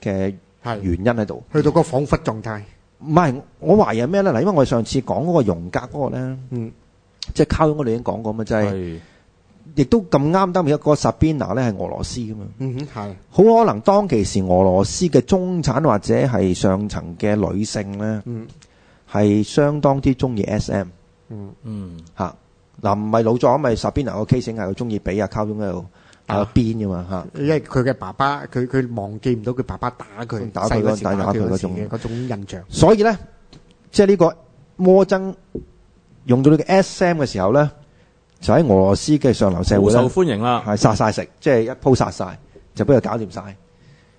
嘅原因喺度。去到個恍惚狀態。唔、嗯、係，我懷疑係咩咧？嗱，因為我上次講嗰個榮格嗰個咧，嗯，即係靠緊我哋已經講過嘛即係。就是亦都咁啱得，一個 Sabina 咧係俄羅斯噶嘛，嗯哼，係，好可能當其時俄羅斯嘅中產或者係上層嘅女性咧，嗯，係相當之中意 SM，嗯嗯，嚇，嗱唔係老作，咪 Sabina 個 case 係佢中意俾阿卡中喺度打個鞭噶嘛嚇，因為佢嘅爸爸，佢佢忘記唔到佢爸爸打佢細個時打佢嗰種嗰種印象，所以咧，即係呢個魔僧用到呢個 SM 嘅時候咧。就喺俄羅斯嘅上流社會受歡迎啦，係殺晒食，即係一鋪殺晒，就俾佢搞掂晒。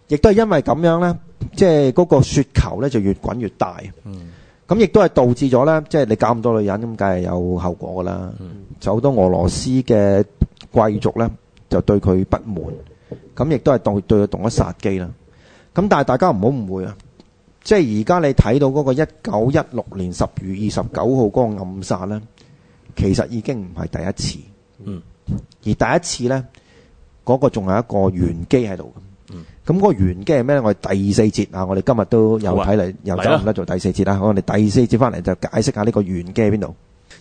亦都係因為咁樣呢，即係嗰個雪球呢就越滾越大。咁、嗯、亦都係導致咗呢，即係你搞咁多女人，咁梗係有後果噶啦、嗯。就好多俄羅斯嘅貴族呢，就對佢不滿，咁亦都係對佢動咗殺機啦。咁但係大家唔好誤會啊，即係而家你睇到嗰個一九一六年十月二十九號嗰個暗殺呢。其實已經唔係第一次，嗯。而第一次呢，嗰、那個仲係一個玄機喺度咁。嗯。咁、那、嗰個玄機係咩呢？我哋第四節啊，我哋今日都有睇嚟、啊，又走唔甩做第四節啦。我哋第四節翻嚟就解釋一下呢個玄機喺邊度。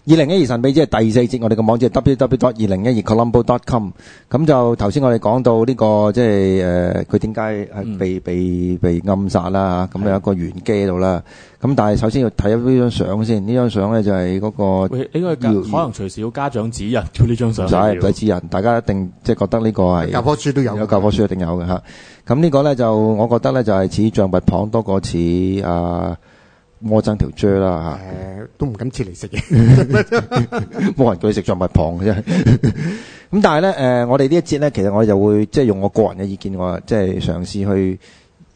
二零一二神秘之夜第四節，我哋嘅網址係 www. 二零一二 columbo.com、這個。咁就頭先我哋講到呢個即係誒，佢點解係被、嗯、被被暗殺啦？咁、嗯、有一個玄機喺度啦。咁、嗯、但係首先要睇呢張相先。呢張相咧就係嗰、那個，應該、這個、可能隨時要家長指引這，認呢張相。唔使唔使指引，大家一定即係、就是、覺得呢個係教科書都有都有教科書一定有嘅嚇。咁呢個咧就我覺得咧就係、是、似象拔蚌多過似啊。魔僧條蕉啦吓誒都唔敢切嚟食嘅，冇 人叫你食，唔係旁嘅啫。咁 但係咧，誒、呃、我哋呢一節咧，其實我就會即係用我個人嘅意見，我即係嘗試去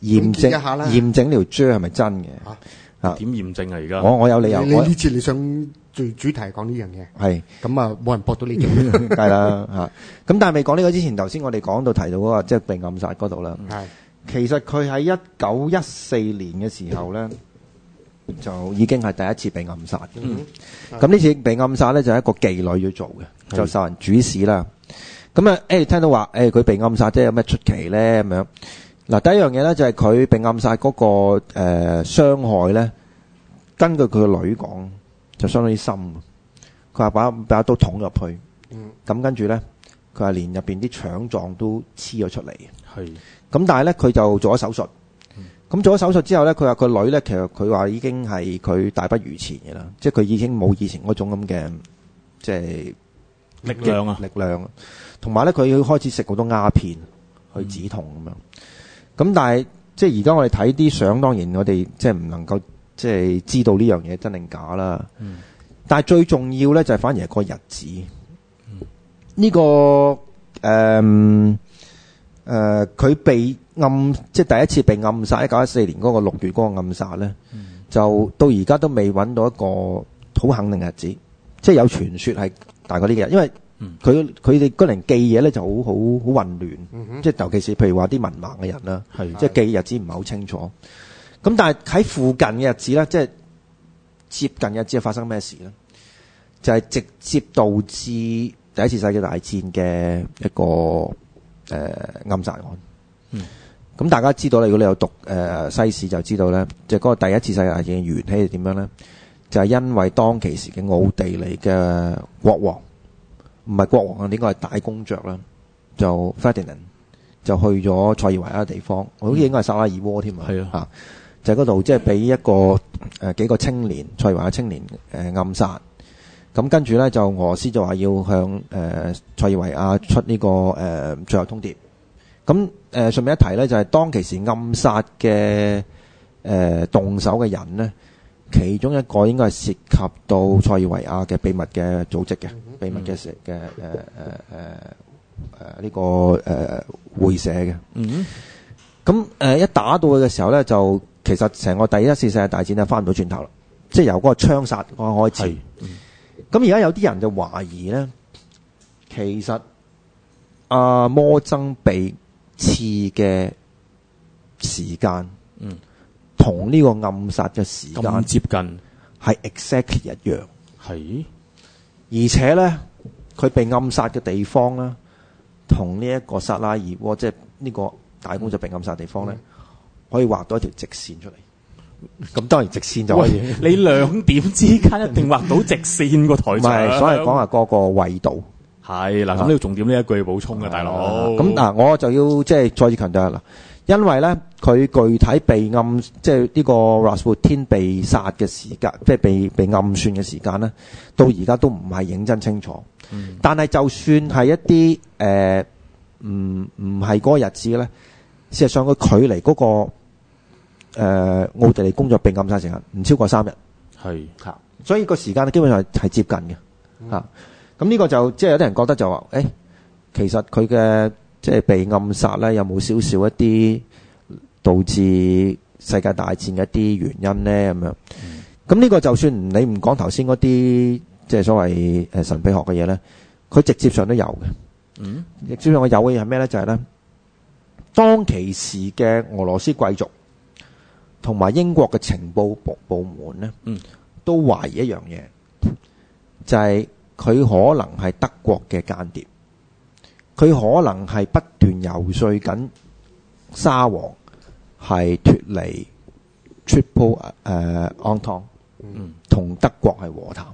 驗證一下驗證呢條蕉係咪真嘅啊？點、啊、驗證啊？而家我我有理由。你呢次你想做主題講呢樣嘢係咁啊？冇人駁到你嘅，梗係啦吓。咁但係未講呢個之前，頭先我哋講到提到嗰個即係被暗殺嗰度啦。係其實佢喺一九一四年嘅時候咧， 就已經係第一次被暗殺。咁、嗯、呢次被暗殺咧，就係一個妓女要做嘅，嗯，就受人主使啦。咁啊，誒、哎，聽到話誒，佢、哎、被暗殺即係有咩出奇咧？咁樣嗱，第一樣嘢咧就係佢被暗殺嗰、那個誒傷、呃、害咧，根據佢個女講，就相當之深。佢、嗯、話把把刀捅入去，咁、嗯、跟住咧，佢話連入邊啲腸臟都黐咗出嚟。係咁，但係咧，佢就做咗手術。咁做咗手術之後呢，佢話個女呢，其實佢話已經係佢大不如前嘅啦，即係佢已經冇以前嗰種咁嘅，即係力、力量啊，力量。同埋呢，佢要開始食好多鴉片去止痛咁樣。咁、嗯、但係即係而家我哋睇啲相，當然我哋即係唔能夠即係知道呢樣嘢真定假啦、嗯。但係最重要呢，就係反而係個日子。呢、嗯，這個誒誒，佢、呃呃呃、被。暗即係第一次被暗殺，一九一四年嗰個六月嗰個暗殺呢、嗯，就到而家都未揾到一個好肯定嘅日子，嗯、即係有傳說係大概呢幾日，因為佢佢哋嗰年記嘢呢就好好好混亂、嗯，即係尤其是譬如話啲文盲嘅人啦，即係記日子唔係好清楚。咁但係喺附近嘅日子呢，即係接近日子發生咩事呢？就係、是、直接導致第一次世界大戰嘅一個誒、呃、暗殺案。嗯咁、嗯、大家知道咧，如果你有讀誒、呃、西史，就知道呢就係、是、嗰個第一次世界大戰嘅源起係點樣呢？就係、是、因為當其時嘅奧地利嘅國王，唔係國王啊，應該係大公爵啦，就 Ferdinand、嗯、就去咗塞爾維亞嘅地方，我好似應該係薩拉熱窩添啊，嚇！就嗰度即係俾一個、呃、幾個青年，塞爾維亞青年、呃、暗殺，咁、嗯、跟住呢，就俄羅斯就話要向誒、呃、塞爾維亞出呢、這個誒、呃、最後通牒。咁誒，順、呃、便一提咧，就係、是、當其時暗殺嘅誒、呃，動手嘅人呢，其中一個應該係涉及到塞爾維亞嘅秘密嘅組織嘅、mm-hmm. 秘密嘅嘅誒誒呢個誒、呃、會社嘅。咁、mm-hmm. 呃、一打到佢嘅時候呢，就其實成個第一次世界大戰就翻唔到轉頭啦，即、就、係、是、由嗰個槍殺案開始。咁而家有啲人就懷疑呢，其實阿、呃、魔僧被。次嘅時間，嗯，同呢個暗殺嘅時間接近，係 exactly 一樣，係。而且呢，佢被暗殺嘅地方呢，同呢一個薩拉熱窩，即係呢個大公就被暗殺地方呢，可以畫到一條直線出嚟。咁 當然直線就可以，你兩點之間一定畫到直線個台長。 唔係，所以講下嗰個緯度。係嗱，咁呢個重點呢一句要補充嘅，啊，大佬。咁，嗯，嗱，我就要即係、就是，再次強調下啦，因為咧佢具體被暗即係呢個 Rasputin 被殺嘅時間，即、就、係、是、被被暗算嘅時間咧，到而家都唔係認真清楚。但係就算係一啲誒唔唔係嗰個日子咧，事實上佢距離嗰、那個誒奧、呃、地利工作被暗殺時間唔超過三日。係。所以個時間呢基本上係接近嘅。嗯咁呢個就即係有啲人覺得就話，誒，其實佢嘅即係被暗殺咧，有冇少少一啲導致世界大戰嘅一啲原因咧？咁樣。咁呢個就算你唔講頭先嗰啲即係所謂誒神秘學嘅嘢咧，佢直接上都有嘅。嗯，直接上我有嘅嘢係咩咧？就係咧，當其時嘅俄羅斯貴族同埋英國嘅情報部部門咧，嗯，都懷疑一樣嘢，就係。佢可能係德國嘅間諜，佢可能係不斷遊說緊沙皇係脱離 Triple 誒安托，同、嗯、德國係和談。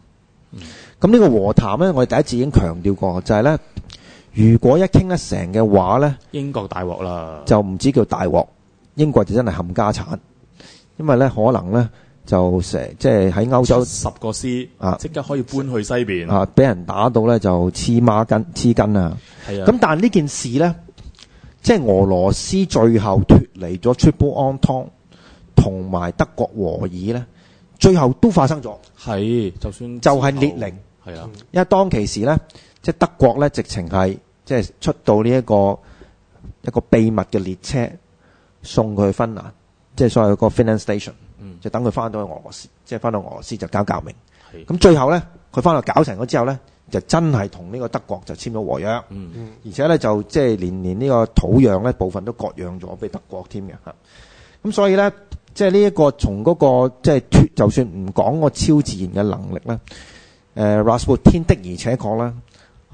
咁、嗯、呢個和談呢，我哋第一次已經強調過，就係、是、呢：如果一傾得成嘅話呢，英國大鑊啦，就唔止叫大鑊，英國就真係冚家產，因為呢可能呢。就成即係喺歐洲十個師啊，即刻可以搬去西邊啊，俾人打到咧就黐孖筋黐筋啊！咁、啊、但係呢件事呢，即、就、係、是、俄羅斯最後脱離咗 Triple Entente 同埋德國和議呢，最後都發生咗。係，就算就係、是、列寧係啊，因為當其時呢，即、就、係、是、德國呢直情係即係出到呢、這、一個一個秘密嘅列車，送佢去芬蘭，嗯、即係所謂個 Finland Station。就等佢翻到去俄羅斯，即係翻到俄羅斯就搞革命。咁最後呢，佢翻到搞成咗之後呢，就真係同呢個德國就簽咗和約、嗯，而且呢，就即係連連呢個土壤呢部分都割讓咗俾德國添嘅。咁所以呢，即係呢一個從嗰、嗰個即係、就是、就算唔講嗰個超自然嘅能力呢、呃、Rasputin 的而且確呢，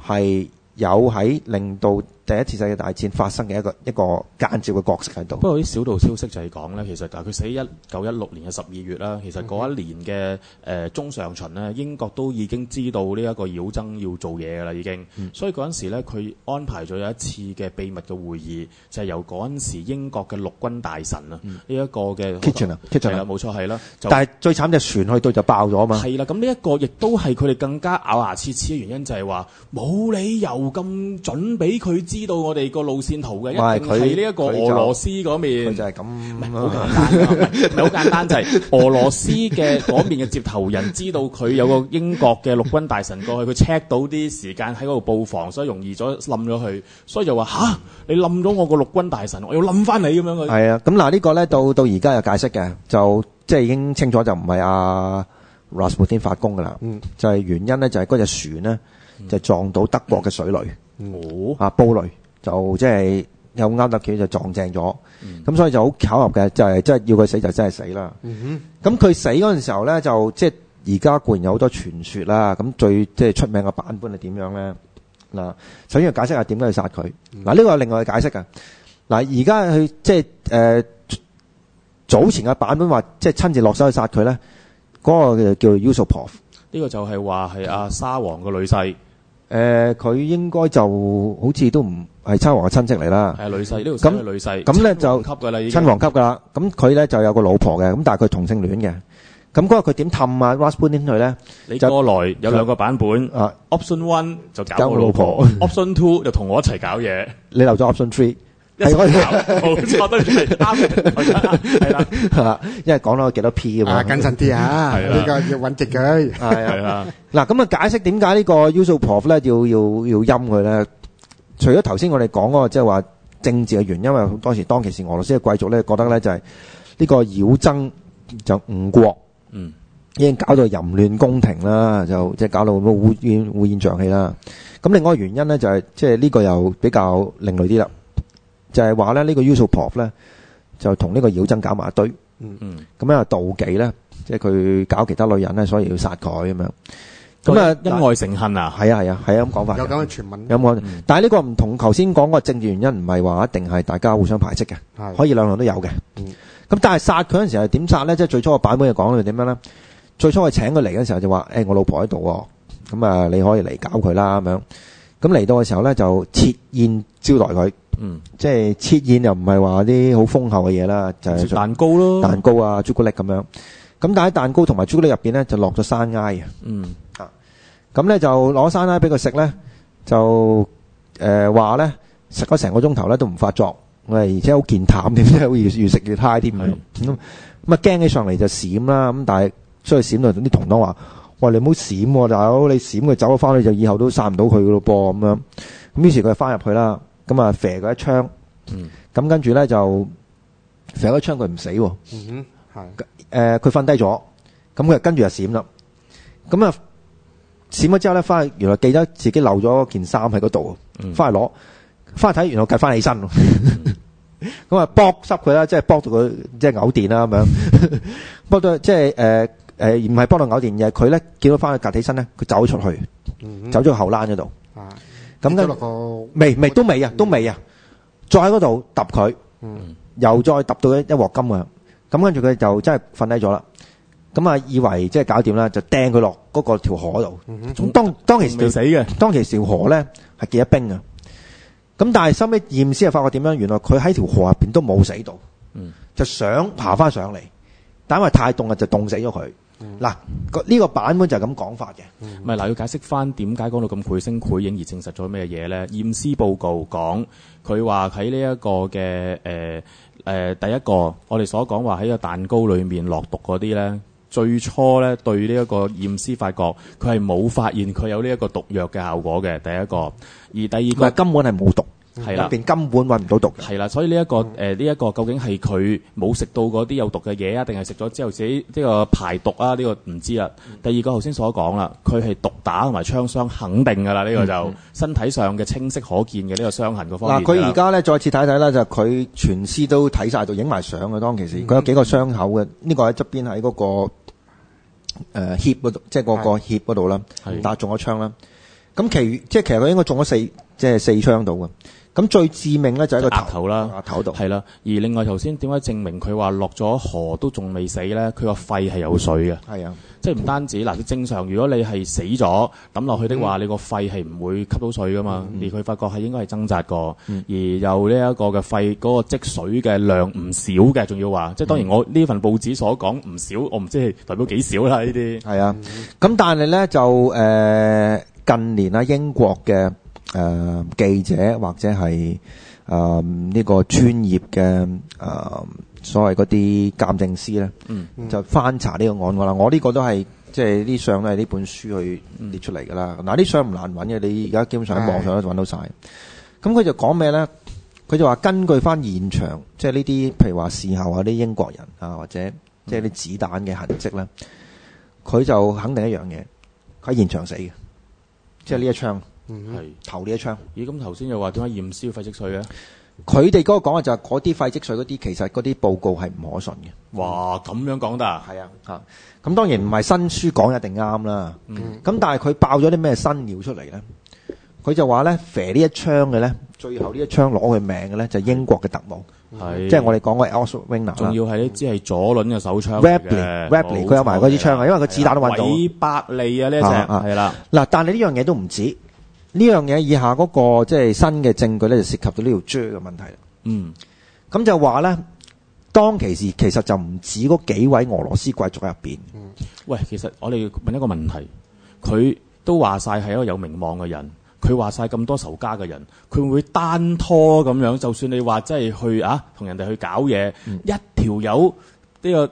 係有喺令到。第一次世界大戰發生嘅一個一個間接嘅角色喺度。不過啲小道消息就係講呢，其實但係佢死一九一六年嘅十二月啦。其實嗰一年嘅誒、呃、中上旬呢，英國都已經知道呢一個妖僧要做嘢嘅啦，已經。嗯、所以嗰陣時咧，佢安排咗有一次嘅秘密嘅會議，就係、是、由嗰陣時候英國嘅陸軍大臣啊，呢、嗯、一、這個嘅 Kitchener，Kitchener，冇錯係啦。但係最慘就船去到就爆咗嘛。係啦，咁呢一個亦都係佢哋更加咬牙切齒嘅原因就是說，就係話冇理由咁準俾佢。知道我哋個路線圖嘅，一定喺呢一個俄羅斯嗰面。就係咁，好簡單，好 簡單就係 俄羅斯嘅嗰面嘅接頭人知道佢有個英國嘅陸軍大臣過去，佢 check 到啲時間喺嗰度布防，所以容易咗冧咗佢，所以就話吓你冧咗我個陸軍大臣，我要冧翻你咁樣。係啊，咁嗱呢個咧到到而家有解釋嘅，就即係、就是、已經清楚就唔係阿 Rasputin 發功噶啦，就係、是、原因咧就係嗰隻船咧就撞到德國嘅水雷。嗯嗯我阿布雷就即係又啱得企，就是、就撞正咗，咁、嗯、所以就好巧合嘅，就係即係要佢死就真係死啦。咁、嗯、佢死嗰陣時候咧，就即係而家固然有好多傳說啦。咁最即係、就是、出名嘅版本係點樣咧？嗱、啊，首先解釋要解釋下點解去殺佢。嗱、嗯、呢、啊，這個係另外嘅解釋啊。嗱，而家佢即係誒，早前嘅版本話即係親自落手去殺佢咧，嗰個叫 Yusupov 呢個就係話係阿沙皇嘅女婿。誒、呃、佢應該就好似都唔係親王嘅親戚嚟啦，係女婿，呢度女，女婿。咁咧就親王級㗎啦，親王級㗎啦。咁佢咧就有個老婆嘅，咁但係佢同性戀嘅。咁、那、嗰、個、日佢點氹啊，Rasputin 呢咧？你過嚟有兩個版本啊？Option one 就搞我老婆 ，option two 就同我一齊搞嘢，你留咗 option three。係我，覺得係啱嘅，係啦，吓，因為講到幾多 P 嘅嘛，謹慎啲啊，呢個要穩直佢係啦。嗱，咁啊，解釋點解呢個 Yusupov 咧要要要陰佢咧？除咗頭先我哋講嗰個，即係話政治嘅原因，因為當時當其時俄羅斯嘅貴族咧，覺得咧就係呢個妖僧就誤國，嗯，已經搞到淫亂宮廷啦，就即係搞到烏煙烏煙瘴氣啦。咁另外原因咧就係即係呢個又比較另類啲啦。就係話咧，呢個 Yusupov 咧就同呢個妖僧搞埋一堆，咁樣妒忌咧，即係佢搞其他女人咧，所以要殺佢咁樣。咁、嗯、啊，因愛成恨啊，係啊係啊係啊咁講、啊、法。有咁嘅傳聞。有咁講。但係呢個唔同頭先講嗰個政治原因，唔係話一定係大家互相排斥嘅，可以兩樣都有嘅。咁、嗯、但係殺佢嗰陣時係點殺咧？即係最初個版本又講佢點樣咧？最初我請佢嚟嗰陣時候就話，誒、欸，我老婆喺度喎，咁啊，你可以嚟搞佢啦咁樣。咁嚟到嘅時候咧，就設宴招待佢。嗯，即係設宴又唔係話啲好豐厚嘅嘢啦，就係、是、蛋糕咯，蛋糕啊， 朱古力咁樣。咁但係蛋糕同埋朱古力入面咧，就落咗山埃、嗯、啊。嗯啊，咁咧就攞山埃俾佢食咧，就誒話咧食咗成個鐘頭咧都唔發作，喂，而且好健談，點知越越食越嗨添啊！咁咁啊驚起上嚟就閃啦，咁但係出去閃到啲同黨話。喂、啊，你唔好閃，但係如果你閃佢走咗翻去，就以後都散唔到佢咯噃咁樣。咁於是佢就翻入去啦，咁啊射佢一槍，咁、嗯、跟住咧就射一槍佢唔死。嗯、呃、誒，佢瞓低咗，咁佢就跟住就閃啦。咁啊閃咗之後咧，翻去原來記得自己漏咗件衫喺嗰度，翻去攞，翻去睇完後佢翻起身。咁啊，搏濕佢啦，即係搏到佢即係嘔電啦咁樣，搏到即係誒。呃誒，唔係幫到咬電而係佢咧見到翻佢隔起身咧，佢走出去，走咗去後欄嗰度。咁跟住未未都未啊，都未啊，再喺嗰度揼佢，又再揼到一一鑊金啊！咁跟住佢就真係瞓低咗啦。咁啊，以為即係搞掂啦，就掟佢落嗰個條河度、嗯。當當其時未死嘅，當其時條河咧係結咗冰啊！咁但係收尾驗屍啊，發覺點樣？原來佢喺條河入邊都冇死到、嗯，就想爬翻上嚟，但係太凍啊，就凍死咗佢。嗱、嗯，個、這、呢個版本就係咁講法嘅。唔係嗱，要解釋翻點解講到咁繪聲繪影而證實咗咩嘢咧？驗屍報告講佢話喺呢一個嘅誒、呃呃、第一個我哋所講話喺個蛋糕裏面落毒嗰啲咧，最初咧對呢一個驗屍發覺，佢係冇發現佢有呢一個毒藥嘅效果嘅。第一個，而第二個根本係冇毒。係啦，裏面根本搵唔到毒嘅。係啦，所以呢、這、一個誒，呢、嗯、一、呃這個究竟係佢冇食到嗰啲有毒嘅嘢啊，定係食咗之後自己呢個排毒啊？呢、這個唔知啦、啊嗯、第二個頭先所講啦，佢係毒打同埋槍傷肯定㗎啦，呢、這個就、嗯嗯、身體上嘅清晰可見嘅、啊、呢個傷痕嗰方面。嗱，佢而家咧再次睇睇啦，就佢、是、全屍都睇晒，就影埋相嘅。當其時，佢有幾個傷口嘅，呢、嗯這個喺側邊喺嗰個誒腋嗰度，即係個個腋嗰度啦，打中咗槍啦。咁其即係其實佢應該中咗四即係四槍到嘅。咁最致命咧就喺個頭啦，係啦。而另外頭先點解證明佢話落咗河都仲未死咧？佢個肺係有水嘅。係啊，即係唔單止嗱，正常如果你係死咗抌落去的話，你個肺係唔會吸到水噶嘛。而佢發覺係應該係掙扎過，而有呢一個嘅肺嗰個積水嘅量唔少嘅，仲要話即係當然我呢份報紙所講唔少，我唔知係代表幾少啦呢啲。係啊，咁但係咧就誒近年啊英國嘅。誒、呃，記者或者係誒呢個專業嘅誒、呃、所謂嗰啲鑑證師咧、嗯嗯，就翻查呢個案噶啦。我呢個都係即係啲相咧，呢本書去列出嚟噶啦。嗱、嗯，啲相唔難揾嘅，你而家基本上喺網上都揾到晒。咁佢就講咩咧？佢就話根據翻現場，即係呢啲，譬如話事後啊，啲英國人啊，或者即係啲子彈嘅痕跡咧，佢、嗯、就肯定一樣嘢，喺現場死嘅，即係呢一槍。係投呢一槍？咦，咁頭先又話點解驗屍廢積稅咧？佢哋嗰個講嘅就係嗰啲廢積稅嗰啲，其實嗰啲報告係唔可信嘅。哇，咁樣講得係啊吓？咁、啊啊、當然唔係新書講一定啱啦。咁、嗯、但係佢爆咗啲咩新料出嚟咧？佢就話咧，射呢一槍嘅咧，最後呢一槍攞佢命嘅咧，就英國嘅特務，啊、即係我哋講嘅 Oswald Rayner。仲要係呢支係左輪嘅手槍，Rapley Rapley，佢、啊、有埋嗰支槍啊，因為佢子彈都揾到。韋、啊、伯利啊一隻，呢隻係啦。嗱、啊啊，但係呢樣嘢都唔止。呢樣嘢以下嗰、那個即係新嘅證據咧，就涉及到呢條鋸嘅問題嗯，咁就話呢，當其時其實就唔止嗰幾位俄羅斯貴族入邊、嗯。喂，其實我哋問一個問題，佢都話晒係一個有名望嘅人，佢話晒咁多仇家嘅人，佢會唔會單拖咁樣，就算你話真係去啊同人哋去搞嘢、嗯，一條友呢個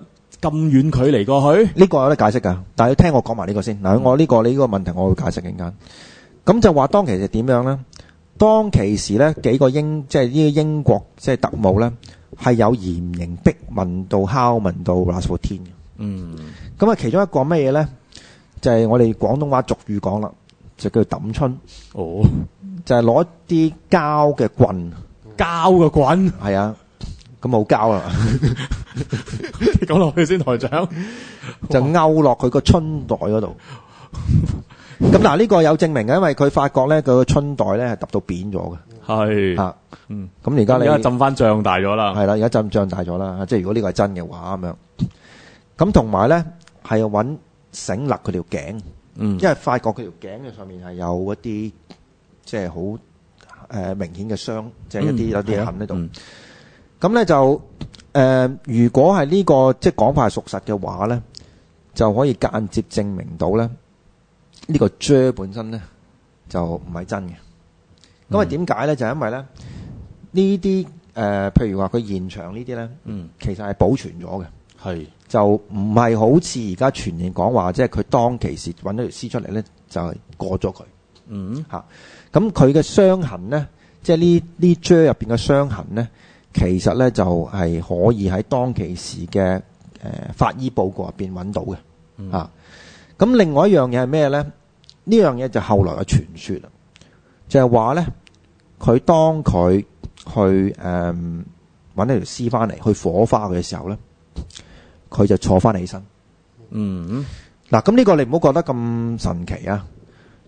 咁遠距離過去，呢、這個有得解釋㗎。但係要聽我講埋呢個先嗱、嗯，我呢、這個你呢、這個問題，我會解釋緊。咁就話當其時點樣咧？當其時咧幾個英即係呢個英國即係特務咧，係有嚴刑逼問到敲問到 last for ten 嘅。嗯。咁啊，其中一個咩嘢咧？就係、是、我哋廣東話俗語講啦，就叫做抌春。哦。就係攞啲膠嘅棍。膠嘅棍。係啊。咁冇膠啦。講 落 去先，台長就勾落佢個春袋嗰度。 咁嗱，呢、這個有證明嘅，因為佢發覺咧，佢個春袋咧係揼到扁咗嘅。係吓，嗯，咁而家你而家浸翻漲大咗啦。係啦，而家浸漲大咗啦。即係如果呢個係真嘅話，咁樣。咁同埋咧，係揾繩勒佢條頸，嗯，因為發覺佢條頸嘅上面係有一啲，即係好誒明顯嘅傷，即、嗯、係、就是、一啲有啲痕喺度。咁、嗯、咧就誒、呃，如果係呢、這個即係講法屬實嘅話咧，就可以間接證明到咧。呢、這個鋸本身呢就唔係真嘅，咁啊點解呢？就係因為咧呢啲誒、呃，譬如話佢現場呢啲呢，嗯，其實係保存咗嘅，係就唔係好似而家傳言講話，即係佢當其時揾咗條屍出嚟呢，就係、是、過咗佢，嗯、啊，嚇。咁佢嘅傷痕呢，即係呢呢鋸入邊嘅傷痕呢，其實呢就係、是、可以喺當其時嘅誒、呃、法醫報告入邊揾到嘅，啊。嗯啊。咁另外一樣嘢係咩呢？呢樣嘢就後來嘅傳說啦，就係話呢，佢當佢去誒揾一條屍翻嚟去火化嘅時候呢，佢就坐翻起身。嗯，嗱，咁呢個你唔好覺得咁神奇啊，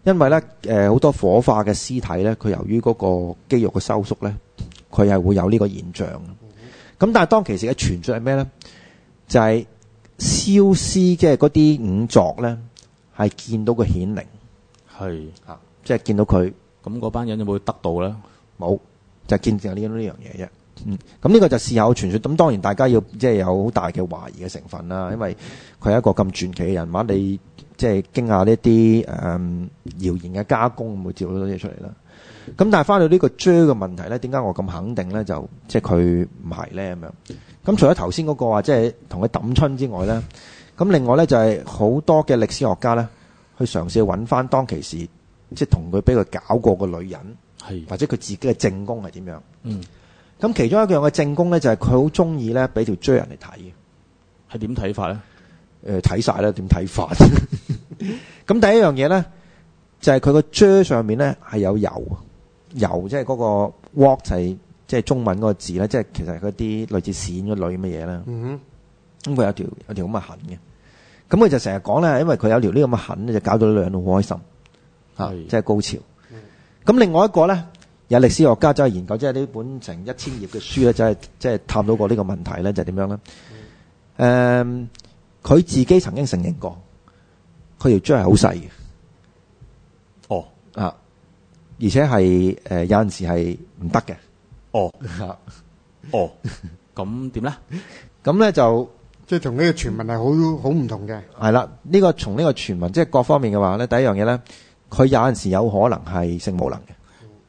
因為呢，誒好多火化嘅屍體呢，佢由於嗰個肌肉嘅收縮呢，佢係會有呢個現象。咁但係當其時嘅傳說係咩呢？就係。燒屍即係嗰啲仵作咧，係見到個顯靈，係啊，即係見到佢，咁、嗯、嗰班人有冇得到咧？冇，就是、見證呢樣呢樣嘢啫。嗯，咁呢個就是事有傳說。咁當然大家要即係有好大嘅懷疑嘅成分啦，因為佢係一個咁傳奇嘅人物，你即係驚下呢啲誒謠言嘅加工，會照好多嘢出嚟啦。咁但係翻到呢個遮嘅問題咧，點解我咁肯定咧？就即係佢唔係咧咁樣。咁除咗頭先嗰個啊，即係同佢揼春之外呢，咁另外呢，就係好多嘅歷史學家呢，去嘗試揾翻當其時即係同佢俾佢搞過嘅女人，係或者佢自己嘅證供係點樣？嗯，咁其中一樣嘅證供呢，就係佢好中意呢，俾條啫人嚟睇，係點睇法呢？睇晒啦，點睇法？咁 第一樣嘢呢，就係佢個啫上面呢，係有油，油即係嗰個鑊就係。即係中文嗰個字咧，即係其實嗰啲類似閃咗雷咁嘅嘢啦。咁、嗯、佢有，有條有條咁嘅痕嘅，咁佢就成日講咧，因為佢有條呢個咁嘅痕咧，就搞到兩度好開心嚇，即係高潮。咁、嗯、另外一個咧，有歷史學家走去研究，即係呢本成一千頁嘅書咧，就係即係探到過呢個問題咧，就係、是、點樣咧？誒、嗯，佢、嗯、自己曾經承認過，佢條脹係好細嘅。哦啊，而且係誒有陣時係唔得嘅。哦，哦，咁點呢？咁呢就、就是這個、即係同呢個傳聞係好好唔同嘅。係啦，呢個從呢個傳聞即係各方面嘅話呢，第一樣嘢呢，佢有陣時有可能係性無能嘅。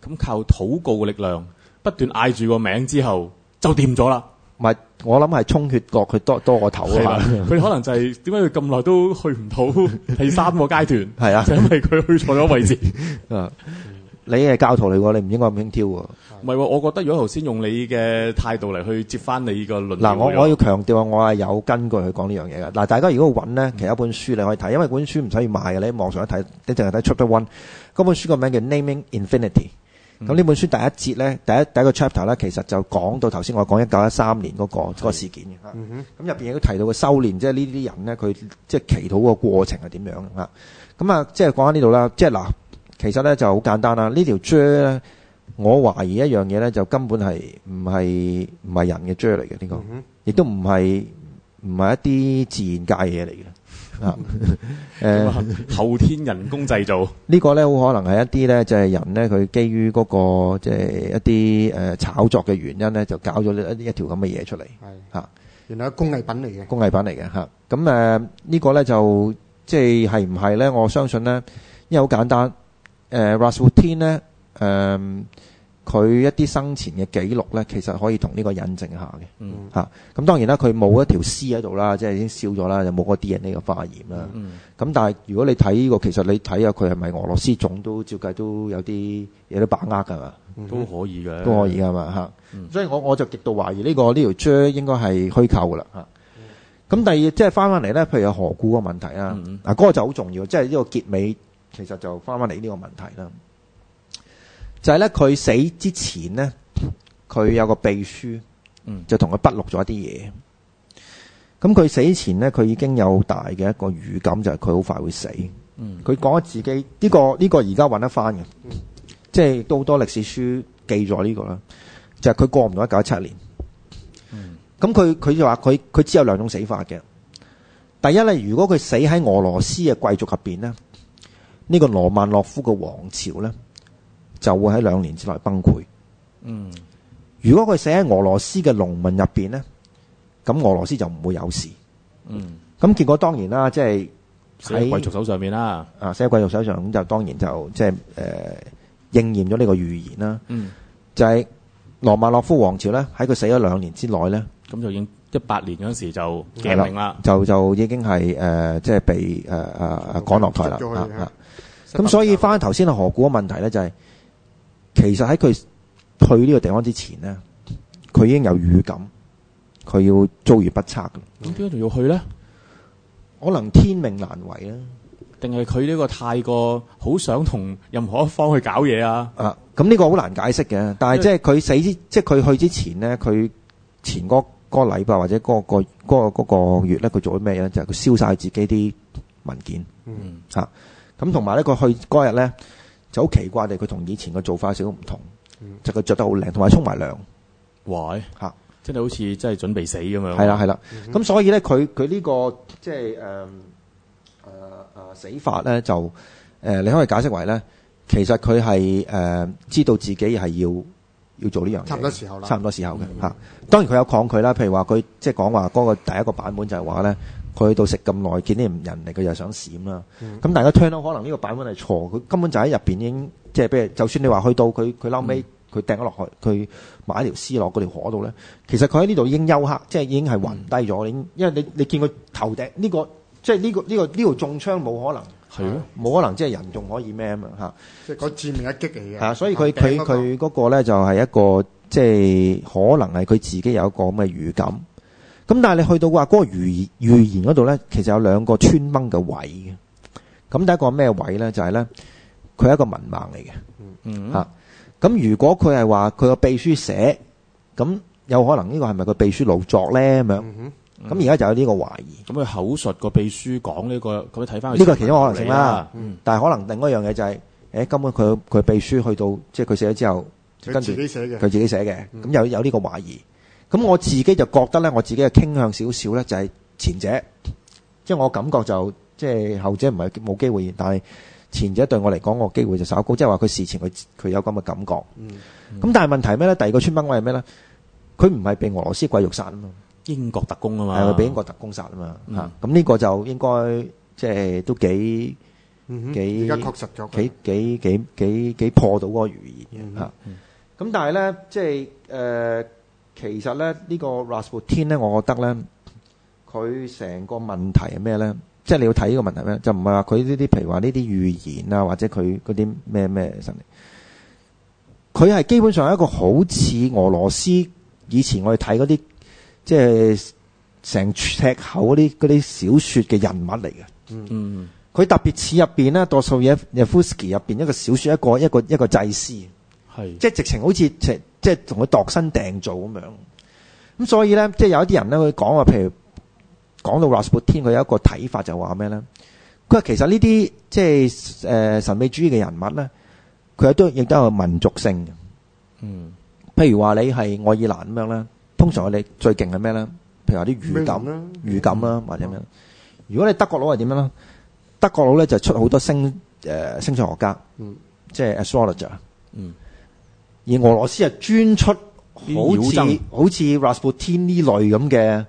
咁、嗯、靠禱告嘅力量，不斷嗌住個名之後，就掂咗啦。唔係，我諗係充血過佢多多個頭啊。佢 可能就係點解佢咁耐都去唔到第三個階段？係 啊，就係、是、因為佢去錯咗位置。 你係教徒嚟嘅，你唔應該咁輕佻喎。唔、嗯、係，我覺得如果頭先用你嘅態度嚟去接翻你個論，嗱，我我要強調啊，我係有根據去講呢樣嘢嘅。嗱，大家如果揾呢，其實一本書你可以睇、嗯，因為本書唔使要買嘅，你喺網上一睇，你淨係睇 chapter one。嗰本書個名叫《Naming Infinity、嗯》。咁呢本書第一節呢，第一第一個 chapter 呢，其實就講到頭先我講一九一三年嗰、嗰個嗰個事件嘅。咁入邊亦都提到個修煉，即係呢啲人呢，佢即係祈禱個過程係點樣啊？咁、就、啊、是，即係講喺呢度啦。即係嗱，其實呢就好簡單啦。這個、呢條咧。嗯嗯我懷疑一樣嘢咧，就根本係唔係唔係人嘅 jaw 嚟嘅呢個，亦都唔係唔係一啲自然界嘢嚟嘅。誒、 嗯，後天人工製造呢、這個咧，好可能係一啲咧，就係、是、人咧，佢基於嗰、那個即係、就是、一啲炒作嘅原因咧，就搞咗一一條咁嘅嘢出嚟。係嚇，原來係工藝品嚟嘅，工藝品嚟嘅嚇。咁、嗯嗯嗯嗯嗯這個就是、呢個咧就即係係唔係咧？我相信咧，因為好簡單。誒，Rasputin 咧。誒、嗯，佢一啲生前嘅記錄咧，其實可以同呢個引證下嘅嚇。咁、嗯啊、當然啦，佢冇一條屍喺度啦，即係已經燒咗啦，又冇嗰啲人呢個化驗啦。咁、嗯、但係如果你睇呢、這個，其實你睇下佢係咪俄羅斯種都照計都有啲有啲把握㗎嘛、嗯。都可以嘅，都可以㗎嘛嚇。所以我我就極度懷疑呢、這個呢條鑽應該係虛構㗎啦嚇。咁、嗯、第二即係翻翻嚟咧，譬如有何故、嗯啊那個嗯、個,個問題啊，嗱嗰個就好重要，即係呢個結尾其實就翻翻嚟呢個問題啦。就係咧，佢死之前呢，佢有個秘書就同佢筆錄咗啲嘢。咁佢死前呢，佢已經有大嘅一個預感，就係佢好快會死。佢、嗯、講咗自己呢、呢個呢、呢個而家揾得翻嘅，即係都好多歷史書記咗呢、呢個啦。就係、係、佢過唔到一九一七年。咁佢佢就話佢佢只有兩種死法嘅。第一呢，如果佢死喺俄羅斯嘅貴族入面呢，呢、呢個羅曼諾夫嘅王朝呢。就會喺兩年之內崩潰。嗯，如果佢死喺俄羅斯嘅農民入面呢，咁俄羅斯就唔會有事。嗯，咁結果當然啦，即係喺貴族手上面啦。啊，喺貴族手上咁就當然就即係誒應驗咗呢個預言啦。嗯，就係、是、羅曼諾夫王朝呢，喺佢死咗兩年之內呢，咁、嗯、就已經一八年嗰陣時就革命啦，就就已經係誒即係被誒誒趕趕落台啦。咁、啊啊啊啊啊啊嗯、所以翻頭先何故嘅問題呢，就係、是。其實喺佢去呢個地方之前呢，佢已經有預感，佢要遭遇不測嘅。咁點解仲要去呢？可能天命難違啊，定係佢呢個太過好想同任何一方去搞嘢啊？啊，咁呢個好難解釋嘅。但係即係佢死之，即係佢去之前呢，佢前嗰個個禮拜或者嗰、嗰個個、嗰個月呢，佢做咗咩呢？就係佢燒晒自己啲文件。嗯。啊，咁同埋呢佢去嗰日呢。就好奇怪地，佢同以前嘅做法少唔同，嗯、就佢、是、着得好靚，同埋沖埋涼，喂，吓，真係好似真係準備死咁樣。係啦係啦，咁、嗯、所以咧，佢佢呢個即係誒誒誒死法咧，就誒、呃、你可以解釋為咧，其實佢係誒知道自己係要要做呢樣，差唔多時候啦，差唔多時候嘅吓、嗯嗯。當然佢有抗拒啦，譬如話佢即係講話嗰個第一個版本就係話咧。佢去到食咁耐，見啲人嚟，佢又想閃啦。咁、嗯、大家聽到可能呢個版本係錯，佢根本就喺入邊已經，即係譬如，就算你話去到佢，佢撈尾，佢掟咗落去，佢、嗯、買一條絲落嗰條河度咧。其實佢喺呢度已經休克，即係已經係暈低咗，已、嗯、經因為你你見佢頭頂呢、呢個，即係呢、呢個呢、呢個呢條中槍冇可能，係咯，冇可能即可，即係人仲可以咩啊嘛即係個致命一擊嚟嘅。係所以佢佢佢嗰個咧就係一個，即係可能係佢自己有一個咁嘅預感。咁但係你去到話嗰個預言預言嗰度咧，其實有兩個穿崩嘅位嘅。咁第一個咩位咧？就係咧，佢係一個文盲嚟嘅。嗯咁、嗯啊、如果佢係話佢個秘書寫，咁有可能呢個係咪佢秘書勞作咧？咁咁而家就有呢個懷疑。咁、嗯、佢口述個秘書講呢、這個，咁睇翻。呢個係其中可能性啦、嗯。但係可能另一樣嘢就係、是，誒、欸、根本佢佢秘書去到，即係佢寫咗之後，佢自己寫嘅。跟住佢自己寫嘅。咁又有呢個懷疑。咁我自己就覺得咧，我自己嘅傾向少少咧，就係，是，前者，即係我感覺就即係後者唔係冇機會，但係前者對我嚟講我機會就稍高，即係話佢事前佢佢有咁嘅感覺。咁，嗯嗯、但係問題咩咧？第二個穿幫位係咩咧？佢唔係被俄羅斯貴族殺啊嘛，英國特工啊嘛，係咪俾英國特工殺啊嘛。嚇、嗯，咁呢個就應該即係都幾幾而家，嗯、確實咗，幾幾，幾，幾破到嗰個謠言嘅咁，嗯啊嗯、但係咧，即係誒。呃其實咧，呢個 Rasputin 咧，我覺得咧，佢成個問題係咩咧？即係你要睇呢個問題咧，就唔係話佢呢啲，譬如話呢啲預言啊，或者佢嗰啲咩咩神。佢係基本上係一個好似俄羅斯以前我哋睇嗰啲，即係成尺厚嗰啲嗰啲小説嘅人物嚟嘅。嗯嗯。佢特別似入邊咧，多數嘢耶夫斯基入邊一個小説一個一個一個祭司。係。即係直情好似即係同佢度身訂做咁樣，咁所以咧，即係有一啲人咧，佢會講話，譬如講到 Rasputin，佢有一個睇法就話咩咧？佢話其實呢啲即係誒、呃、神秘主義嘅人物咧，佢都亦都有民族性嘅。嗯，譬如話你係愛爾蘭咁樣啦，通常我哋最勁係咩咧？譬如話啲預感、預感啦或者咩？如果你德國佬係點樣啦？德國佬咧就出好多星誒，呃、星相學家，即係 astrologer。嗯。即而俄羅斯係，專出好似好似 Rasputin 呢類咁嘅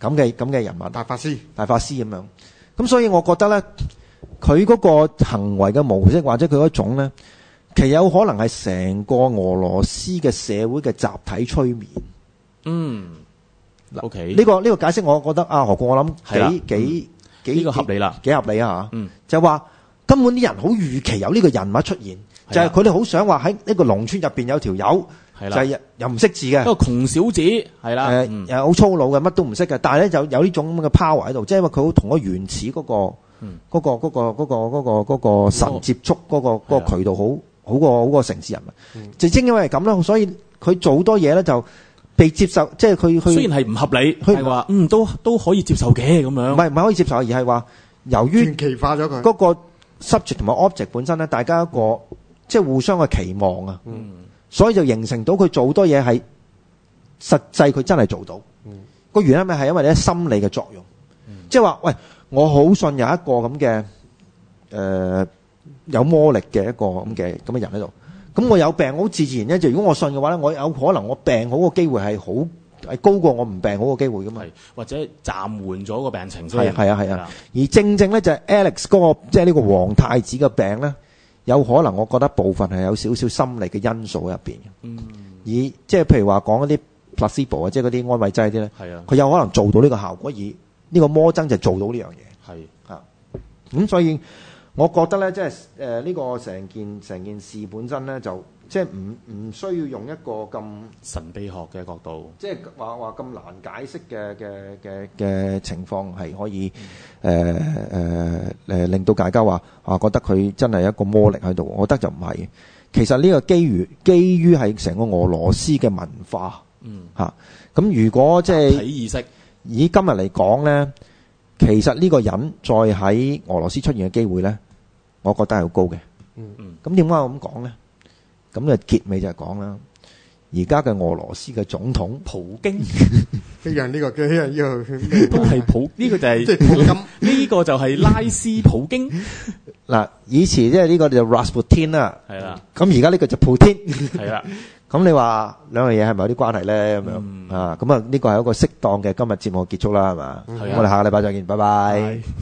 咁嘅咁嘅人物，大法師、大法師咁樣。咁所以我覺得呢，佢嗰個行為嘅模式或者佢嗰種呢，其有可能係成個俄羅斯嘅社會嘅集體催眠。嗯，OK、呢個。呢個呢個解釋，我覺得啊，何故我諗幾幾、嗯、幾、呢個、合理啦？幾合理啊吓，嗯，就話根本啲人好預期有呢個人物出現。就係佢哋好想話喺一個農村入邊有條友，就係、是、又唔識字嘅一個窮小子，係啦，誒、呃嗯、又好粗魯嘅，乜都唔識嘅。但係咧就有呢種咁嘅 power 喺度，即、就、係、是、因為佢好同個原始嗰、那個嗰、嗯那個嗰、那個嗰、那個嗰個嗰個神接觸嗰、那個嗰、那個渠道，好好過好過城市人。嗯、就正因為係咁啦，所以佢做好多嘢咧就被接受，即係佢佢雖然係唔合理，佢話嗯都都可以接受嘅咁樣，唔係唔係可以接受，而係話由於期化咗佢嗰個 subject 同埋 object 本身咧，大家一個。即係互相嘅期望啊、嗯，所以就形成到佢做多嘢係實際佢真係做到。個、嗯、原因咪係因為咧心理嘅作用，嗯、即係話喂，我好信有一個咁嘅誒有魔力嘅一個咁嘅咁嘅人喺度。咁我有病，好自然咧就如果我信嘅話咧，我有可能我病好嘅機會係好係高過我唔病好嘅機會㗎嘛，或者暫緩咗個病情先。係係啊係啊，啊、啊。而正正咧就係 Alex 嗰、就是、個即係呢個皇太子嘅病咧。有可能，我覺得部分係有少少心理嘅因素喺入邊，嗯以，而即係譬如話講一啲 placebo 啊，即係嗰啲安慰劑啲咧，係啊，佢有可能做到呢個效果，而呢個魔僧就做到呢樣嘢。係啊，咁、嗯、所以我覺得咧，即係誒呢個成件成件事本身咧就。即係唔唔需要用一個咁神秘學嘅角度，即係話話咁難解釋嘅嘅嘅嘅情況係可以誒誒、嗯呃呃、令到大家話啊覺得佢真係一個魔力喺度，我覺得就唔係。其實呢個基於基於係成個俄羅斯嘅文化嚇咁、嗯啊。如果即、就、係、集體意識、以今日嚟講呢，其實呢個人再喺俄羅斯出現嘅機會呢，我覺得係好高嘅。咁點解我咁講呢？咁啊，結尾就係講啦。而家嘅俄羅斯嘅總統普京，一樣呢個，一樣呢個都係普，呢、這個就係、是、 普京，呢 個就係拉斯普京。嗱， 以前即係呢個就 Rasputin 啦，係啦。咁而家呢個就普京，係啦。咁 你話兩樣嘢係咪有啲關係咧？咁、嗯、樣啊，咁啊，呢個係一個適當嘅今日節目結束啦，係嘛。我哋下個禮拜再見，拜拜。Bye.